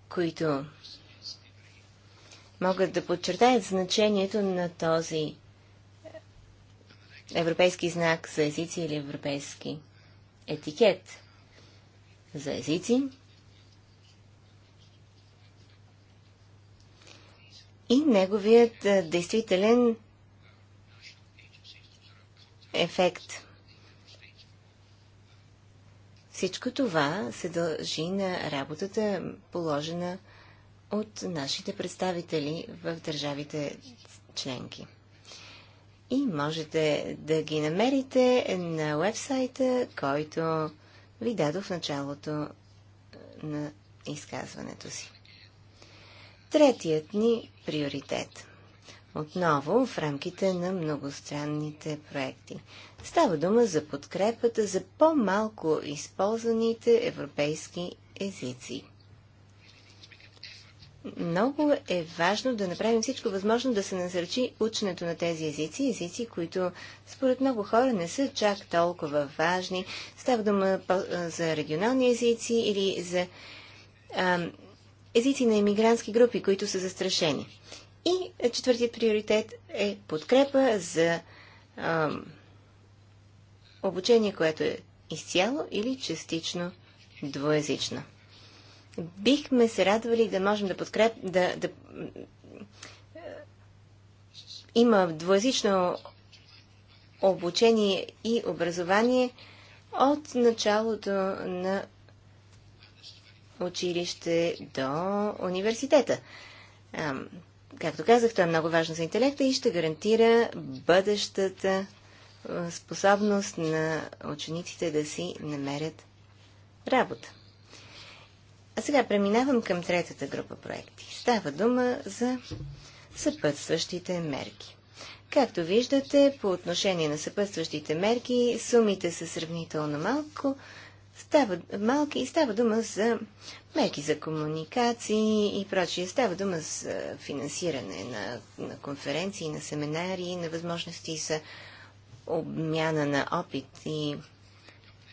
които могат да подчертаят значението на този европейски знак за езици или европейски етикет за езици, и неговият действителен ефект. Всичко това се дължи на работата, положена от нашите представители в държавите членки. И можете да ги намерите на вебсайта, който ви дадох в началото на изказването си. Третият ни приоритет. Отново в рамките на многостранните проекти. Става дума за подкрепата за по-малко използваните европейски езици. Много е важно да направим всичко възможно да се насърчи ученето на тези езици, езици, които според много хора не са чак толкова важни. Става дума за регионални езици или за езици на емигрантски групи, които са застрашени. И четвъртият приоритет е подкрепа за ам, обучение, което е изцяло или частично двоязично. Бихме се радвали да можем да подкреп... да, да има двоязично обучение и образование от началото на училище до университета. както казах, това е много важно за интелекта и ще гарантира бъдещата способност на учениците да си намерят работа. А сега преминавам към третата група проекти. Става дума за съпътстващите мерки. Както виждате, по отношение на съпътстващите мерки, сумите са сравнително малко, Става малки и става дума за мерки за комуникации и прочие. Става дума за финансиране на, на конференции, на семинари, на възможности за обмяна на опит и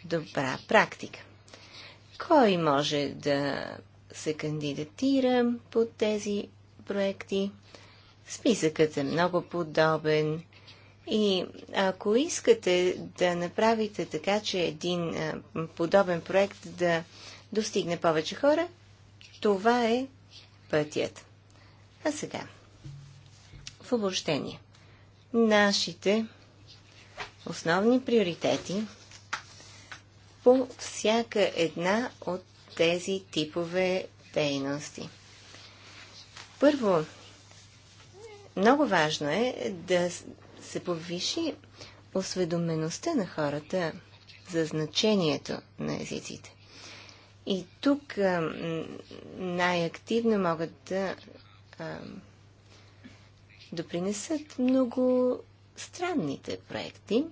добра практика. Кой може да се кандидатира по тези проекти? Списъкът е много подобен и ако искате да направите така, че един а, подобен проект да достигне повече хора, това е пътят. А сега, в обобщение, нашите основни приоритети по всяка една от тези типове дейности. Първо, много важно е да се повиши осведомеността на хората за значението на езиците. И тук най-активно могат да а, допринесат много странните проекти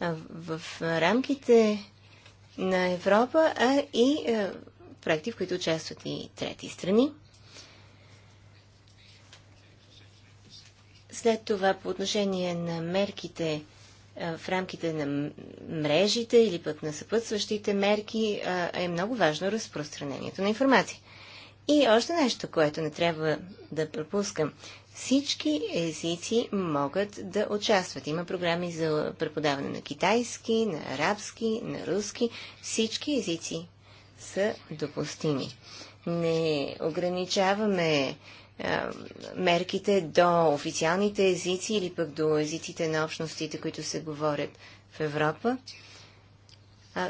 а, в, в рамките на Европа, а и а, проекти, в които участват и трети страни. След това по отношение на мерките в рамките на мрежите или пък на съпътстващите мерки е много важно разпространението на информация. И още нещо, което не трябва да пропускам. Всички езици могат да участват. Има програми за преподаване на китайски, на арабски, на руски. Всички езици са допустими. Не ограничаваме е, мерките до официалните езици или пък до езиците на общностите, които се говорят в Европа,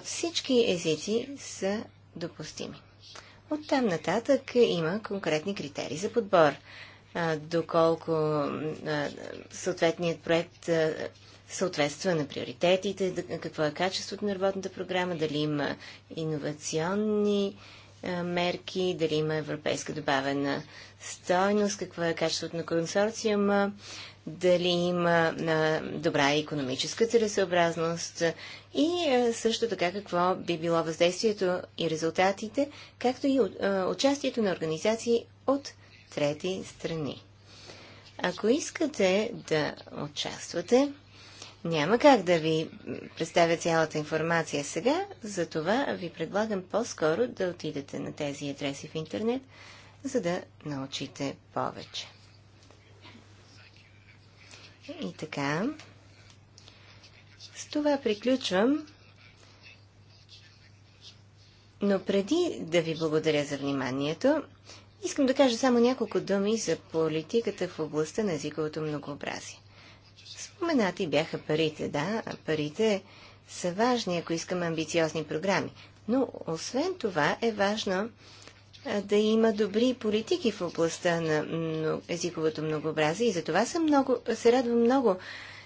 всички езици са допустими. От там нататък има конкретни критерии за подбор. доколко съответният проект съответства на приоритетите, какво е качеството на работната програма, дали има иновационни е, мерки, дали има европейска добавена стойност, какво е качеството на консорциума, дали има е, добра економическа целесообразност и е, също така какво би било въздействието и резултатите, както и участието на организации от трети страни. Ако искате да участвате, няма как да ви представя цялата информация сега, затова ви предлагам по-скоро да отидете на тези адреси в интернет, за да научите повече. И така, с това приключвам. Но преди да ви благодаря за вниманието, искам да кажа само няколко думи за политиката в областта на езиковото многообразие. Споменати бяха парите, да. Парите са важни, ако искаме амбициозни програми. Но освен това е важно да има добри политики в областта на езиковото многообразие и за това съм много, се радвам много,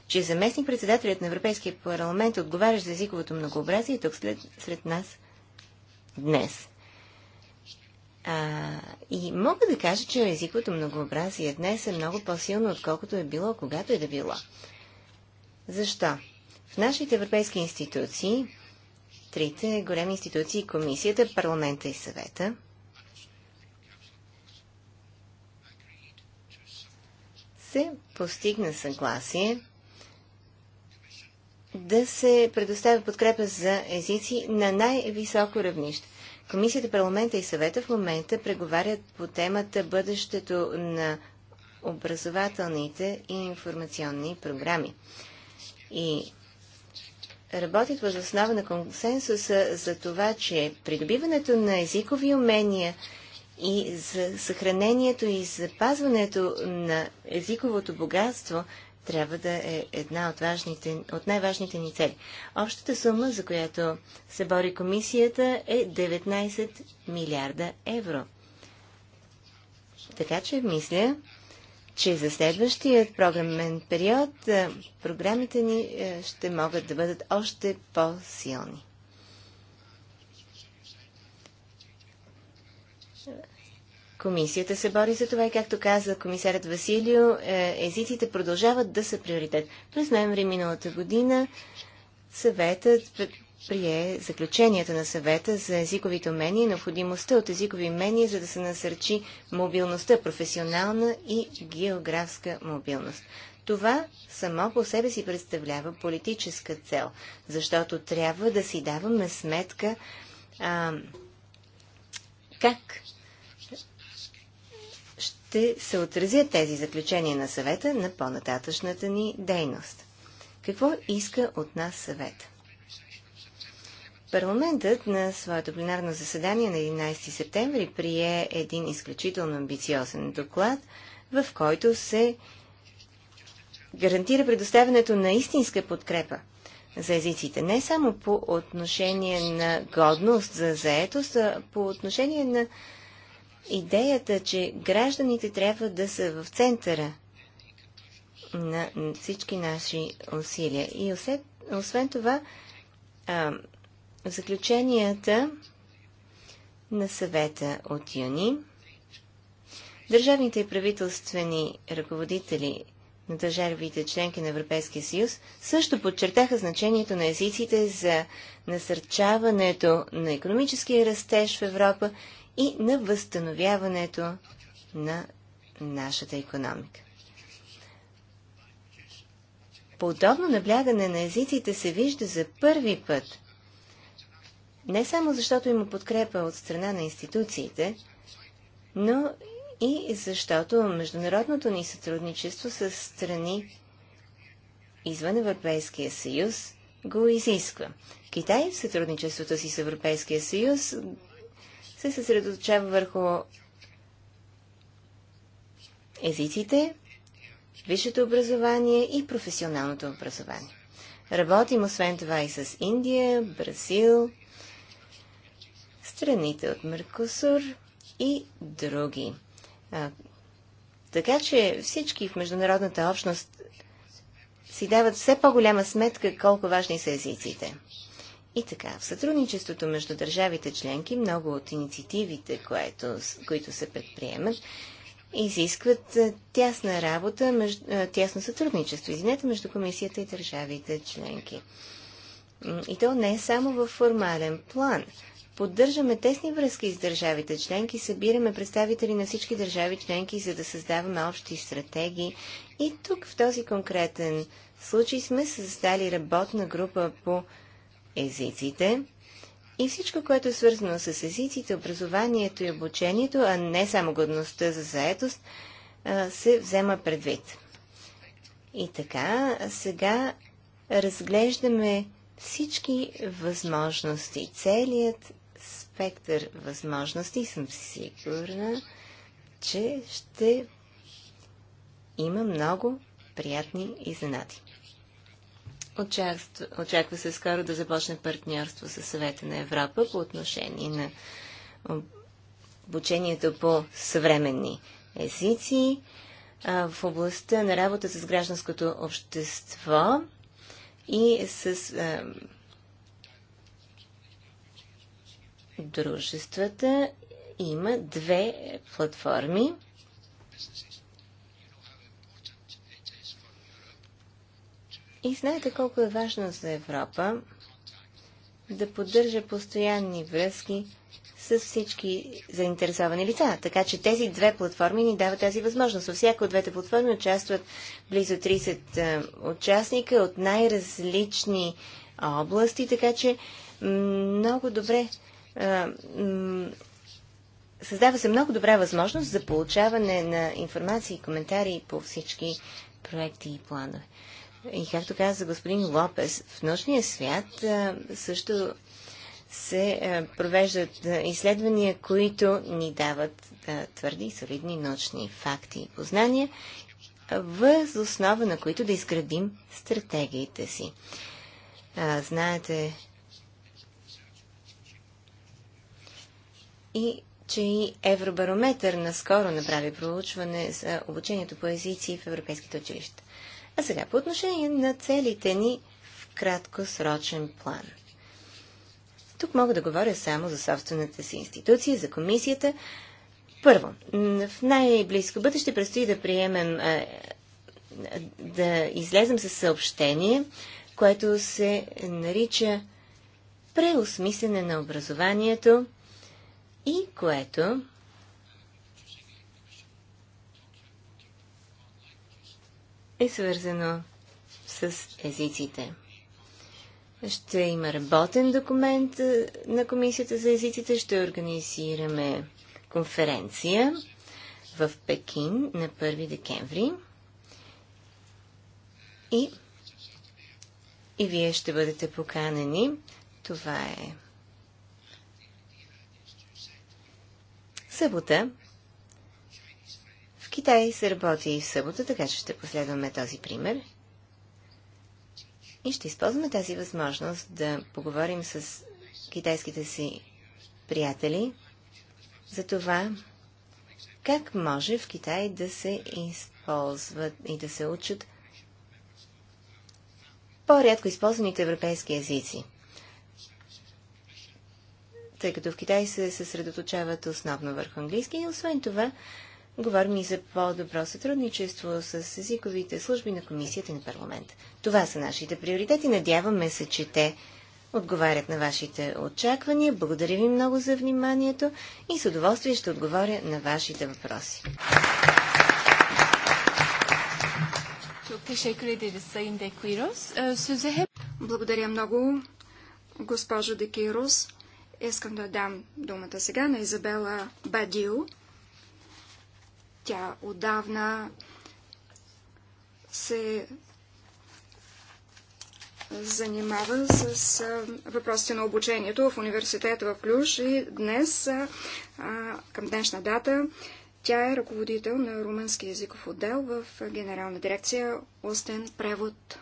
че заместник председателят на Европейския парламент отговаря за езиковото многообразие и тук след, сред нас днес. А, и мога да кажа, че езиковото многообразие днес е много по-силно, отколкото е било, когато е да било. Защо? В нашите европейски институции, трите големи институции, комисията, парламента и съвета, се постигна съгласие да се предоставя подкрепа за езици на най-високо равнище. Комисията, парламента и съвета в момента преговарят по темата бъдещето на образователните и информационни програми и работят въз основа на консенсуса за това, че придобиването на езикови умения и за съхранението и запазването на езиковото богатство трябва да е една от, важните, от най-важните ни цели. Общата сума, за която се бори комисията, е 19 милиарда евро. Така че мисля, че за следващия програмен период програмите ни ще могат да бъдат още по-силни. Комисията се бори за това и, както каза комисарят Василио, е, езиците продължават да са приоритет. През ноември миналата година съветът прие заключенията на съвета за езиковите умения и необходимостта от езикови умения, за да се насърчи мобилността, професионална и географска мобилност. Това само по себе си представлява политическа цел, защото трябва да си даваме сметка а, как ще се отразят тези заключения на съвета на по-нататъчната ни дейност. Какво иска от нас съвета? Парламентът на своето пленарно заседание на 11 септември прие един изключително амбициозен доклад, в който се гарантира предоставянето на истинска подкрепа за езиците, не само по отношение на годност за заетост, а по отношение на идеята, че гражданите трябва да са в центъра на всички наши усилия. И освен, това, заключенията на съвета от юни държавните и правителствени ръководители на държавите членки на Европейския съюз също подчертаха значението на езиците за насърчаването на економическия растеж в Европа и на възстановяването на нашата економика. Подобно наблягане на езиците се вижда за първи път – не само защото има подкрепа от страна на институциите, но и защото международното ни сътрудничество с страни извън Европейския съюз го изисква. Китай в сътрудничеството си с Европейския съюз се съсредоточава върху езиците, висшето образование и професионалното образование. Работим освен това и с Индия, Бразил, страните от Меркосур и други. А, така че всички в международната общност си дават все по-голяма сметка колко важни са езиците. И така, в сътрудничеството между държавите членки, много от инициативите, което, които се предприемат, изискват тясна работа, между, тясно сътрудничество, извинете, между комисията и държавите членки. И то не е само в формален план. Поддържаме тесни връзки с държавите членки, събираме представители на всички държави членки, за да създаваме общи стратегии. И тук в този конкретен случай сме създали работна група по езиците и всичко, което е свързано с езиците, образованието и обучението, а не само годността за заетост, се взема предвид. И така, сега разглеждаме всички възможности, целият спектър възможности и съм сигурна, че ще има много приятни изненади. Очаква, очаква се скоро да започне партньорство със съвета на Европа по отношение на обучението по съвременни езици в областта на работа с гражданското общество и с дружествата има две платформи. И знаете колко е важно за Европа да поддържа постоянни връзки с всички заинтересовани лица. Така че тези две платформи ни дават тази възможност. Във всяка от двете платформи участват близо 30 е, участника от най-различни области, така че много добре е, създава се много добра възможност за получаване на информация и коментари по всички проекти и планове. И както каза господин Лопес, в научния свят е, също се е, провеждат изследвания, които ни дават твърди и солидни научни факти и познания, въз основа на които да изградим стратегиите си. Знаете, и че и Евробарометър наскоро направи проучване за обучението по езици в европейските училища. А сега, по отношение на целите ни в краткосрочен план. Тук мога да говоря само за собствената си институция, за комисията. Първо, в най-близко бъдеще предстои да приемем, е, да излезем със съобщение, което се нарича преосмислене на образованието и което е свързано с езиците. Ще има работен документ е, на Комисията за езиците. Ще организираме конференция в Пекин на 1 декември. И, и вие ще бъдете поканени. Това е събота. В Китай се работи и в събота, така че ще последваме този пример. И ще използваме тази възможност да поговорим с китайските си приятели за това как може в Китай да се използват и да се учат по-рядко използваните европейски езици тъй като в Китай се съсредоточават основно върху английски. И освен това, говорим и за по-добро сътрудничество с езиковите служби на комисията на парламента. Това са нашите приоритети. Надяваме се, че те отговарят на вашите очаквания. Благодаря ви много за вниманието и с удоволствие ще отговоря на вашите въпроси. Благодаря много, госпожо Декирос. Искам да дам думата сега на Изабела Бадил. Тя отдавна се занимава с въпросите на обучението в университета в Клюш и днес, към днешна дата, тя е ръководител на румънски язиков отдел в Генерална дирекция Остен превод.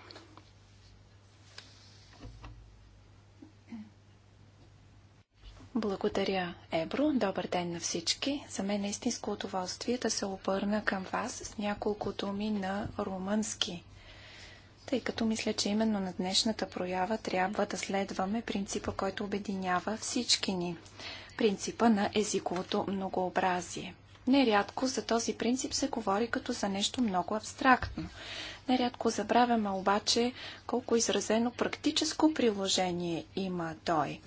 Благодаря, Ебро. Добър ден на всички. За мен е истинско удоволствие да се обърна към вас с няколко думи на румънски. Тъй като мисля, че именно на днешната проява трябва да следваме принципа, който обединява всички ни. Принципа на езиковото многообразие. Нерядко за този принцип се говори като за нещо много абстрактно. Нерядко забравяме обаче колко изразено практическо приложение има той.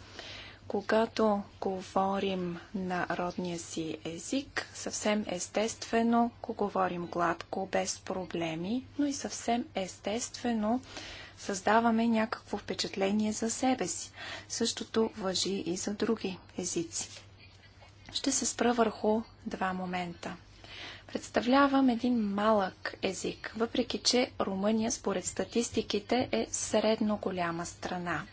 Когато говорим на родния си език, съвсем естествено го говорим гладко, без проблеми, но и съвсем естествено създаваме някакво впечатление за себе си. Същото въжи и за други езици. Ще се спра върху два момента. Представлявам един малък език, въпреки че Румъния според статистиките е средно голяма страна.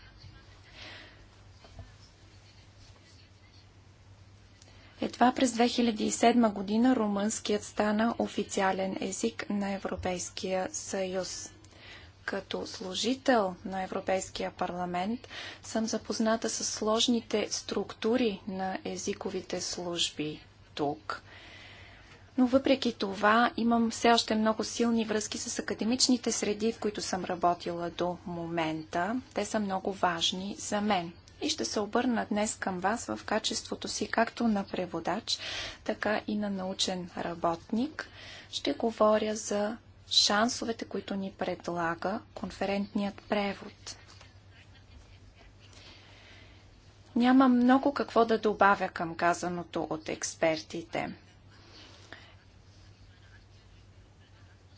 Едва през 2007 година румънският стана официален език на Европейския съюз. Като служител на Европейския парламент съм запозната с сложните структури на езиковите служби тук. Но въпреки това имам все още много силни връзки с академичните среди, в които съм работила до момента. Те са много важни за мен и ще се обърна днес към вас в качеството си както на преводач, така и на научен работник. Ще говоря за шансовете, които ни предлага конферентният превод. Няма много какво да добавя към казаното от експертите.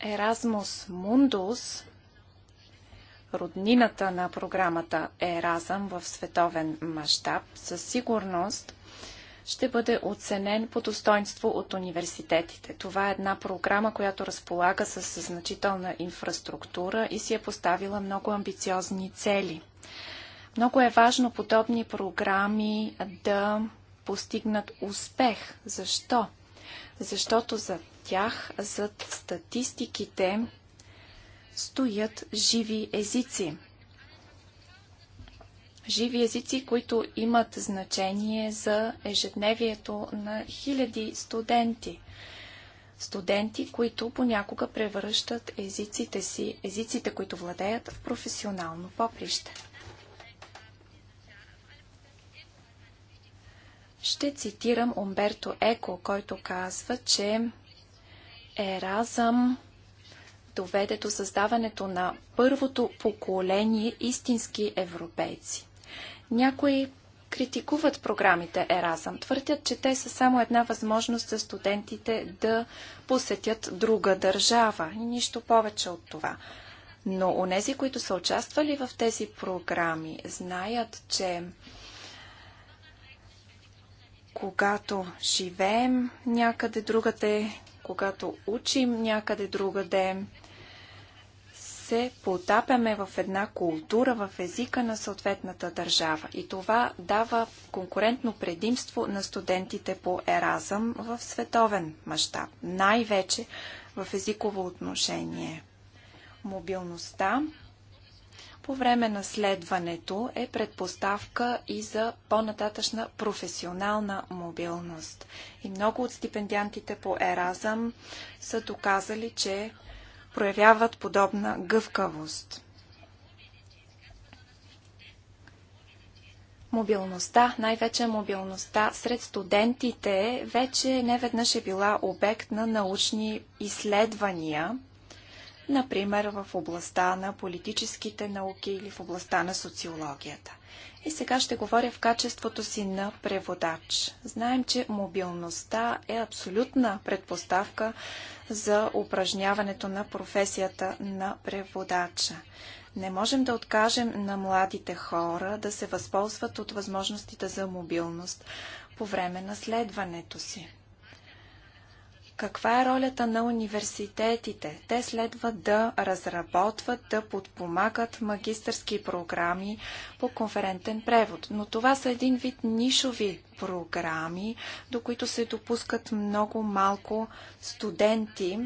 Еразмус Мундус роднината на програмата Еразъм в световен мащаб, със сигурност ще бъде оценен по достоинство от университетите. Това е една програма, която разполага с значителна инфраструктура и си е поставила много амбициозни цели. Много е важно подобни програми да постигнат успех. Защо? Защото за тях, зад статистиките, стоят живи езици. Живи езици, които имат значение за ежедневието на хиляди студенти. Студенти, които понякога превръщат езиците си, езиците, които владеят, в професионално поприще. Ще цитирам Умберто Еко, който казва, че еразъм доведе до създаването на първото поколение истински европейци. Някои критикуват програмите Еразъм. Твърдят, че те са само една възможност за студентите да посетят друга държава и нищо повече от това. Но онези, които са участвали в тези програми, знаят, че когато живеем някъде другаде, когато учим някъде другаде, се потапяме в една култура, в езика на съответната държава. И това дава конкурентно предимство на студентите по Еразъм в световен мащаб, най-вече в езиково отношение. Мобилността по време на следването е предпоставка и за по-нататъчна професионална мобилност. И много от стипендиантите по Еразъм са доказали, че проявяват подобна гъвкавост. Мобилността, най-вече мобилността сред студентите, вече неведнъж е била обект на научни изследвания, например в областта на политическите науки или в областта на социологията. И сега ще говоря в качеството си на преводач. Знаем, че мобилността е абсолютна предпоставка за упражняването на професията на преводача. Не можем да откажем на младите хора да се възползват от възможностите за мобилност по време на следването си. Каква е ролята на университетите? Те следва да разработват, да подпомагат магистърски програми по конферентен превод. Но това са един вид нишови програми, до които се допускат много малко студенти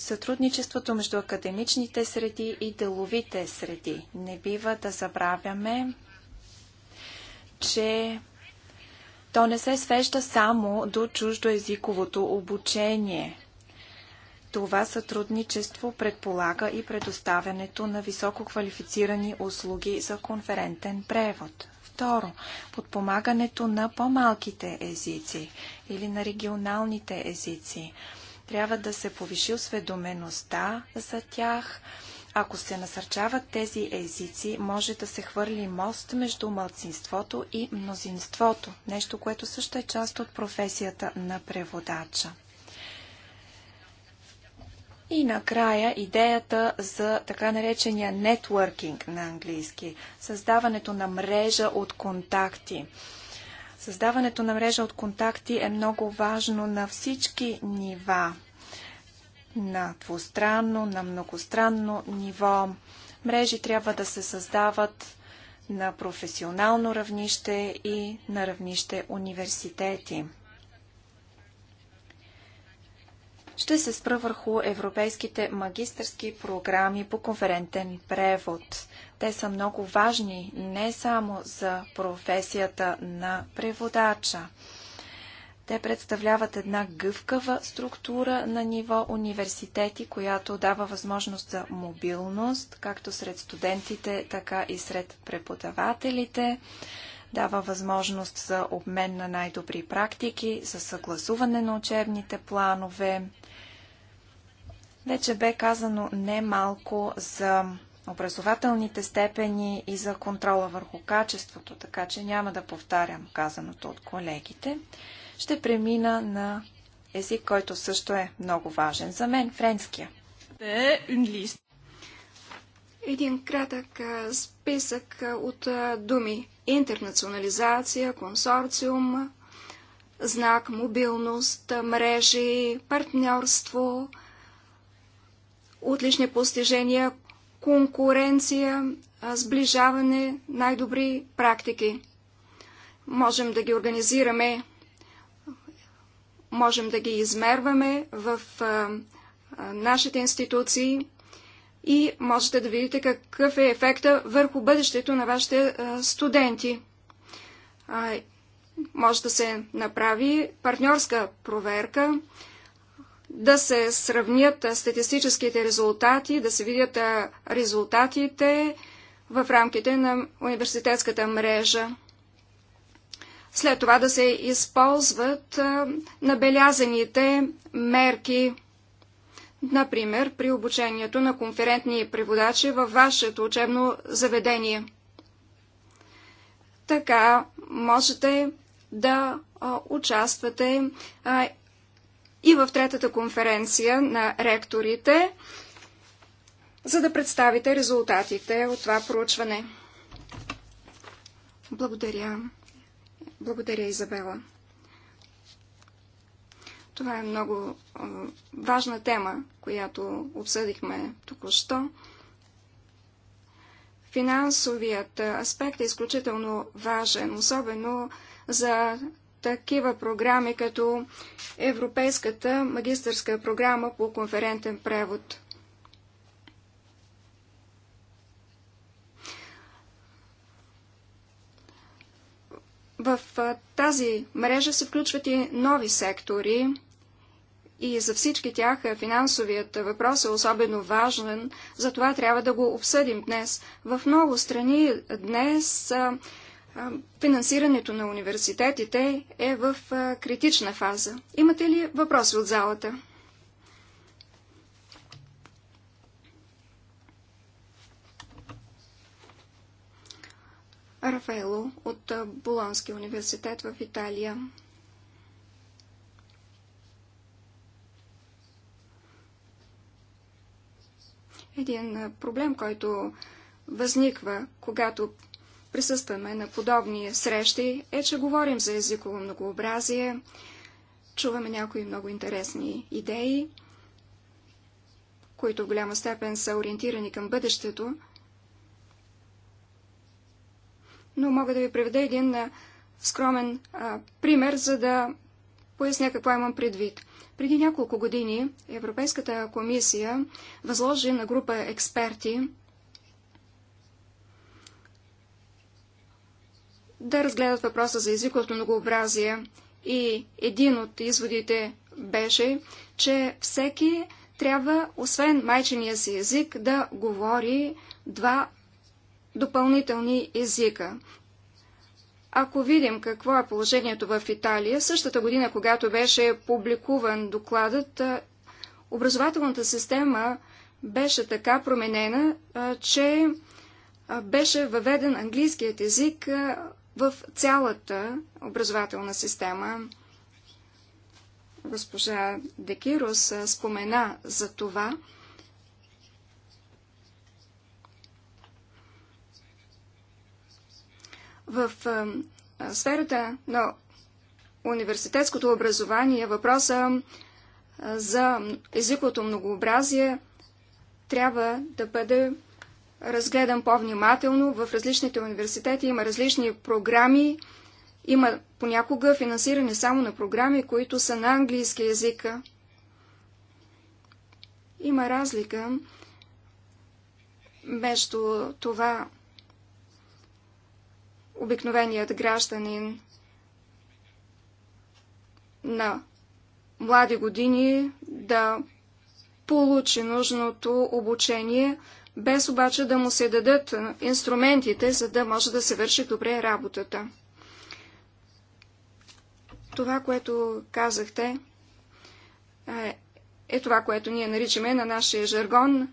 сътрудничеството между академичните среди и деловите среди. Не бива да забравяме, че то не се свежда само до чуждоязиковото обучение. Това сътрудничество предполага и предоставянето на високо квалифицирани услуги за конферентен превод. Второ, подпомагането на по-малките езици или на регионалните езици – трябва да се повиши осведомеността за тях. Ако се насърчават тези езици, може да се хвърли мост между мълцинството и мнозинството, нещо, което също е част от професията на преводача. И накрая идеята за така наречения нетворкинг на английски, създаването на мрежа от контакти. Създаването на мрежа от контакти е много важно на всички нива. На двустранно, на многостранно ниво. Мрежи трябва да се създават на професионално равнище и на равнище университети. Ще се спра върху европейските магистърски програми по конферентен превод. Те са много важни не само за професията на преводача. Те представляват една гъвкава структура на ниво университети, която дава възможност за мобилност, както сред студентите, така и сред преподавателите. Дава възможност за обмен на най-добри практики, за съгласуване на учебните планове. Вече бе казано немалко за образователните степени и за контрола върху качеството, така че няма да повтарям казаното от колегите. Ще премина на език, който също е много важен за мен френския. Един кратък списък от думи. Интернационализация, консорциум, знак, мобилност, мрежи, партньорство, отлични постижения, конкуренция, сближаване, най-добри практики. Можем да ги организираме, можем да ги измерваме в нашите институции и можете да видите какъв е ефекта върху бъдещето на вашите студенти. Може да се направи партньорска проверка, да се сравнят статистическите резултати, да се видят резултатите в рамките на университетската мрежа. След това да се използват набелязаните мерки, например при обучението на конферентни преводачи във вашето учебно заведение. Така можете да участвате и в третата конференция на ректорите, за да представите резултатите от това проучване. Благодаря. Благодаря, Изабела. Това е много важна тема, която обсъдихме току-що. Финансовият аспект е изключително важен, особено за такива програми, като Европейската магистърска програма по конферентен превод. В тази мрежа се включват и нови сектори и за всички тях финансовият въпрос е особено важен, затова трябва да го обсъдим днес. В много страни днес финансирането на университетите е в критична фаза. Имате ли въпроси от залата? Рафаело от Болонския университет в Италия. Един проблем, който възниква, когато присъстваме на подобни срещи, е, че говорим за езиково многообразие, чуваме някои много интересни идеи, които в голяма степен са ориентирани към бъдещето. Но мога да ви приведа един скромен а, пример, за да поясня какво имам предвид. Преди няколко години Европейската комисия възложи на група експерти да разгледат въпроса за езиковото многообразие. И един от изводите беше, че всеки трябва, освен майчения си език, да говори два допълнителни езика. Ако видим какво е положението в Италия, същата година, когато беше публикуван докладът, образователната система беше така променена, че беше въведен английският език в цялата образователна система. Госпожа Декирос спомена за това. В сферата на университетското образование въпроса за езиковото многообразие трябва да бъде разгледан по-внимателно. В различните университети има различни програми. Има понякога финансиране само на програми, които са на английски язика. Има разлика между това обикновеният гражданин на млади години да получи нужното обучение без обаче да му се дадат инструментите, за да може да се върши добре работата. Това, което казахте, е, това, което ние наричаме на нашия жаргон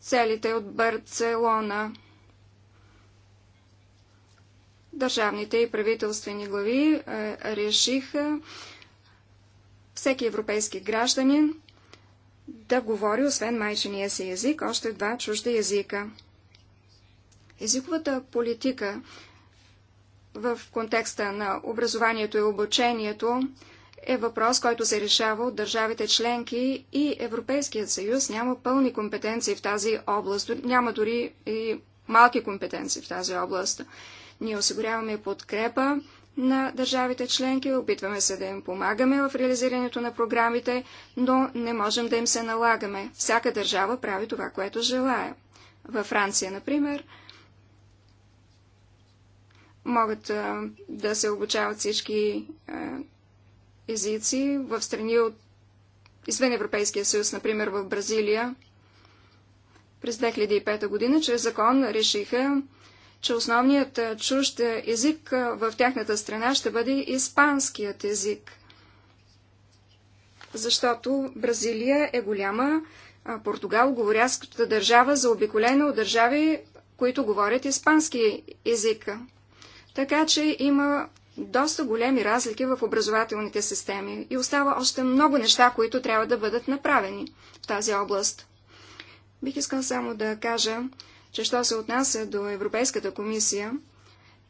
целите от Барцелона. Държавните и правителствени глави решиха всеки европейски гражданин да говори, освен майчения си език, още два чужди езика. Езиковата политика в контекста на образованието и обучението е въпрос, който се решава от държавите членки и Европейският съюз няма пълни компетенции в тази област, няма дори и малки компетенции в тази област. Ние осигуряваме подкрепа на държавите членки, опитваме се да им помагаме в реализирането на програмите, но не можем да им се налагаме. Всяка държава прави това, което желая. Във Франция, например, могат а, да се обучават всички а, езици в страни от извън Европейския съюз, например в Бразилия. През 2005 година чрез закон решиха че основният е, чужд е, език е, в тяхната страна ще бъде испанският език. Защото Бразилия е голяма португал говорящата държава, заобиколена от държави, които говорят испански език. Така че има доста големи разлики в образователните системи и остава още много неща, които трябва да бъдат направени в тази област. Бих искал само да кажа, че що се отнася до Европейската комисия,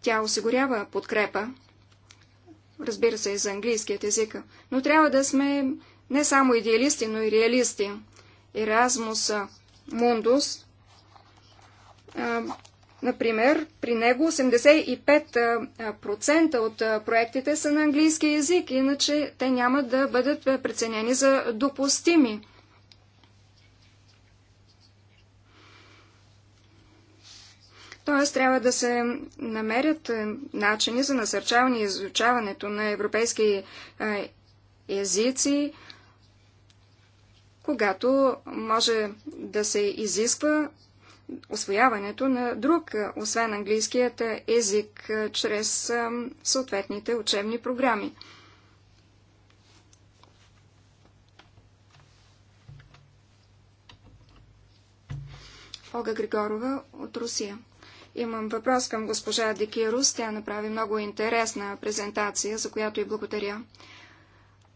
тя осигурява подкрепа, разбира се и за английският език, но трябва да сме не само идеалисти, но и реалисти. Еразмус Мундус, например, при него 85% от проектите са на английски язик, иначе те няма да бъдат преценени за допустими. Тоест, трябва да се намерят е, начини за насърчаване и изучаването на европейски е, езици, когато може да се изисква освояването на друг, е, освен английският език, чрез съответните учебни програми. Ольга Григорова от Русия. Имам въпрос към госпожа Декирус. Тя направи много интересна презентация, за която и благодаря.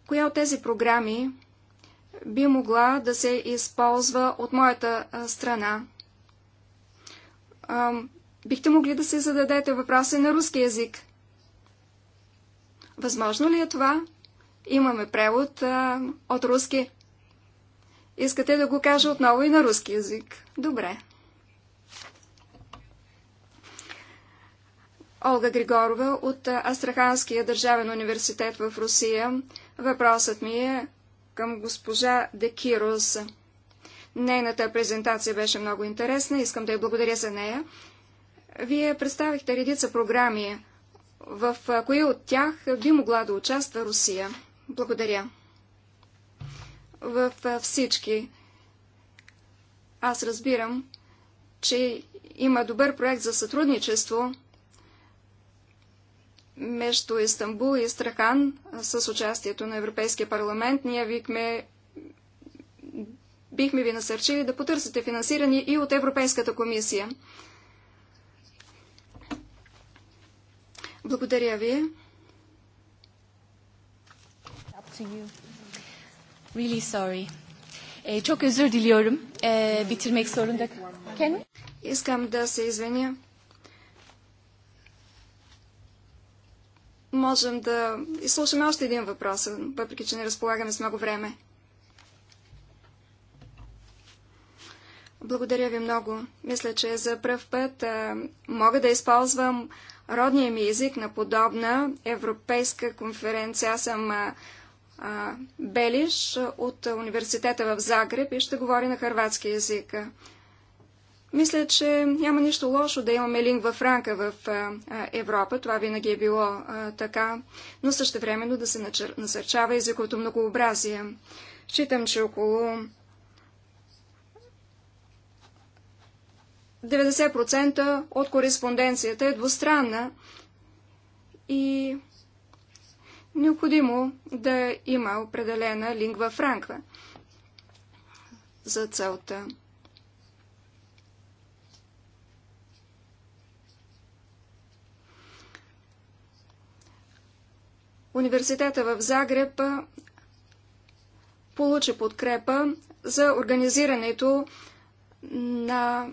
Коя от тези програми би могла да се използва от моята страна? Бихте могли да се зададете въпроси на руски язик. Възможно ли е това? Имаме превод а, от руски. Искате да го кажа отново и на руски язик? Добре. Олга Григорова от Астраханския държавен университет в Русия. Въпросът ми е към госпожа Декирос. Нейната презентация беше много интересна. Искам да я благодаря за нея. Вие представихте редица програми. В кои от тях би могла да участва Русия? Благодаря. В всички. Аз разбирам, че има добър проект за сътрудничество между Истанбул и Страхан с участието на Европейския парламент. Ние викме, бихме ви насърчили да потърсите финансиране и от Европейската комисия. Благодаря ви. Really sorry. Ee, çok özür diliyorum. Ee, bitirmek zorunda. Can... Искам да се извиня. можем да изслушаме още един въпрос, въпреки че не разполагаме с много време. Благодаря ви много. Мисля, че за пръв път а, мога да използвам родния ми език на подобна европейска конференция. Аз съм а, а, Белиш от университета в Загреб и ще говоря на хърватски език. Мисля, че няма нищо лошо да имаме лингва франка в Европа. Това винаги е било така, но същевременно да се насърчава езиковото многообразие. Считам, че около 90% от кореспонденцията е двустранна и необходимо да има определена лингва франка за целта. Университета в Загреб получи подкрепа за организирането на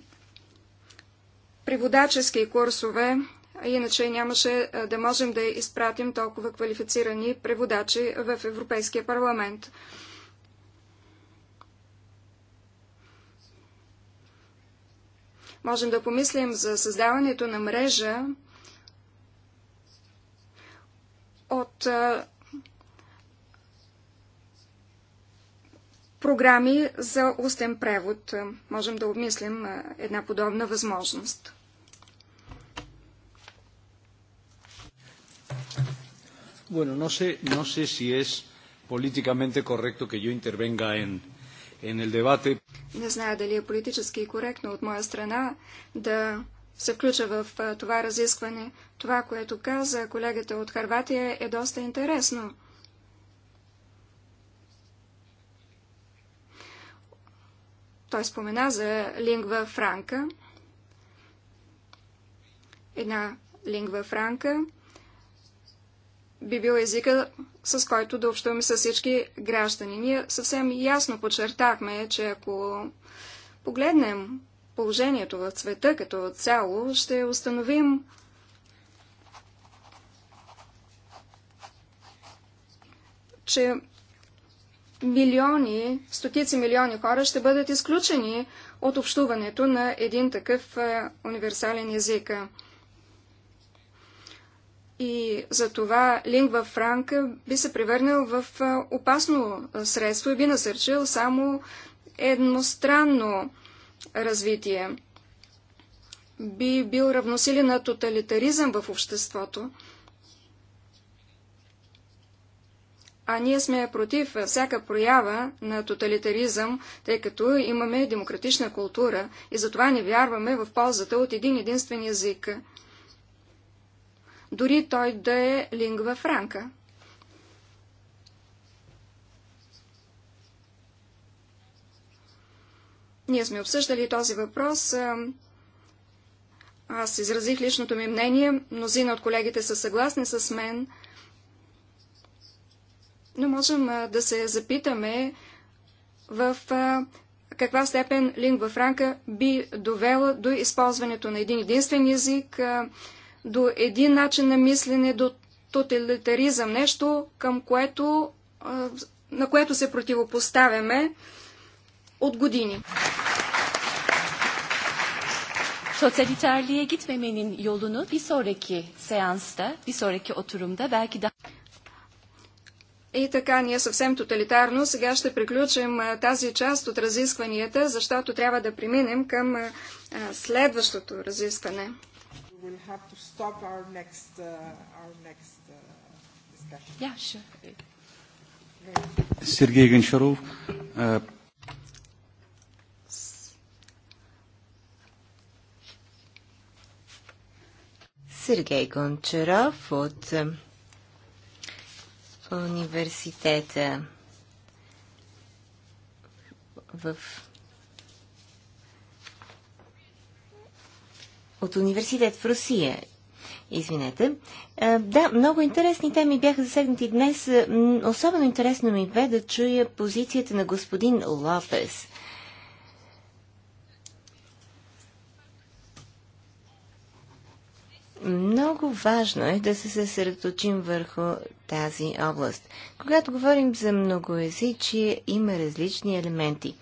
преводачески курсове, иначе нямаше да можем да изпратим толкова квалифицирани преводачи в Европейския парламент. Можем да помислим за създаването на мрежа от програми за устен превод. Можем да обмислим една подобна възможност. Bueno, no sé, no sé si es políticamente correcto que yo intervenga en, en el debate. Не зная дали е политически коректно от моя страна да се включа в това разискване. Това, което каза колегата от Харватия, е доста интересно. Той спомена за лингва франка. Една лингва франка би бил езика, с който да общуваме с всички граждани. Ние съвсем ясно подчертахме, че ако погледнем положението в света като цяло, ще установим че милиони, стотици милиони хора ще бъдат изключени от общуването на един такъв е, универсален език. И за това лингва франка би се превърнал в е, опасно е, средство и би насърчил само едностранно развитие. Би бил равносилен на тоталитаризъм в обществото. А ние сме против всяка проява на тоталитаризъм, тъй като имаме демократична култура и затова не вярваме в ползата от един единствен език. Дори той да е лингва франка. Ние сме обсъждали този въпрос. Е, аз изразих личното ми мнение. Мнозина от колегите са съгласни с мен. Но можем е, да се запитаме в е, каква степен лингва франка би довела до използването на един единствен език, до един начин на мислене, до тоталитаризъм, нещо, към което, на което се противопоставяме от години. gitmemenin yolunu bir sonraki seansta, bir sonraki oturumda belki daha... И така, ние съвсем тоталитарно сега ще приключим тази част от разискванията, защото трябва да преминем към следващото разискване. Uh, uh, Сергей Гончаров, Сергей Гончаров от е, университета в от университет в Русия. Извинете. Е, да, много интересни теми бяха засегнати днес. Особено интересно ми бе да чуя позицията на господин Лопес – Много важно е да се съсредоточим върху тази област. Когато говорим за многоязичие, има различни елементи.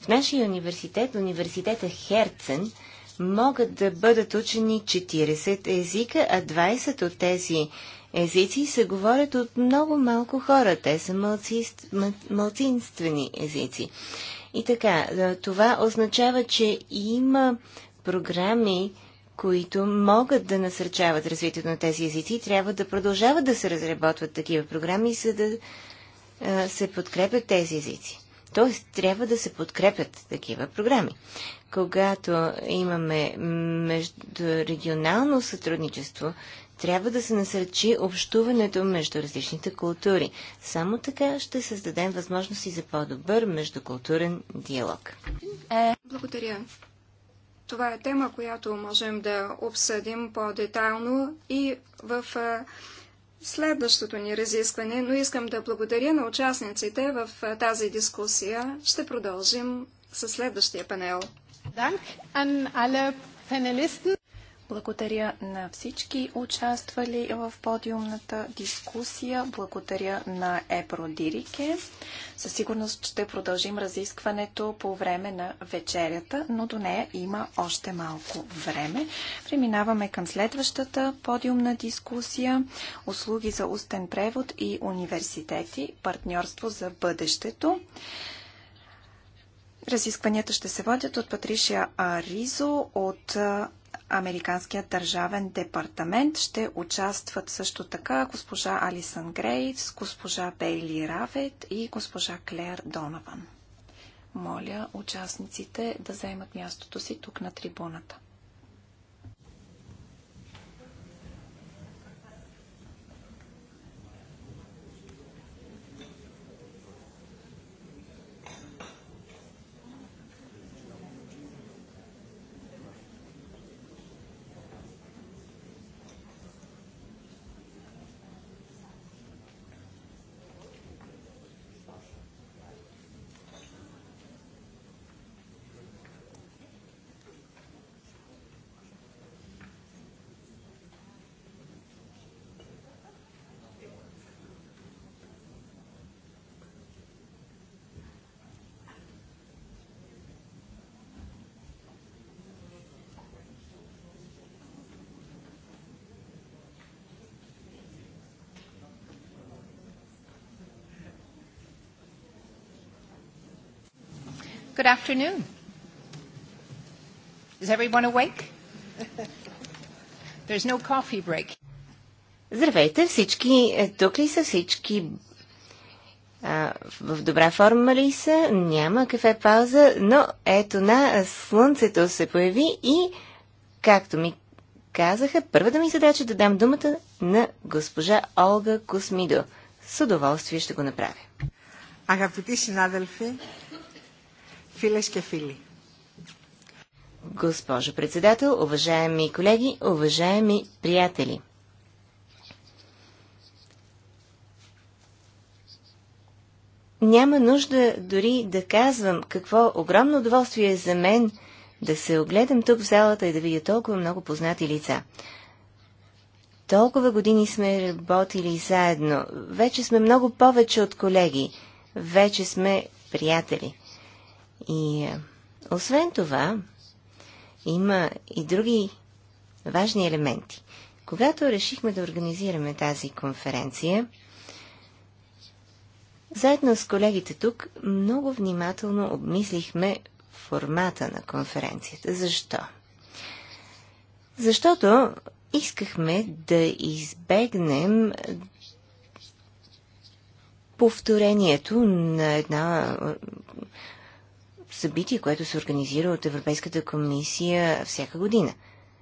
В нашия университет, университета Херцен, могат да бъдат учени 40 езика, а 20 от тези езици се говорят от много малко хора. Те са малцинствени мълцинствени езици. И така, това означава, че има програми, които могат да насърчават развитието на тези езици. Трябва да продължават да се разработват такива програми, за да а, се подкрепят тези езици. Тоест, трябва да се подкрепят такива програми. Когато имаме междурегионално сътрудничество, трябва да се насърчи общуването между различните култури. Само така ще създадем възможности за по-добър междукултурен диалог. Е, благодаря. Това е тема, която можем да обсъдим по-детайлно и в следващото ни разискване, но искам да благодаря на участниците в тази дискусия. Ще продължим със следващия панел. Благодаря на всички благодаря на всички участвали в подиумната дискусия. Благодаря на Епродирике. Дирике. Със сигурност ще продължим разискването по време на вечерята, но до нея има още малко време. Преминаваме към следващата подиумна дискусия. Услуги за устен превод и университети. Партньорство за бъдещето. Разискванията ще се водят от Патришия Аризо от Американският държавен департамент ще участват също така госпожа Алисън Грейвс, госпожа Бейли Равет и госпожа Клер Донован. Моля участниците да заемат мястото си тук на трибуната. Good afternoon. Is everyone awake? There's no coffee break. Здравейте, всички тук ли са всички? А, в добра форма ли са? Няма кафе пауза, но ето на слънцето се появи и, както ми казаха, първата ми задача е да дам думата на госпожа Олга Космидо. С удоволствие ще го направя. Агапити надълфи, Φίλες και φίλοι. Госпожо председател, уважаеми колеги, уважаеми приятели. Няма нужда дори да казвам какво огромно удоволствие е за мен да се огледам тук в залата и да видя толкова много познати лица. Толкова години сме работили заедно. Вече сме много повече от колеги. Вече сме приятели. И е, освен това, има и други важни елементи. Когато решихме да организираме тази конференция, заедно с колегите тук много внимателно обмислихме формата на конференцията. Защо? Защото искахме да избегнем повторението на една събитие, което се организира от Европейската комисия всяка година.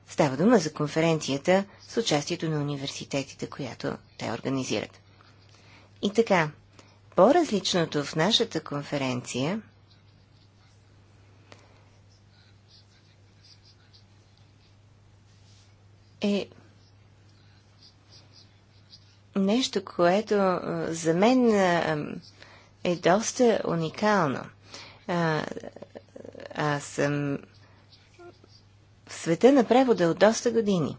Става дума за конференцията с участието на университетите, която те организират. И така, по-различното в нашата конференция е нещо, което за мен е доста уникално – а, аз съм в света на превода от доста години.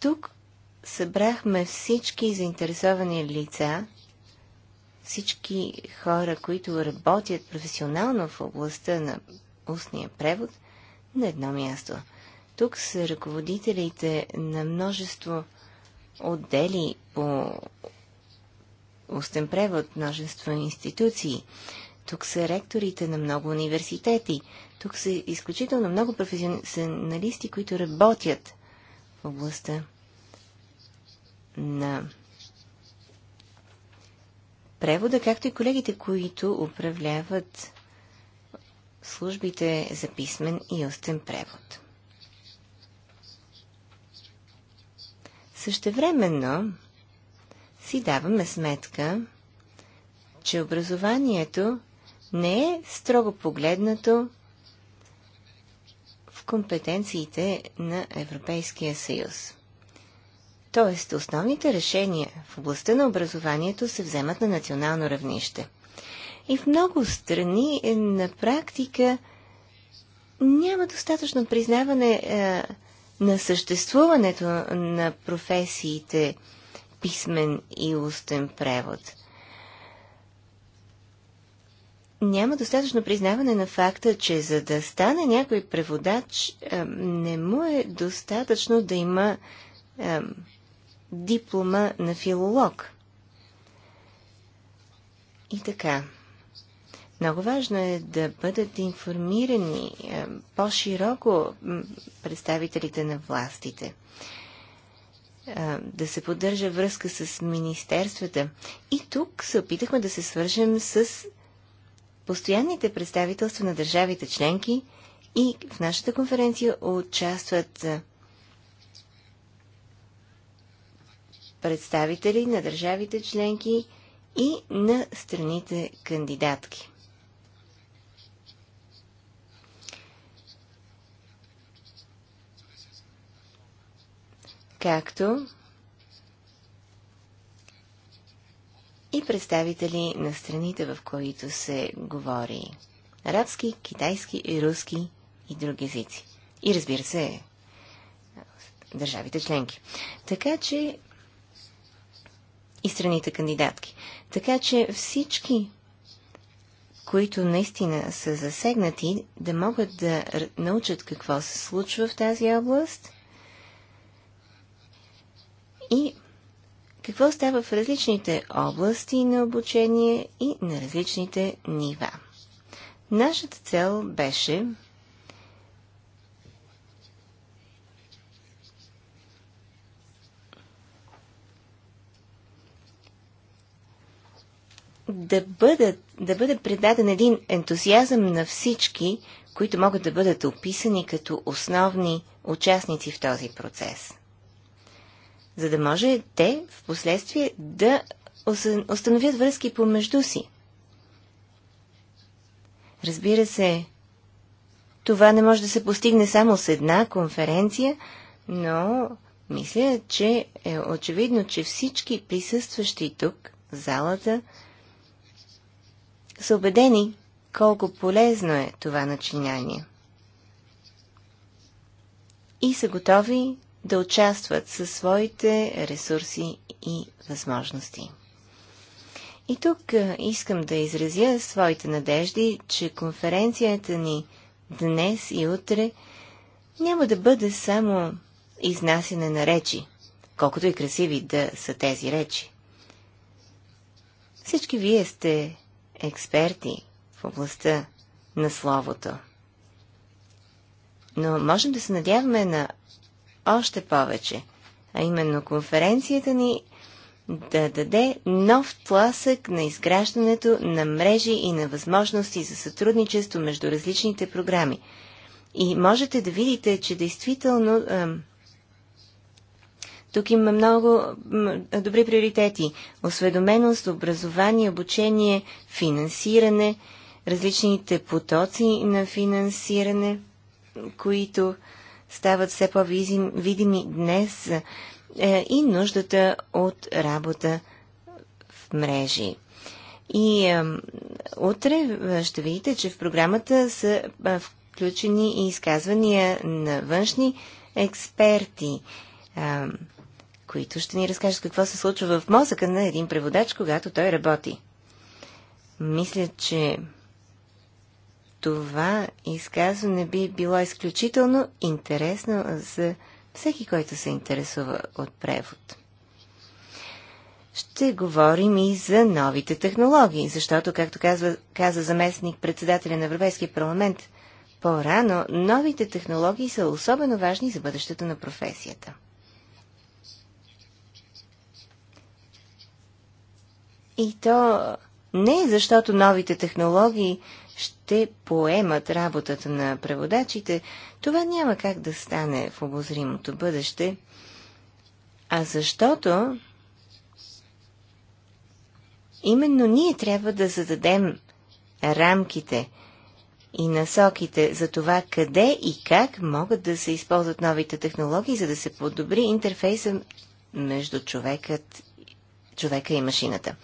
Тук събрахме всички заинтересовани лица, всички хора, които работят професионално в областта на устния превод, на едно място. Тук са ръководителите на множество отдели по устен превод, множество институции. Тук са ректорите на много университети. Тук са изключително много професионалисти, които работят в областта на превода, както и колегите, които управляват службите за писмен и устен превод. Същевременно си даваме сметка, че образованието не е строго погледнато в компетенциите на Европейския съюз. Тоест, основните решения в областта на образованието се вземат на национално равнище. И в много страни е, на практика няма достатъчно признаване е, на съществуването на професиите писмен и устен превод – няма достатъчно признаване на факта, че за да стане някой преводач, е, не му е достатъчно да има е, диплома на филолог. И така. Много важно е да бъдат информирани е, по-широко представителите на властите да се поддържа връзка с министерствата. И тук се опитахме да се свържем с постоянните представителства на държавите членки и в нашата конференция участват представители на държавите членки и на страните кандидатки. Както и представители на страните, в които се говори арабски, китайски и руски и други езици. И разбира се, държавите членки. Така че и страните кандидатки. Така че всички, които наистина са засегнати, да могат да научат какво се случва в тази област и какво става в различните области на обучение и на различните нива. Нашата цел беше да, бъдат, да бъде предаден един ентузиазъм на всички, които могат да бъдат описани като основни участници в този процес за да може те в последствие да установят връзки помежду си. Разбира се, това не може да се постигне само с една конференция, но мисля, че е очевидно, че всички присъстващи тук, в залата, са убедени колко полезно е това начинание. И са готови да участват със своите ресурси и възможности. И тук искам да изразя своите надежди, че конференцията ни днес и утре няма да бъде само изнасяне на речи, колкото и красиви да са тези речи. Всички вие сте експерти в областта на словото. Но можем да се надяваме на още повече, а именно конференцията ни да даде нов тласък на изграждането на мрежи и на възможности за сътрудничество между различните програми. И можете да видите, че действително тук има много добри приоритети. Осведоменост, образование, обучение, финансиране, различните потоци на финансиране, които стават все по-видими днес е, и нуждата от работа в мрежи. И е, утре е, ще видите, че в програмата са е, включени и изказвания на външни експерти, е, които ще ни разкажат какво се случва в мозъка на един преводач, когато той работи. Мисля, че това изказване би било изключително интересно за всеки, който се интересува от превод. Ще говорим и за новите технологии, защото, както казва, каза заместник председателя на Европейския парламент по-рано, новите технологии са особено важни за бъдещето на професията. И то не защото новите технологии ще поемат работата на преводачите, това няма как да стане в обозримото бъдеще, а защото именно ние трябва да зададем рамките и насоките за това къде и как могат да се използват новите технологии, за да се подобри интерфейса между човекът, човека и машината.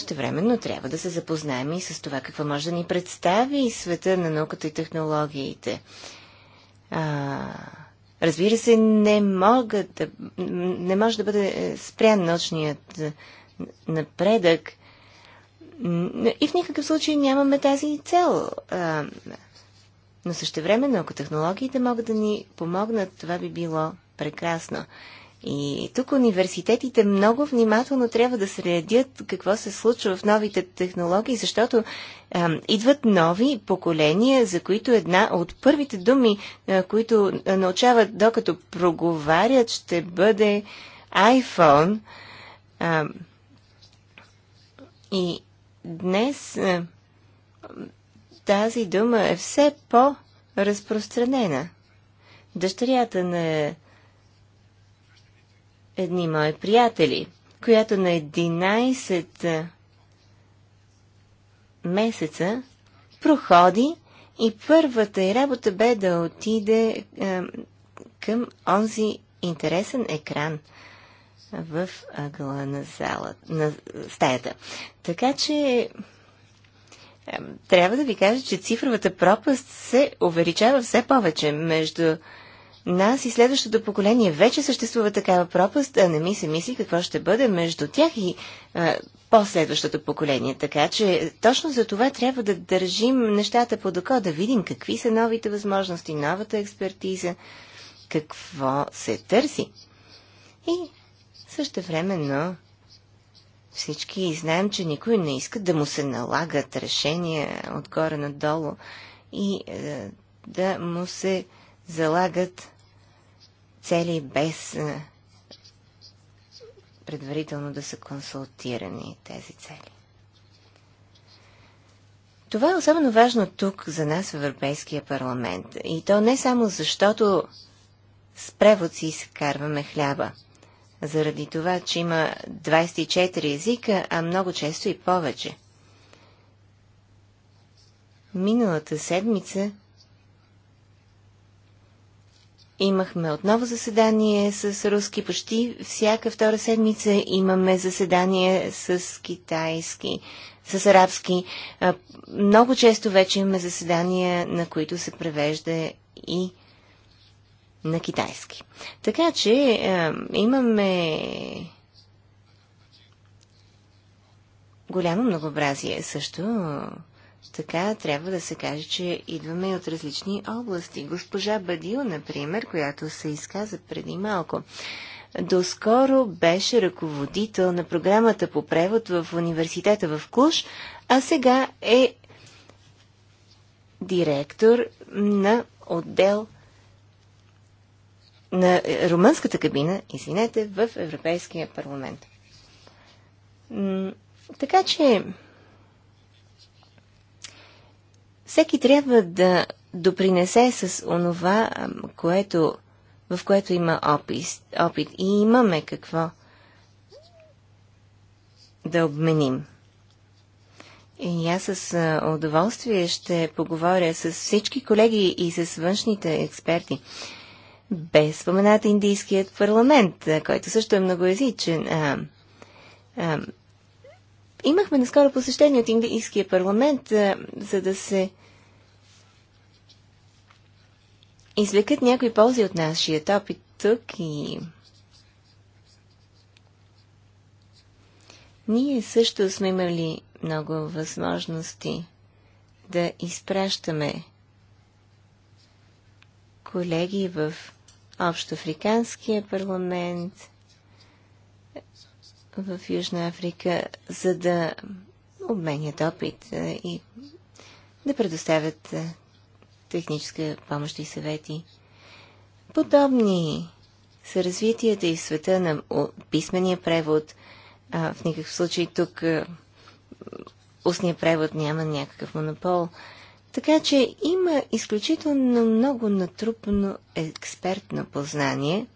Същевременно трябва да се запознаем и с това какво може да ни представи и света на науката и технологиите. А, разбира се, не, мога да, не може да бъде е, спрян научният е, напредък и в никакъв случай нямаме тази цел. А, но време ако технологиите могат да ни помогнат, това би било прекрасно. И тук университетите много внимателно трябва да следят какво се случва в новите технологии, защото а, идват нови поколения, за които една от първите думи, а, които научават докато проговарят, ще бъде iPhone. А, и днес а, тази дума е все по-разпространена. Дъщерята на едни мои приятели, която на 11 месеца проходи и първата й работа бе да отиде е, към онзи интересен екран в ъгъла на, зала, на стаята. Така че е, трябва да ви кажа, че цифровата пропаст се увеличава все повече между нас и следващото поколение вече съществува такава пропаст, а не ми се мисли какво ще бъде между тях и а, последващото поколение. Така че точно за това трябва да държим нещата под око, да видим какви са новите възможности, новата експертиза, какво се търси. И също времено всички знаем, че никой не иска да му се налагат решения отгоре надолу и е, да му се залагат цели без е, предварително да са консултирани тези цели. Това е особено важно тук за нас в Европейския парламент. И то не само защото с превод си изкарваме хляба. Заради това, че има 24 езика, а много често и повече. Миналата седмица Имахме отново заседание с руски. Почти всяка втора седмица имаме заседание с китайски, с арабски. Много често вече имаме заседания, на които се превежда и на китайски. Така че имаме голямо многообразие също така трябва да се каже, че идваме и от различни области. Госпожа Бадил, например, която се изказа преди малко, доскоро беше ръководител на програмата по превод в университета в Клуш, а сега е директор на отдел на румънската кабина, извинете, в Европейския парламент. Така че всеки трябва да допринесе с онова, което, в което има опит, опит и имаме какво да обменим. И аз с удоволствие ще поговоря с всички колеги и с външните експерти. Без спомената Индийският парламент, който също е многоязичен. А, а, Имахме наскоро посещение от Индийския парламент, е, за да се извлекат някои ползи от нашия опит тук и Ние също сме имали много възможности да изпращаме колеги в Общоафриканския парламент, в Южна Африка, за да обменят опит е, и да предоставят е, техническа помощ и съвети. Подобни са развитията и в света на писмения превод. А, в никакъв случай тук е, устния превод няма някакъв монопол. Така че има изключително много натрупано експертно познание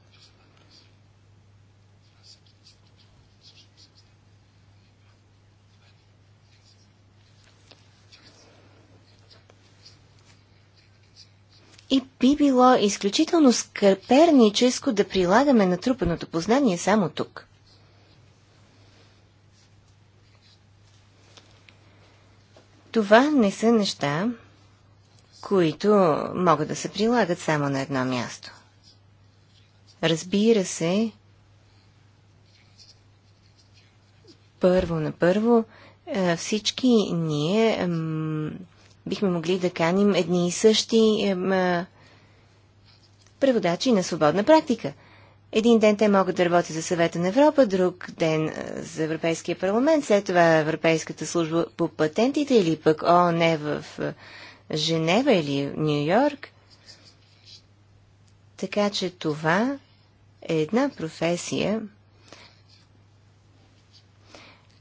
И би било изключително скърперническо да прилагаме натрупаното познание само тук. Това не са неща, които могат да се прилагат само на едно място. Разбира се, първо на първо, всички ние бихме могли да каним едни и същи ем, преводачи на свободна практика. Един ден те могат да работят за съвета на Европа, друг ден за Европейския парламент, след това Европейската служба по патентите или пък ООН в Женева или Нью Йорк. Така че това е една професия,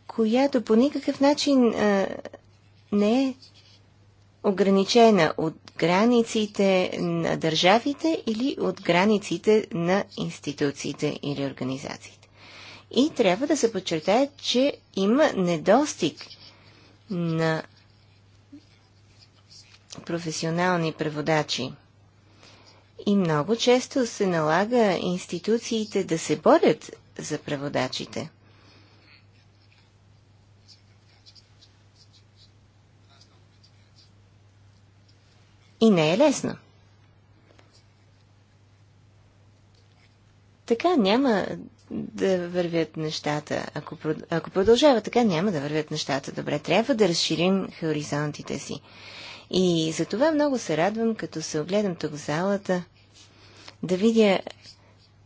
която по никакъв начин а, не е ограничена от границите на държавите или от границите на институциите или организациите. И трябва да се подчертая, че има недостиг на професионални преводачи. И много често се налага институциите да се борят за преводачите. И не е лесно. Така няма да вървят нещата. Ако, ако продължава така, няма да вървят нещата. Добре, трябва да разширим хоризонтите си. И за това много се радвам, като се огледам тук в залата, да видя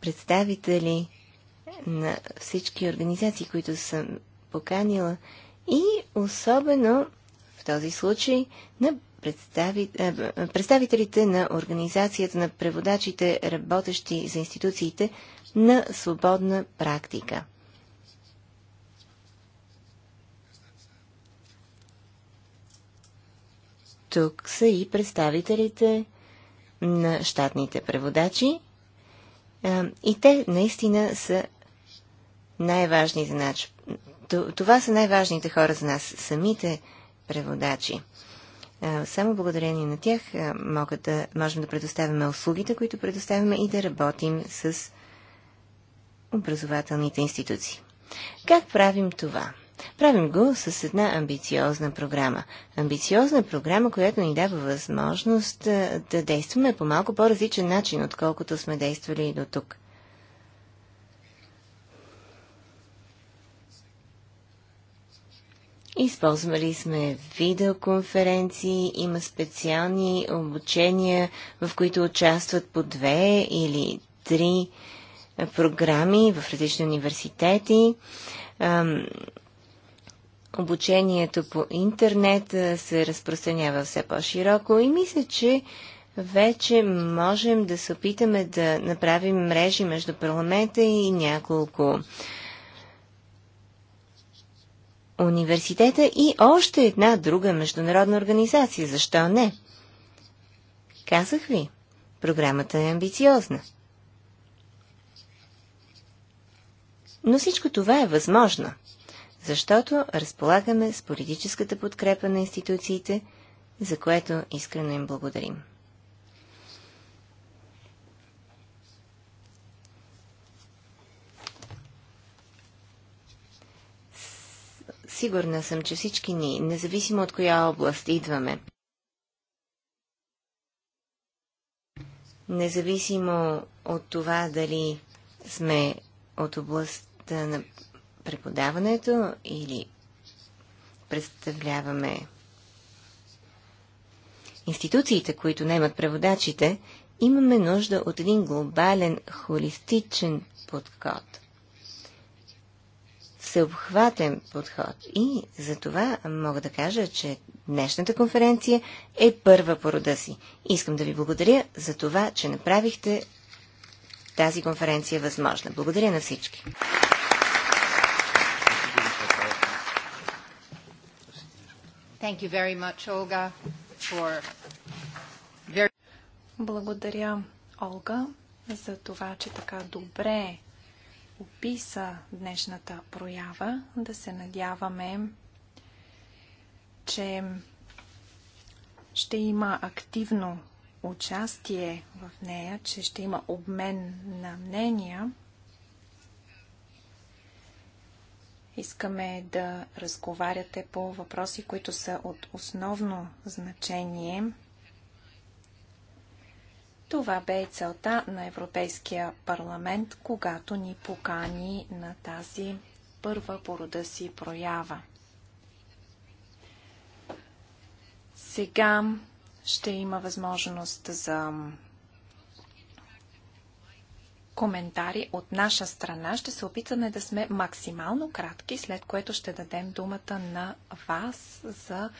представители на всички организации, които съм поканила и особено в този случай на е, представителите на Организацията на преводачите, работещи за институциите, на свободна практика. Тук са и представителите на щатните преводачи е, и те наистина са най-важни за нас. Това са най-важните хора за нас, самите преводачи. Само благодарение на тях могат да, можем да предоставяме услугите, които предоставяме и да работим с образователните институции. Как правим това? Правим го с една амбициозна програма. Амбициозна програма, която ни дава възможност да, да действаме по малко по-различен начин, отколкото сме действали до тук. Използвали сме видеоконференции, има специални обучения, в които участват по две или три програми в различни университети. Обучението по интернет се разпространява все по-широко и мисля, че вече можем да се опитаме да направим мрежи между парламента и няколко университета и още една друга международна организация. Защо не? Казах ви, програмата е амбициозна. Но всичко това е възможно, защото разполагаме с политическата подкрепа на институциите, за което искрено им благодарим. Сигурна съм, че всички ни, независимо от коя област идваме, независимо от това дали сме от областта на преподаването или представляваме институциите, които наймат преводачите, имаме нужда от един глобален, холистичен подход – всеобхватен подход. И за това мога да кажа, че днешната конференция е първа по рода си. Искам да ви благодаря за това, че направихте тази конференция възможна. Благодаря на всички. Thank you very much, Olga, for very... Благодаря, Олга, за това, че така добре описа днешната проява. Да се надяваме, че ще има активно участие в нея, че ще има обмен на мнения. Искаме да разговаряте по въпроси, които са от основно значение това бе и целта на Европейския парламент, когато ни покани на тази първа порода си проява. Сега ще има възможност за коментари от наша страна. Ще се опитаме да сме максимално кратки, след което ще дадем думата на вас за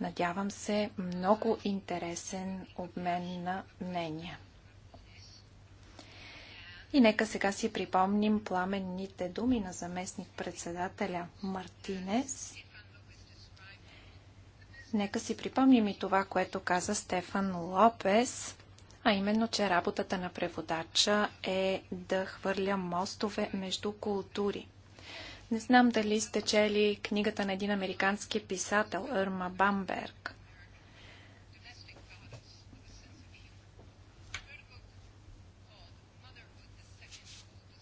Надявам се много интересен обмен на мнения. И нека сега си припомним пламенните думи на заместник председателя Мартинес. Нека си припомним и това, което каза Стефан Лопес, а именно, че работата на преводача е да хвърля мостове между култури. Не знам дали сте чели книгата на един американски писател, Ерма Бамберг.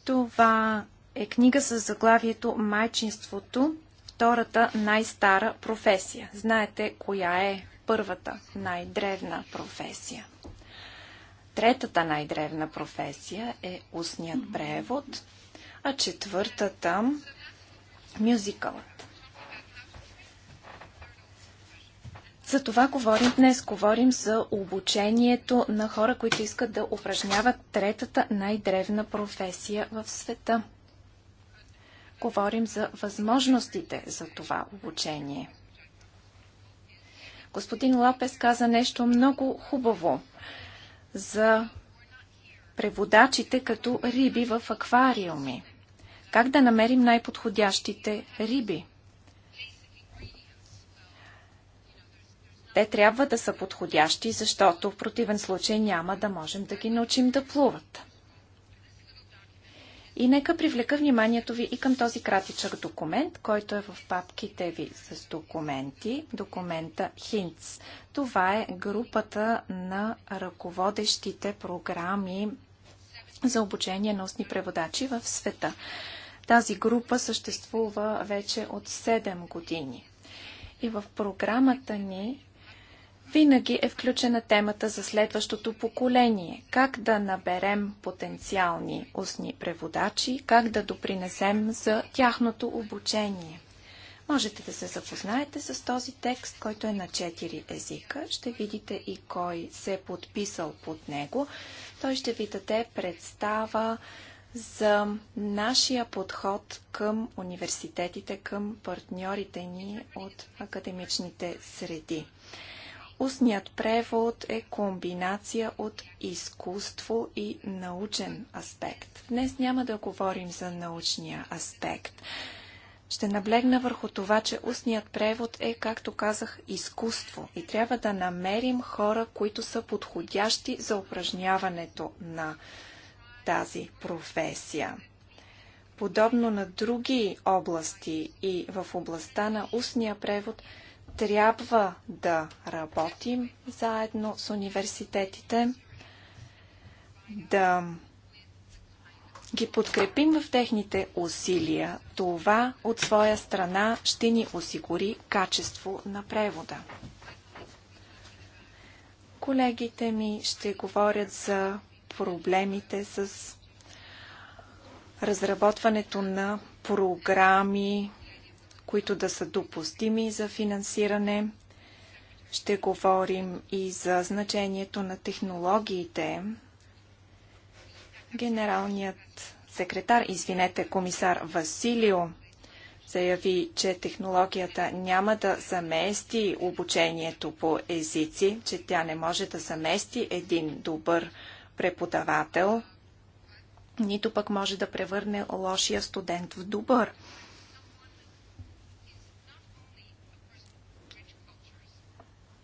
Това е книга с заглавието Майчинството, втората най-стара професия. Знаете коя е първата най-древна професия. Третата най-древна професия е устният превод, а четвъртата мюзикълът. За това говорим днес. Говорим за обучението на хора, които искат да упражняват третата най-древна професия в света. Говорим за възможностите за това обучение. Господин Лапес каза нещо много хубаво за преводачите като риби в аквариуми. Как да намерим най-подходящите риби? Те трябва да са подходящи, защото в противен случай няма да можем да ги научим да плуват. И нека привлека вниманието ви и към този кратичък документ, който е в папките ви с документи, документа HINTS. Това е групата на ръководещите програми за обучение на устни преводачи в света. Тази група съществува вече от 7 години. И в програмата ни винаги е включена темата за следващото поколение. Как да наберем потенциални устни преводачи, как да допринесем за тяхното обучение. Можете да се запознаете с този текст, който е на 4 езика. Ще видите и кой се е подписал под него. Той ще ви даде представа за нашия подход към университетите, към партньорите ни от академичните среди. Устният превод е комбинация от изкуство и научен аспект. Днес няма да говорим за научния аспект. Ще наблегна върху това, че устният превод е, както казах, изкуство и трябва да намерим хора, които са подходящи за упражняването на тази професия. Подобно на други области и в областта на устния превод, трябва да работим заедно с университетите, да ги подкрепим в техните усилия. Това от своя страна ще ни осигури качество на превода. Колегите ми ще говорят за проблемите с разработването на програми, които да са допустими за финансиране. Ще говорим и за значението на технологиите. Генералният секретар, извинете, комисар Василио, заяви, че технологията няма да замести обучението по езици, че тя не може да замести един добър преподавател, нито пък може да превърне лошия студент в добър.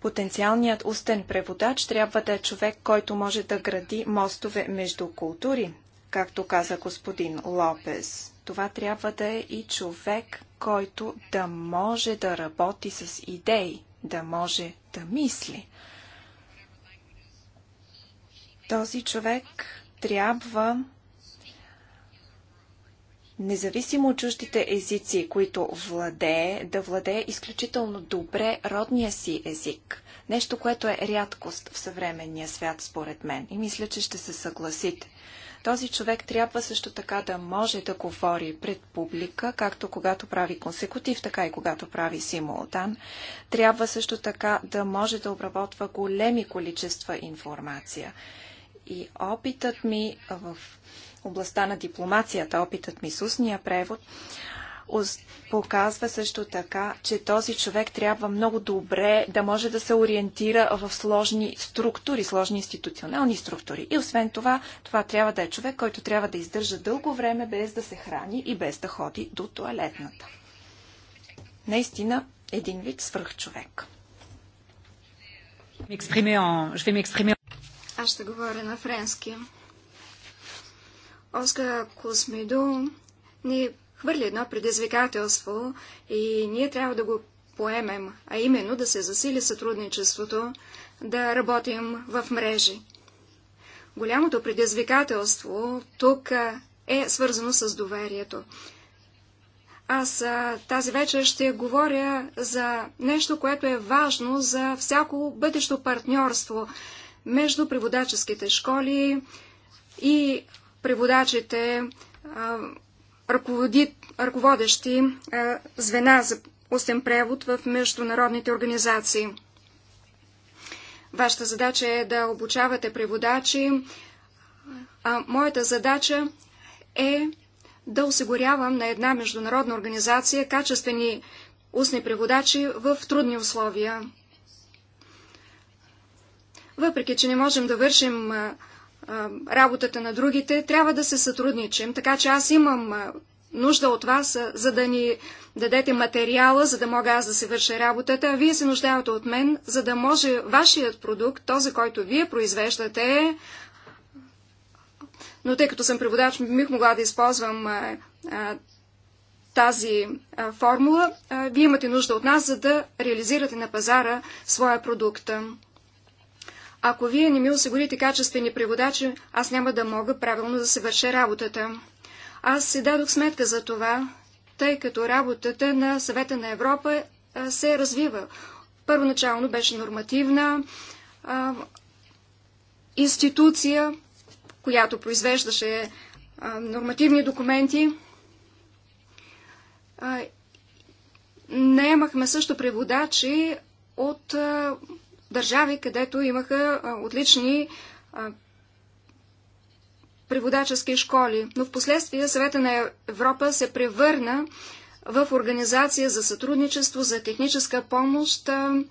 Потенциалният устен преводач трябва да е човек, който може да гради мостове между култури, както каза господин Лопес. Това трябва да е и човек, който да може да работи с идеи, да може да мисли. Този човек трябва независимо от чуждите езици, които владее, да владее изключително добре родния си език. Нещо, което е рядкост в съвременния свят, според мен. И мисля, че ще се съгласите. Този човек трябва също така да може да говори пред публика, както когато прави консекутив, така и когато прави симултан. Трябва също така да може да обработва големи количества информация. И опитът ми в областта на дипломацията, опитът ми с устния превод, показва също така, че този човек трябва много добре да може да се ориентира в сложни структури, сложни институционални структури. И освен това, това трябва да е човек, който трябва да издържа дълго време без да се храни и без да ходи до туалетната. Наистина, един вид свръхчовек. Аз ще говоря на френски. Оска Космидо ни хвърли едно предизвикателство и ние трябва да го поемем, а именно да се засили сътрудничеството, да работим в мрежи. Голямото предизвикателство тук е свързано с доверието. Аз тази вечер ще говоря за нещо, което е важно за всяко бъдещо партньорство, между преводаческите школи и преводачите, ръководещи звена за устен превод в международните организации. Вашата задача е да обучавате преводачи, а моята задача е да осигурявам на една международна организация качествени устни преводачи в трудни условия. Въпреки, че не можем да вършим работата на другите, трябва да се сътрудничим. Така че аз имам нужда от вас, за да ни дадете материала, за да мога аз да се върша работата, а вие се нуждаете от мен, за да може вашият продукт, този, който вие произвеждате, но тъй като съм преводач, бих могла да използвам а, а, тази а, формула. А, вие имате нужда от нас, за да реализирате на пазара своя продукт. Ако вие не ми осигурите качествени преводачи, аз няма да мога правилно да се върша работата. Аз си дадох сметка за това, тъй като работата на Съвета на Европа се развива. Първоначално беше нормативна а, институция, която произвеждаше а, нормативни документи. А, наемахме също преводачи от а, държави, където имаха отлични преводачески школи, но в последствие Съвета на Европа се превърна в Организация за сътрудничество, за техническа помощ а,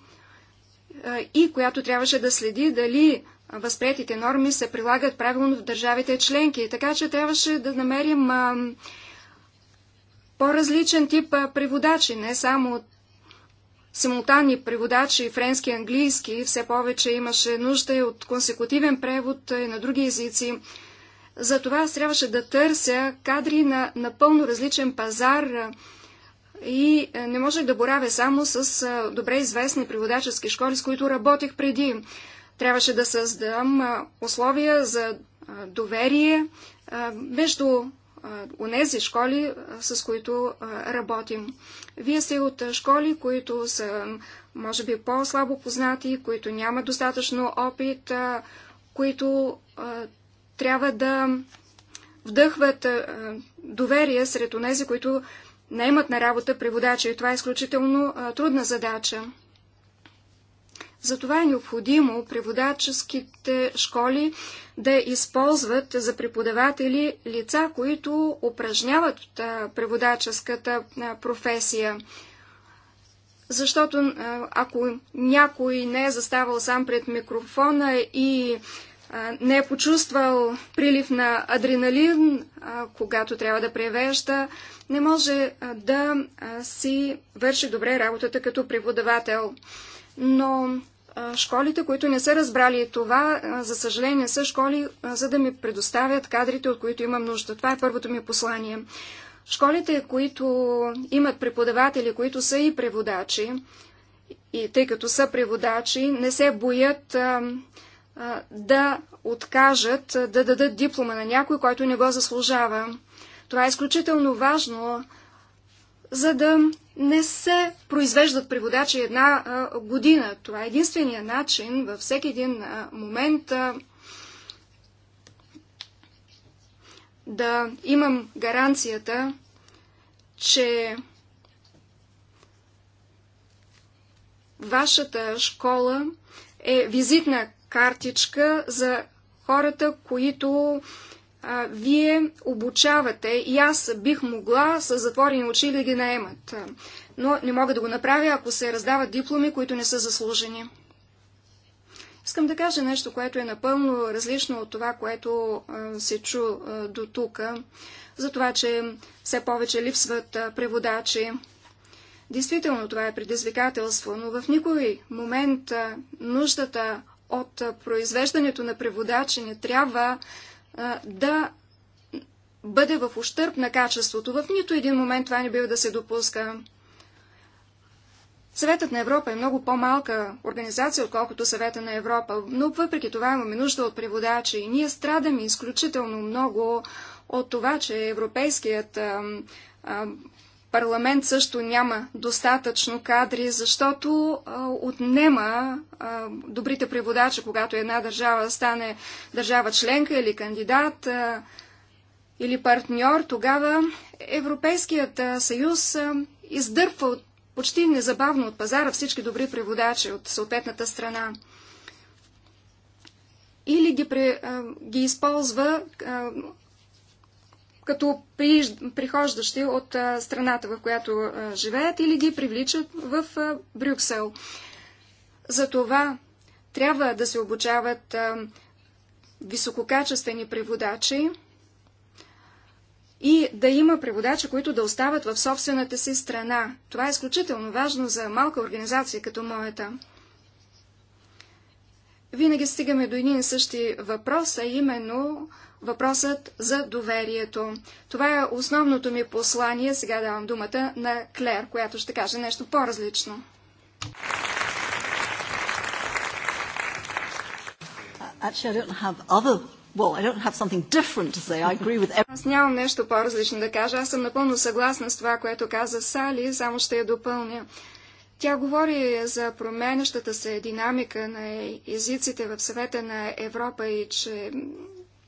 и която трябваше да следи дали възприятите норми се прилагат правилно в държавите членки. Така че трябваше да намерим по-различен тип преводачи, не само симултанни преводачи френски и английски, все повече имаше нужда и от консекутивен превод и на други езици. Затова аз трябваше да търся кадри на напълно различен пазар и не можех да боравя само с добре известни преводачески школи, с които работех преди. Трябваше да създам условия за доверие между онези школи, с които работим. Вие сте от школи, които са, може би, по-слабо познати, които нямат достатъчно опит, които трябва да вдъхват доверие сред онези, които не имат на работа преводача. И това е изключително трудна задача. Затова е необходимо преводаческите школи да използват за преподаватели лица, които упражняват преводаческата професия. Защото ако някой не е заставал сам пред микрофона и не е почувствал прилив на адреналин, когато трябва да превежда, не може да си върши добре работата като преподавател. Но школите, които не са разбрали това, за съжаление са школи, за да ми предоставят кадрите, от които имам нужда. Това е първото ми послание. Школите, които имат преподаватели, които са и преводачи, и тъй като са преводачи, не се боят а, а, да откажат да дадат диплома на някой, който не го заслужава. Това е изключително важно, за да не се произвеждат преводачи една а, година. Това е единствения начин във всеки един а, момент а, да имам гаранцията, че вашата школа е визитна картичка за хората, които а, вие обучавате и аз бих могла с затворени очи да ги наемат. Но не мога да го направя, ако се раздават дипломи, които не са заслужени. Искам да кажа нещо, което е напълно различно от това, което а, се чу а, до тук, за това, че все повече липсват а, преводачи. Действително това е предизвикателство, но в никой момент а, нуждата от произвеждането на преводачи не трябва да бъде в ущърп на качеството. В нито един момент това не бива да се допуска. Съветът на Европа е много по-малка организация, отколкото Съвета на Европа, но въпреки това имаме нужда от преводачи и ние страдаме изключително много от това, че Европейският парламент също няма достатъчно кадри, защото а, отнема а, добрите преводачи, когато една държава стане държава членка или кандидат а, или партньор, тогава Европейският съюз а, издърпва от, почти незабавно от пазара всички добри преводачи от съответната страна. Или ги, при, а, ги използва а, като прихождащи от страната, в която живеят, или ги привличат в Брюксел. Затова трябва да се обучават висококачествени преводачи и да има преводачи, които да остават в собствената си страна. Това е изключително важно за малка организация като моята винаги стигаме до един и същи въпрос, а именно въпросът за доверието. Това е основното ми послание. Сега давам думата на Клер, която ще каже нещо по-различно. аз нямам нещо по-различно да кажа. Аз съм напълно съгласна с това, което каза Сали, само ще я допълня. Тя говори за променящата се динамика на езиците в съвета на Европа и че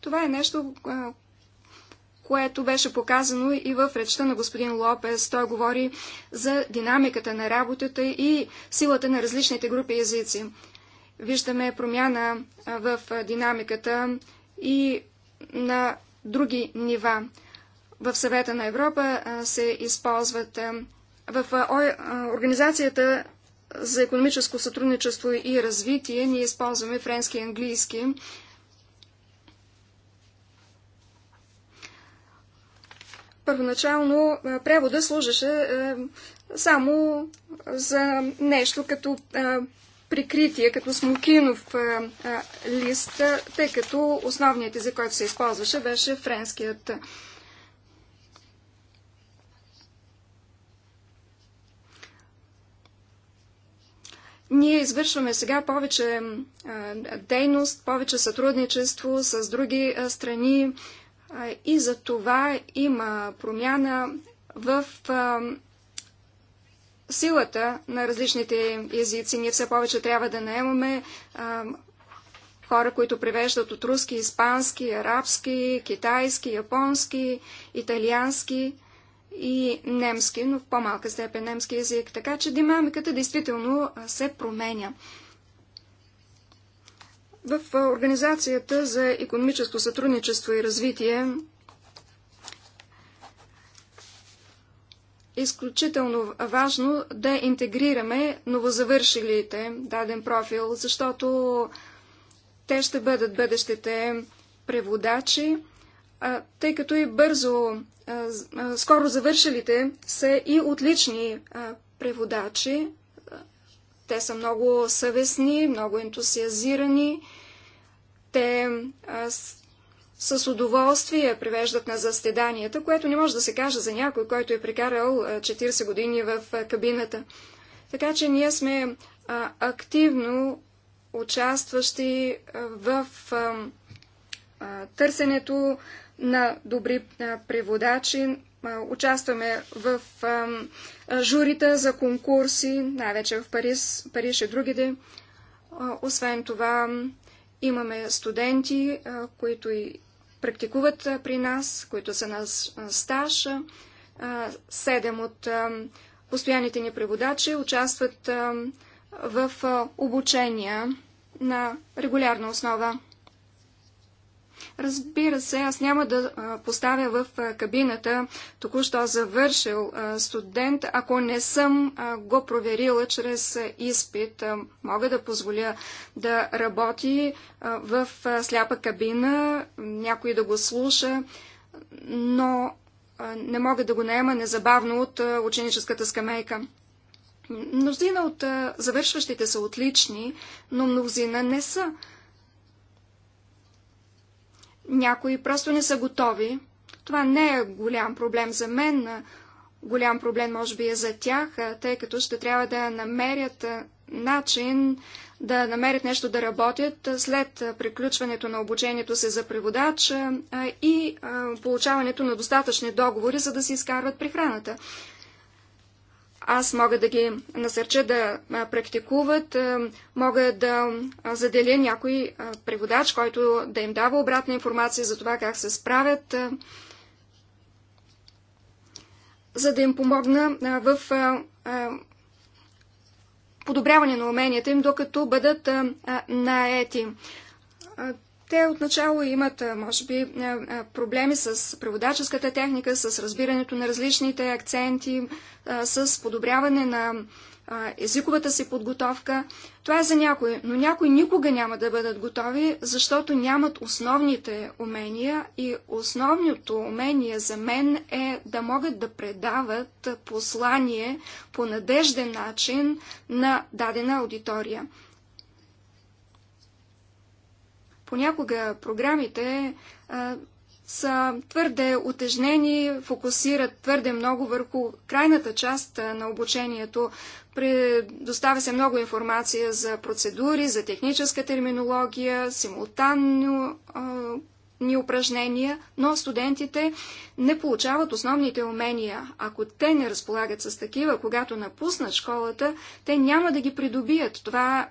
това е нещо, което беше показано и в речта на господин Лопес. Той говори за динамиката на работата и силата на различните групи езици. Виждаме промяна в динамиката и на други нива. В съвета на Европа се използват в Организацията за економическо сътрудничество и развитие ние използваме френски и английски. Първоначално превода служеше само за нещо като прикритие, като смокинов лист, тъй като основният език, който се използваше, беше френският Ние извършваме сега повече дейност, повече сътрудничество с други страни и за това има промяна в силата на различните езици. Ние все повече трябва да наемаме хора, които превеждат от руски, испански, арабски, китайски, японски, италиански и немски, но в по-малка степен немски язик. Така че динамиката действително се променя. В Организацията за економическо сътрудничество и развитие е изключително важно да интегрираме новозавършилите даден профил, защото те ще бъдат бъдещите преводачи, тъй като и бързо скоро завършилите са и отлични преводачи. Те са много съвестни, много ентусиазирани. Те с удоволствие превеждат на заседанията, което не може да се каже за някой, който е прекарал 40 години в кабината. Така че ние сме активно участващи в търсенето на добри преводачи. Участваме в журита за конкурси, най-вече в Париж, Париж и другите. Освен това, имаме студенти, които и практикуват при нас, които са на стаж. Седем от постоянните ни преводачи участват в обучения на регулярна основа. Разбира се, аз няма да поставя в кабината току-що завършил студент, ако не съм го проверила чрез изпит. Мога да позволя да работи в сляпа кабина, някой да го слуша, но не мога да го наема незабавно от ученическата скамейка. Мнозина от завършващите са отлични, но мнозина не са. Някои просто не са готови. Това не е голям проблем за мен, голям проблем може би е за тях, тъй като ще трябва да намерят начин да намерят нещо да работят след приключването на обучението се за преводач и получаването на достатъчни договори, за да си изкарват прехраната аз мога да ги насърча да практикуват, мога да заделя някой преводач, който да им дава обратна информация за това как се справят, за да им помогна в подобряване на уменията им, докато бъдат наети. Те отначало имат, може би, проблеми с преводаческата техника, с разбирането на различните акценти, с подобряване на езиковата си подготовка. Това е за някои, но някои никога няма да бъдат готови, защото нямат основните умения и основното умение за мен е да могат да предават послание по надежден начин на дадена аудитория. Понякога програмите а, са твърде отежнени, фокусират твърде много върху крайната част на обучението. Предоставя се много информация за процедури, за техническа терминология, симултанно ни упражнения, но студентите не получават основните умения. Ако те не разполагат с такива, когато напуснат школата, те няма да ги придобият. Това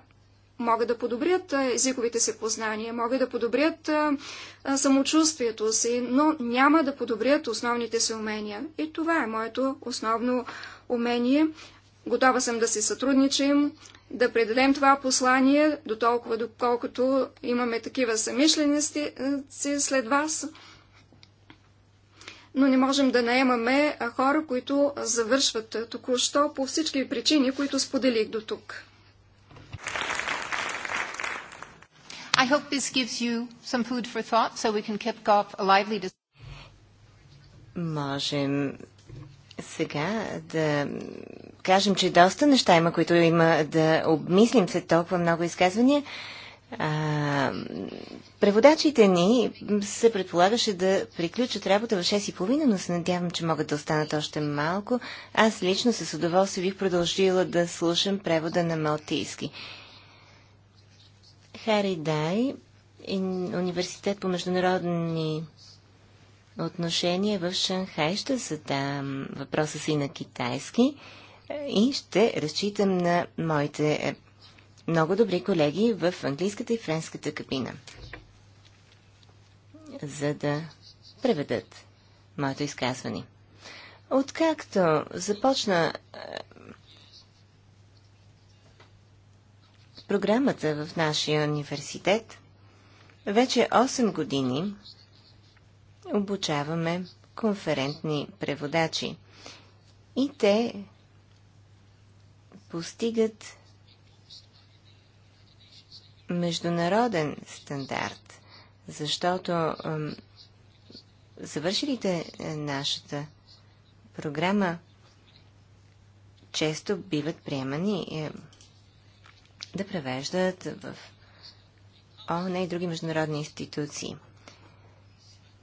могат да подобрят езиковите си познания, могат да подобрят самочувствието си, но няма да подобрят основните си умения. И това е моето основно умение. Готова съм да си сътрудничим, да предадем това послание, до толкова доколкото имаме такива съмишленици след вас. Но не можем да наемаме хора, които завършват току-що по всички причини, които споделих до тук. I hope this gives you some food for thought so we can keep up a lively discussion. Можем сега да кажем, че доста неща има, които има да обмислим след толкова много изказвания. А, преводачите ни се предполагаше да приключат работа в 6.30, но се надявам, че могат да останат още малко. Аз лично с удоволствие бих продължила да слушам превода на малтийски. Хари Дай, университет по международни отношения в Шанхай. Ще задам въпроса си на китайски е, и ще разчитам на моите е, много добри колеги в английската и френската кабина, за да преведат моето изказване. Откакто започна е, програмата в нашия университет. Вече 8 години обучаваме конферентни преводачи и те постигат международен стандарт, защото завършилите е, нашата програма често биват приемани е, да превеждат в ООН и други международни институции.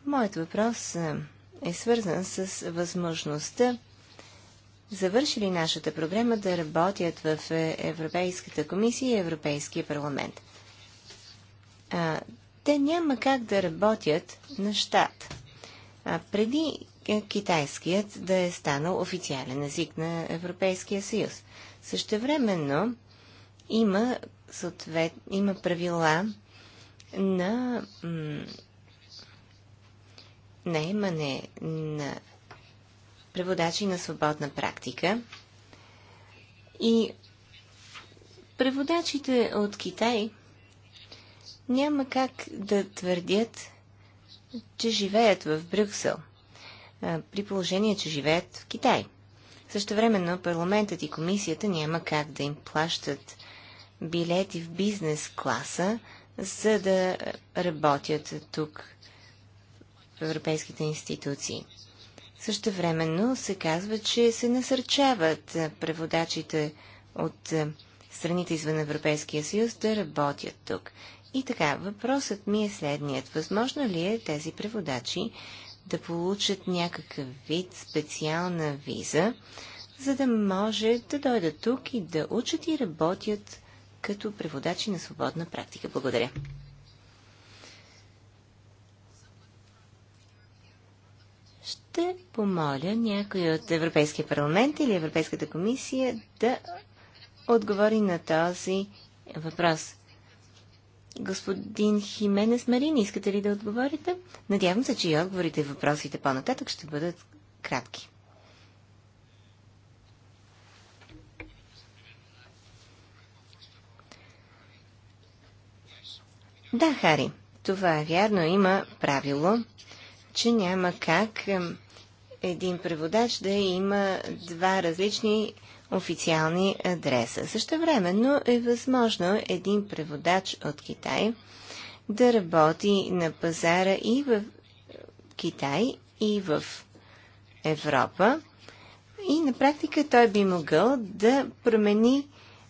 Моят въпрос е, е свързан с възможността завършили нашата програма да работят в е, Европейската комисия и Европейския парламент. А, те няма как да работят на щат. А, преди е, китайският да е станал официален език на Европейския съюз. Същевременно, има, съответ, има правила на наемане на преводачи на свободна практика. И преводачите от Китай няма как да твърдят, че живеят в Брюксел, при положение, че живеят в Китай. Също времено парламентът и комисията няма как да им плащат билети в бизнес класа, за да работят тук в европейските институции. Също времено се казва, че се насърчават е, преводачите от е, страните извън Европейския съюз да работят тук. И така, въпросът ми е следният. Възможно ли е тези преводачи да получат някакъв вид специална виза, за да може да дойдат тук и да учат и работят като преводачи на свободна практика. Благодаря. Ще помоля някой от Европейския парламент или Европейската комисия да отговори на този въпрос. Господин Хименес Марин, искате ли да отговорите? Надявам се, че и отговорите и въпросите по-нататък ще бъдат кратки. Да, Хари, това е вярно. Има правило, че няма как един преводач да има два различни официални адреса. Също времено е възможно един преводач от Китай да работи на пазара и в е, Китай, и в Европа. И на практика той би могъл да промени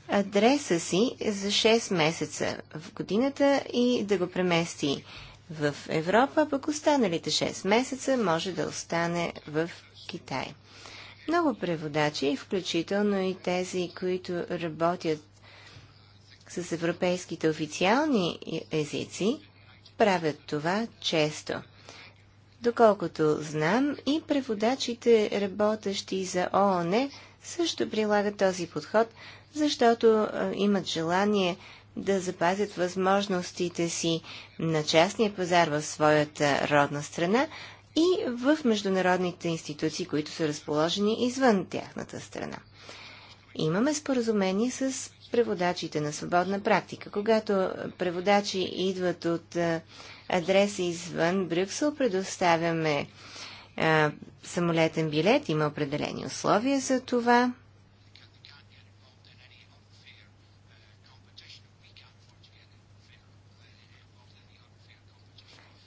адреса си за 6 месеца в годината и да го премести в Европа, пък останалите 6 месеца може да остане в Китай. Много преводачи, включително и тези, които работят с европейските официални езици, правят това често. Доколкото знам, и преводачите, работещи за ООН, също прилагат този подход, защото имат желание да запазят възможностите си на частния пазар в своята родна страна и в международните институции, които са разположени извън тяхната страна. Имаме споразумение с преводачите на свободна практика. Когато преводачи идват от адреса извън Брюксел, предоставяме самолетен билет. Има определени условия за това.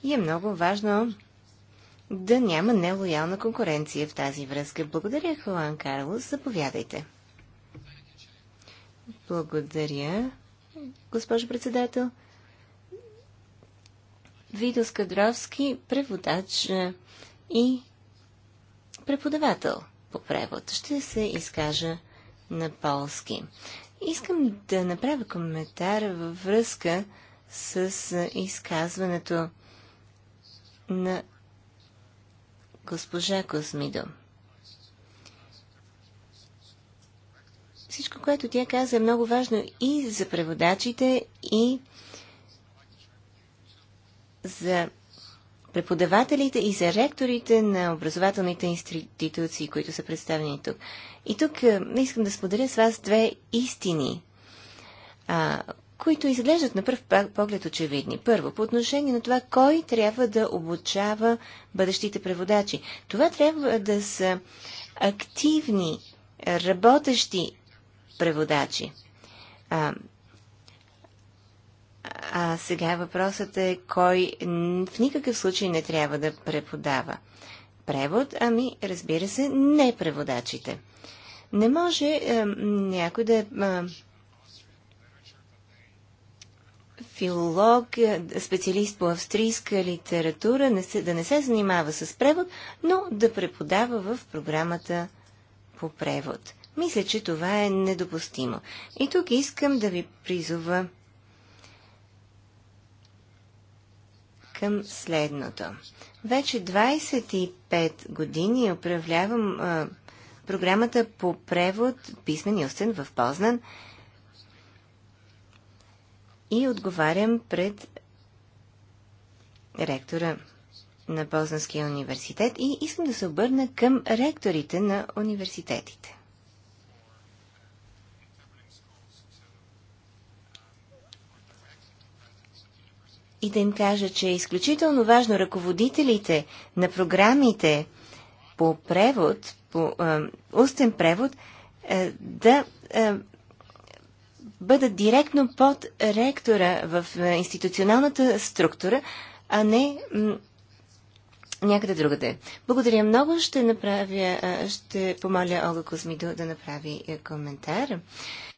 и е много важно да няма нелоялна конкуренция в тази връзка. Благодаря, Хуан Карлос. Заповядайте. Благодаря, госпожо председател. Видос Кадровски, преводач и преподавател по превод. Ще се изкажа на полски. Искам да направя коментар във връзка с изказването на госпожа Космидо. Всичко, което тя каза, е много важно и за преводачите, и за преподавателите и за ректорите на образователните институции, които са представени тук. И тук е, искам да споделя с вас две истини, а, които изглеждат на пръв поглед очевидни. Първо, по отношение на това, кой трябва да обучава бъдещите преводачи. Това трябва да са активни, работещи преводачи. А, а сега въпросът е кой в никакъв случай не трябва да преподава. Превод, ами разбира се, не преводачите. Не може е, някой да е филолог, специалист по австрийска литература, не се, да не се занимава с превод, но да преподава в програмата по превод. Мисля, че това е недопустимо. И тук искам да ви призова към следното. Вече 25 години управлявам а, програмата по превод писмен и устен в Познан и отговарям пред ректора на Познанския университет и искам да се обърна към ректорите на университетите. И да им кажа, че е изключително важно ръководителите на програмите по превод, по е, устен превод, е, да е, бъдат директно под ректора в е, институционалната структура, а не някъде другаде. Благодаря много. Ще направя, ще помоля Олга Козмидо да направи е, коментар.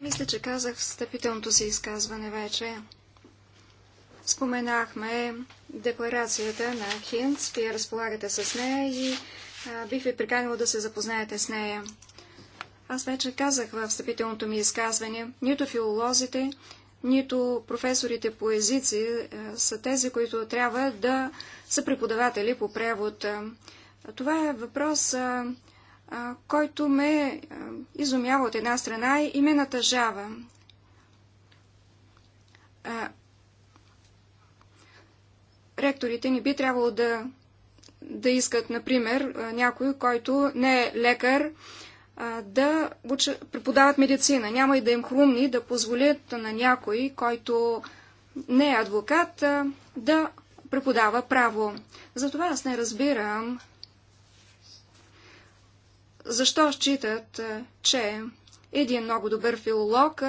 Мисля, че казах стъпителното си изказване вече. Споменахме декларацията на Хинц. Вие разполагате с нея и а, бих ви приканила да се запознаете с нея. Аз вече казах в встъпителното ми изказване, нито филолозите, нито професорите по езици е, са тези, които трябва да са преподаватели по превод. Е, това е въпрос, е, който ме изумява от една страна и ме натъжава. Ректорите ни би трябвало да, да искат, например, някой, който не е лекар, да преподават медицина. Няма и да им хрумни да позволят на някой, който не е адвокат, да преподава право. Затова аз не разбирам защо считат, че един много добър филолог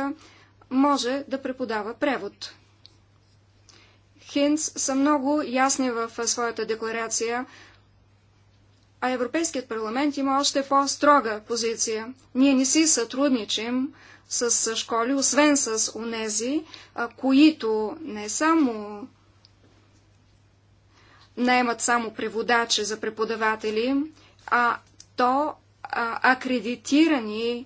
може да преподава превод. Хинц са много ясни в своята декларация а Европейският парламент има още по-строга позиция. Ние не си сътрудничим с школи, освен с онези, които не само наемат само преводачи за преподаватели, а то а, акредитирани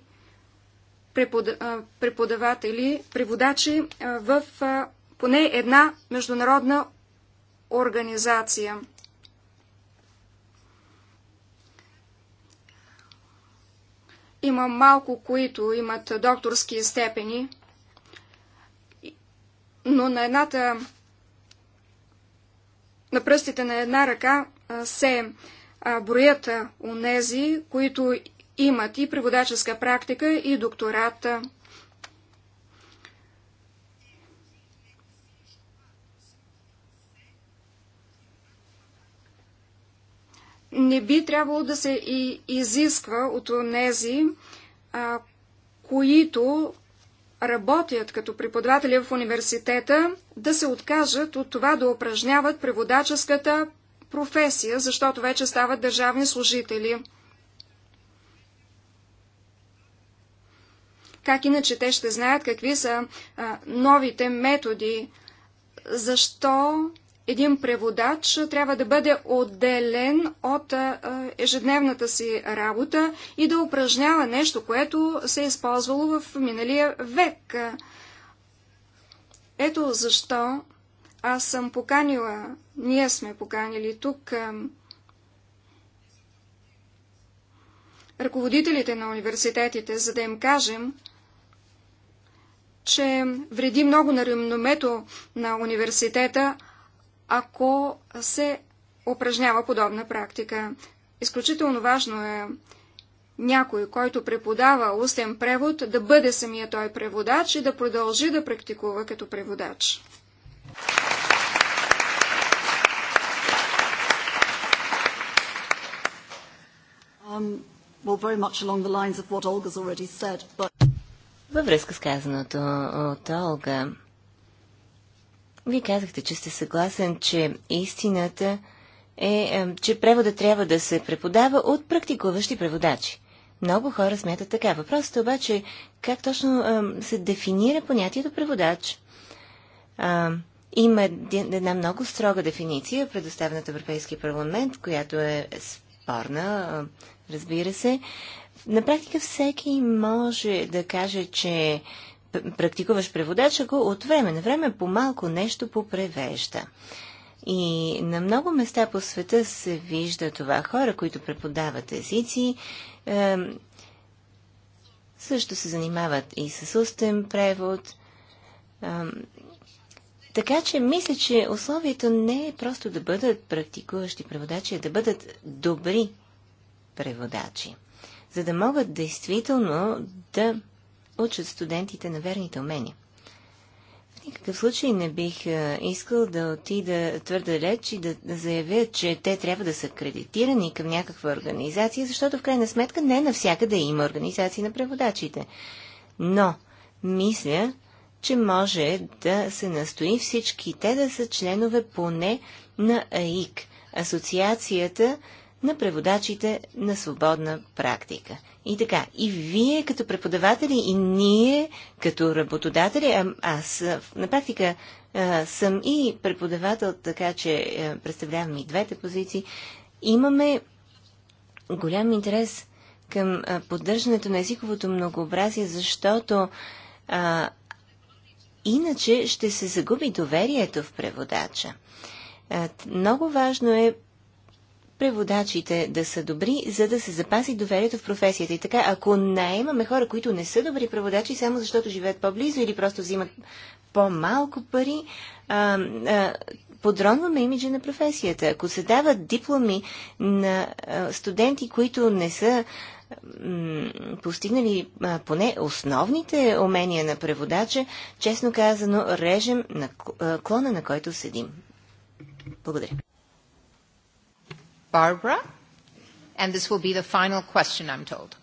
преподаватели, преводачи в поне една международна организация. Има малко, които имат докторски степени, но на едната на пръстите на една ръка се броят у нези, които имат и преводаческа практика, и доктората. не би трябвало да се и изисква от онези, а, които работят като преподаватели в университета, да се откажат от това да упражняват преводаческата професия, защото вече стават държавни служители. Как иначе те ще знаят какви са а, новите методи? Защо един преводач трябва да бъде отделен от ежедневната си работа и да упражнява нещо, което се е използвало в миналия век. Ето защо аз съм поканила, ние сме поканили тук ръководителите на университетите, за да им кажем, че вреди много на ремномето на университета, ако се упражнява подобна практика. Изключително важно е някой, който преподава устен превод, да бъде самия той преводач и да продължи да практикува като преводач. Um, Във връзка с казаното от Олга, вие казахте, че сте съгласен, че истината е, е, че превода трябва да се преподава от практикуващи преводачи. Много хора смятат така. Въпросът е обаче как точно е, се дефинира понятието преводач. Е, има една много строга дефиниция, предоставена от Европейския парламент, която е спорна, разбира се. На практика всеки може да каже, че практикуваш преводач, ако от време на време по малко нещо попревежда. И на много места по света се вижда това. Хора, които преподават езици, е, също се занимават и с устен превод. Е, така че мисля, че условието не е просто да бъдат практикуващи преводачи, а да бъдат добри преводачи, за да могат действително да учат студентите на верните умения. В никакъв случай не бих е, искал да отида твърде реч и да заявя, че те трябва да са кредитирани към някаква организация, защото в крайна сметка не навсякъде има организации на преводачите. Но, мисля, че може да се настои всички те да са членове поне на АИК, Асоциацията на преводачите на свободна практика. И така, и вие като преподаватели, и ние като работодатели, а, аз на практика а, съм и преподавател, така че а, представлявам и двете позиции, имаме голям интерес към а, поддържането на езиковото многообразие, защото а, иначе ще се загуби доверието в преводача. А, много важно е преводачите да са добри, за да се запази доверието в професията. И така, ако имаме хора, които не са добри преводачи, само защото живеят по-близо или просто взимат по-малко пари, а, а, подронваме имиджа на професията. Ако се дават дипломи на а, студенти, които не са постигнали а, поне основните умения на преводача, честно казано, режем на клона, на който седим. Благодаря. Barbara, and this will be the final question, I'm told.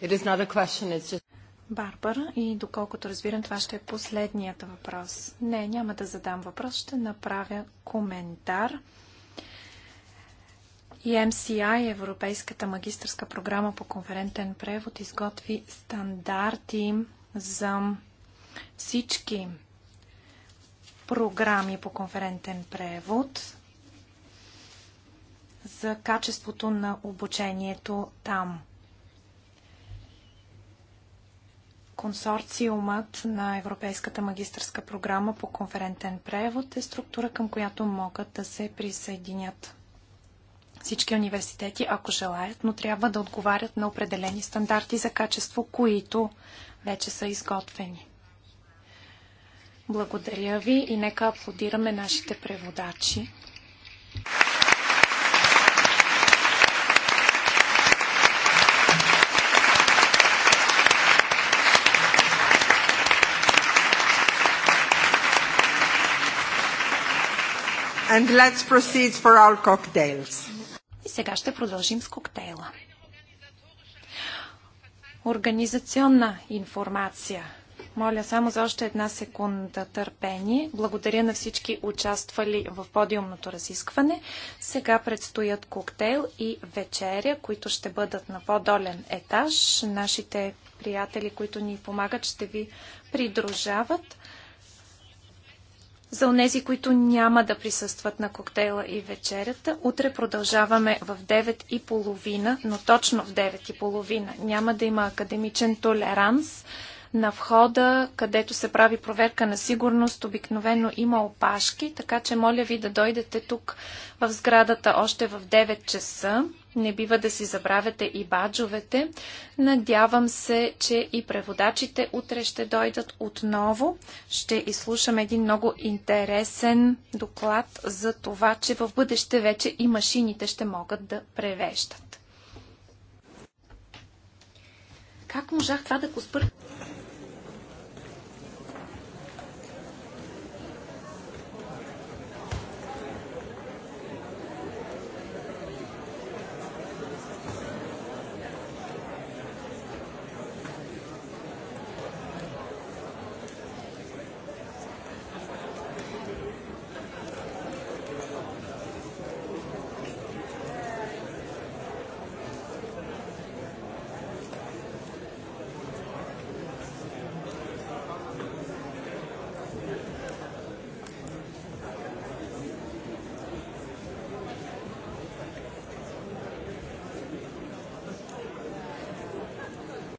It, is not a question, it's just... Барбара и доколкото разбирам, това ще е последният въпрос. Не, няма да задам въпрос, ще направя коментар. И MCI, Европейската магистърска програма по конферентен превод, изготви стандарти за всички програми по конферентен превод за качеството на обучението там. Консорциумът на Европейската магистърска програма по конферентен превод е структура, към която могат да се присъединят всички университети, ако желаят, но трябва да отговарят на определени стандарти за качество, които вече са изготвени. Благодаря ви и нека аплодираме нашите преводачи. And let's proceed for our cocktails. И сега ще продължим с коктейла. Организационна информация. Моля само за още една секунда търпение. Благодаря на всички участвали в подиумното разискване. Сега предстоят коктейл и вечеря, които ще бъдат на по-долен етаж. Нашите приятели, които ни помагат, ще ви придружават за онези, които няма да присъстват на коктейла и вечерята. Утре продължаваме в 9.30, но точно в 9.30. Няма да има академичен толеранс. На входа, където се прави проверка на сигурност, обикновено има опашки, така че моля ви да дойдете тук в сградата още в 9 часа. Не бива да си забравяте и баджовете. Надявам се, че и преводачите утре ще дойдат отново. Ще изслушам един много интересен доклад за това, че в бъдеще вече и машините ще могат да превеждат. Как можах това да го спърх?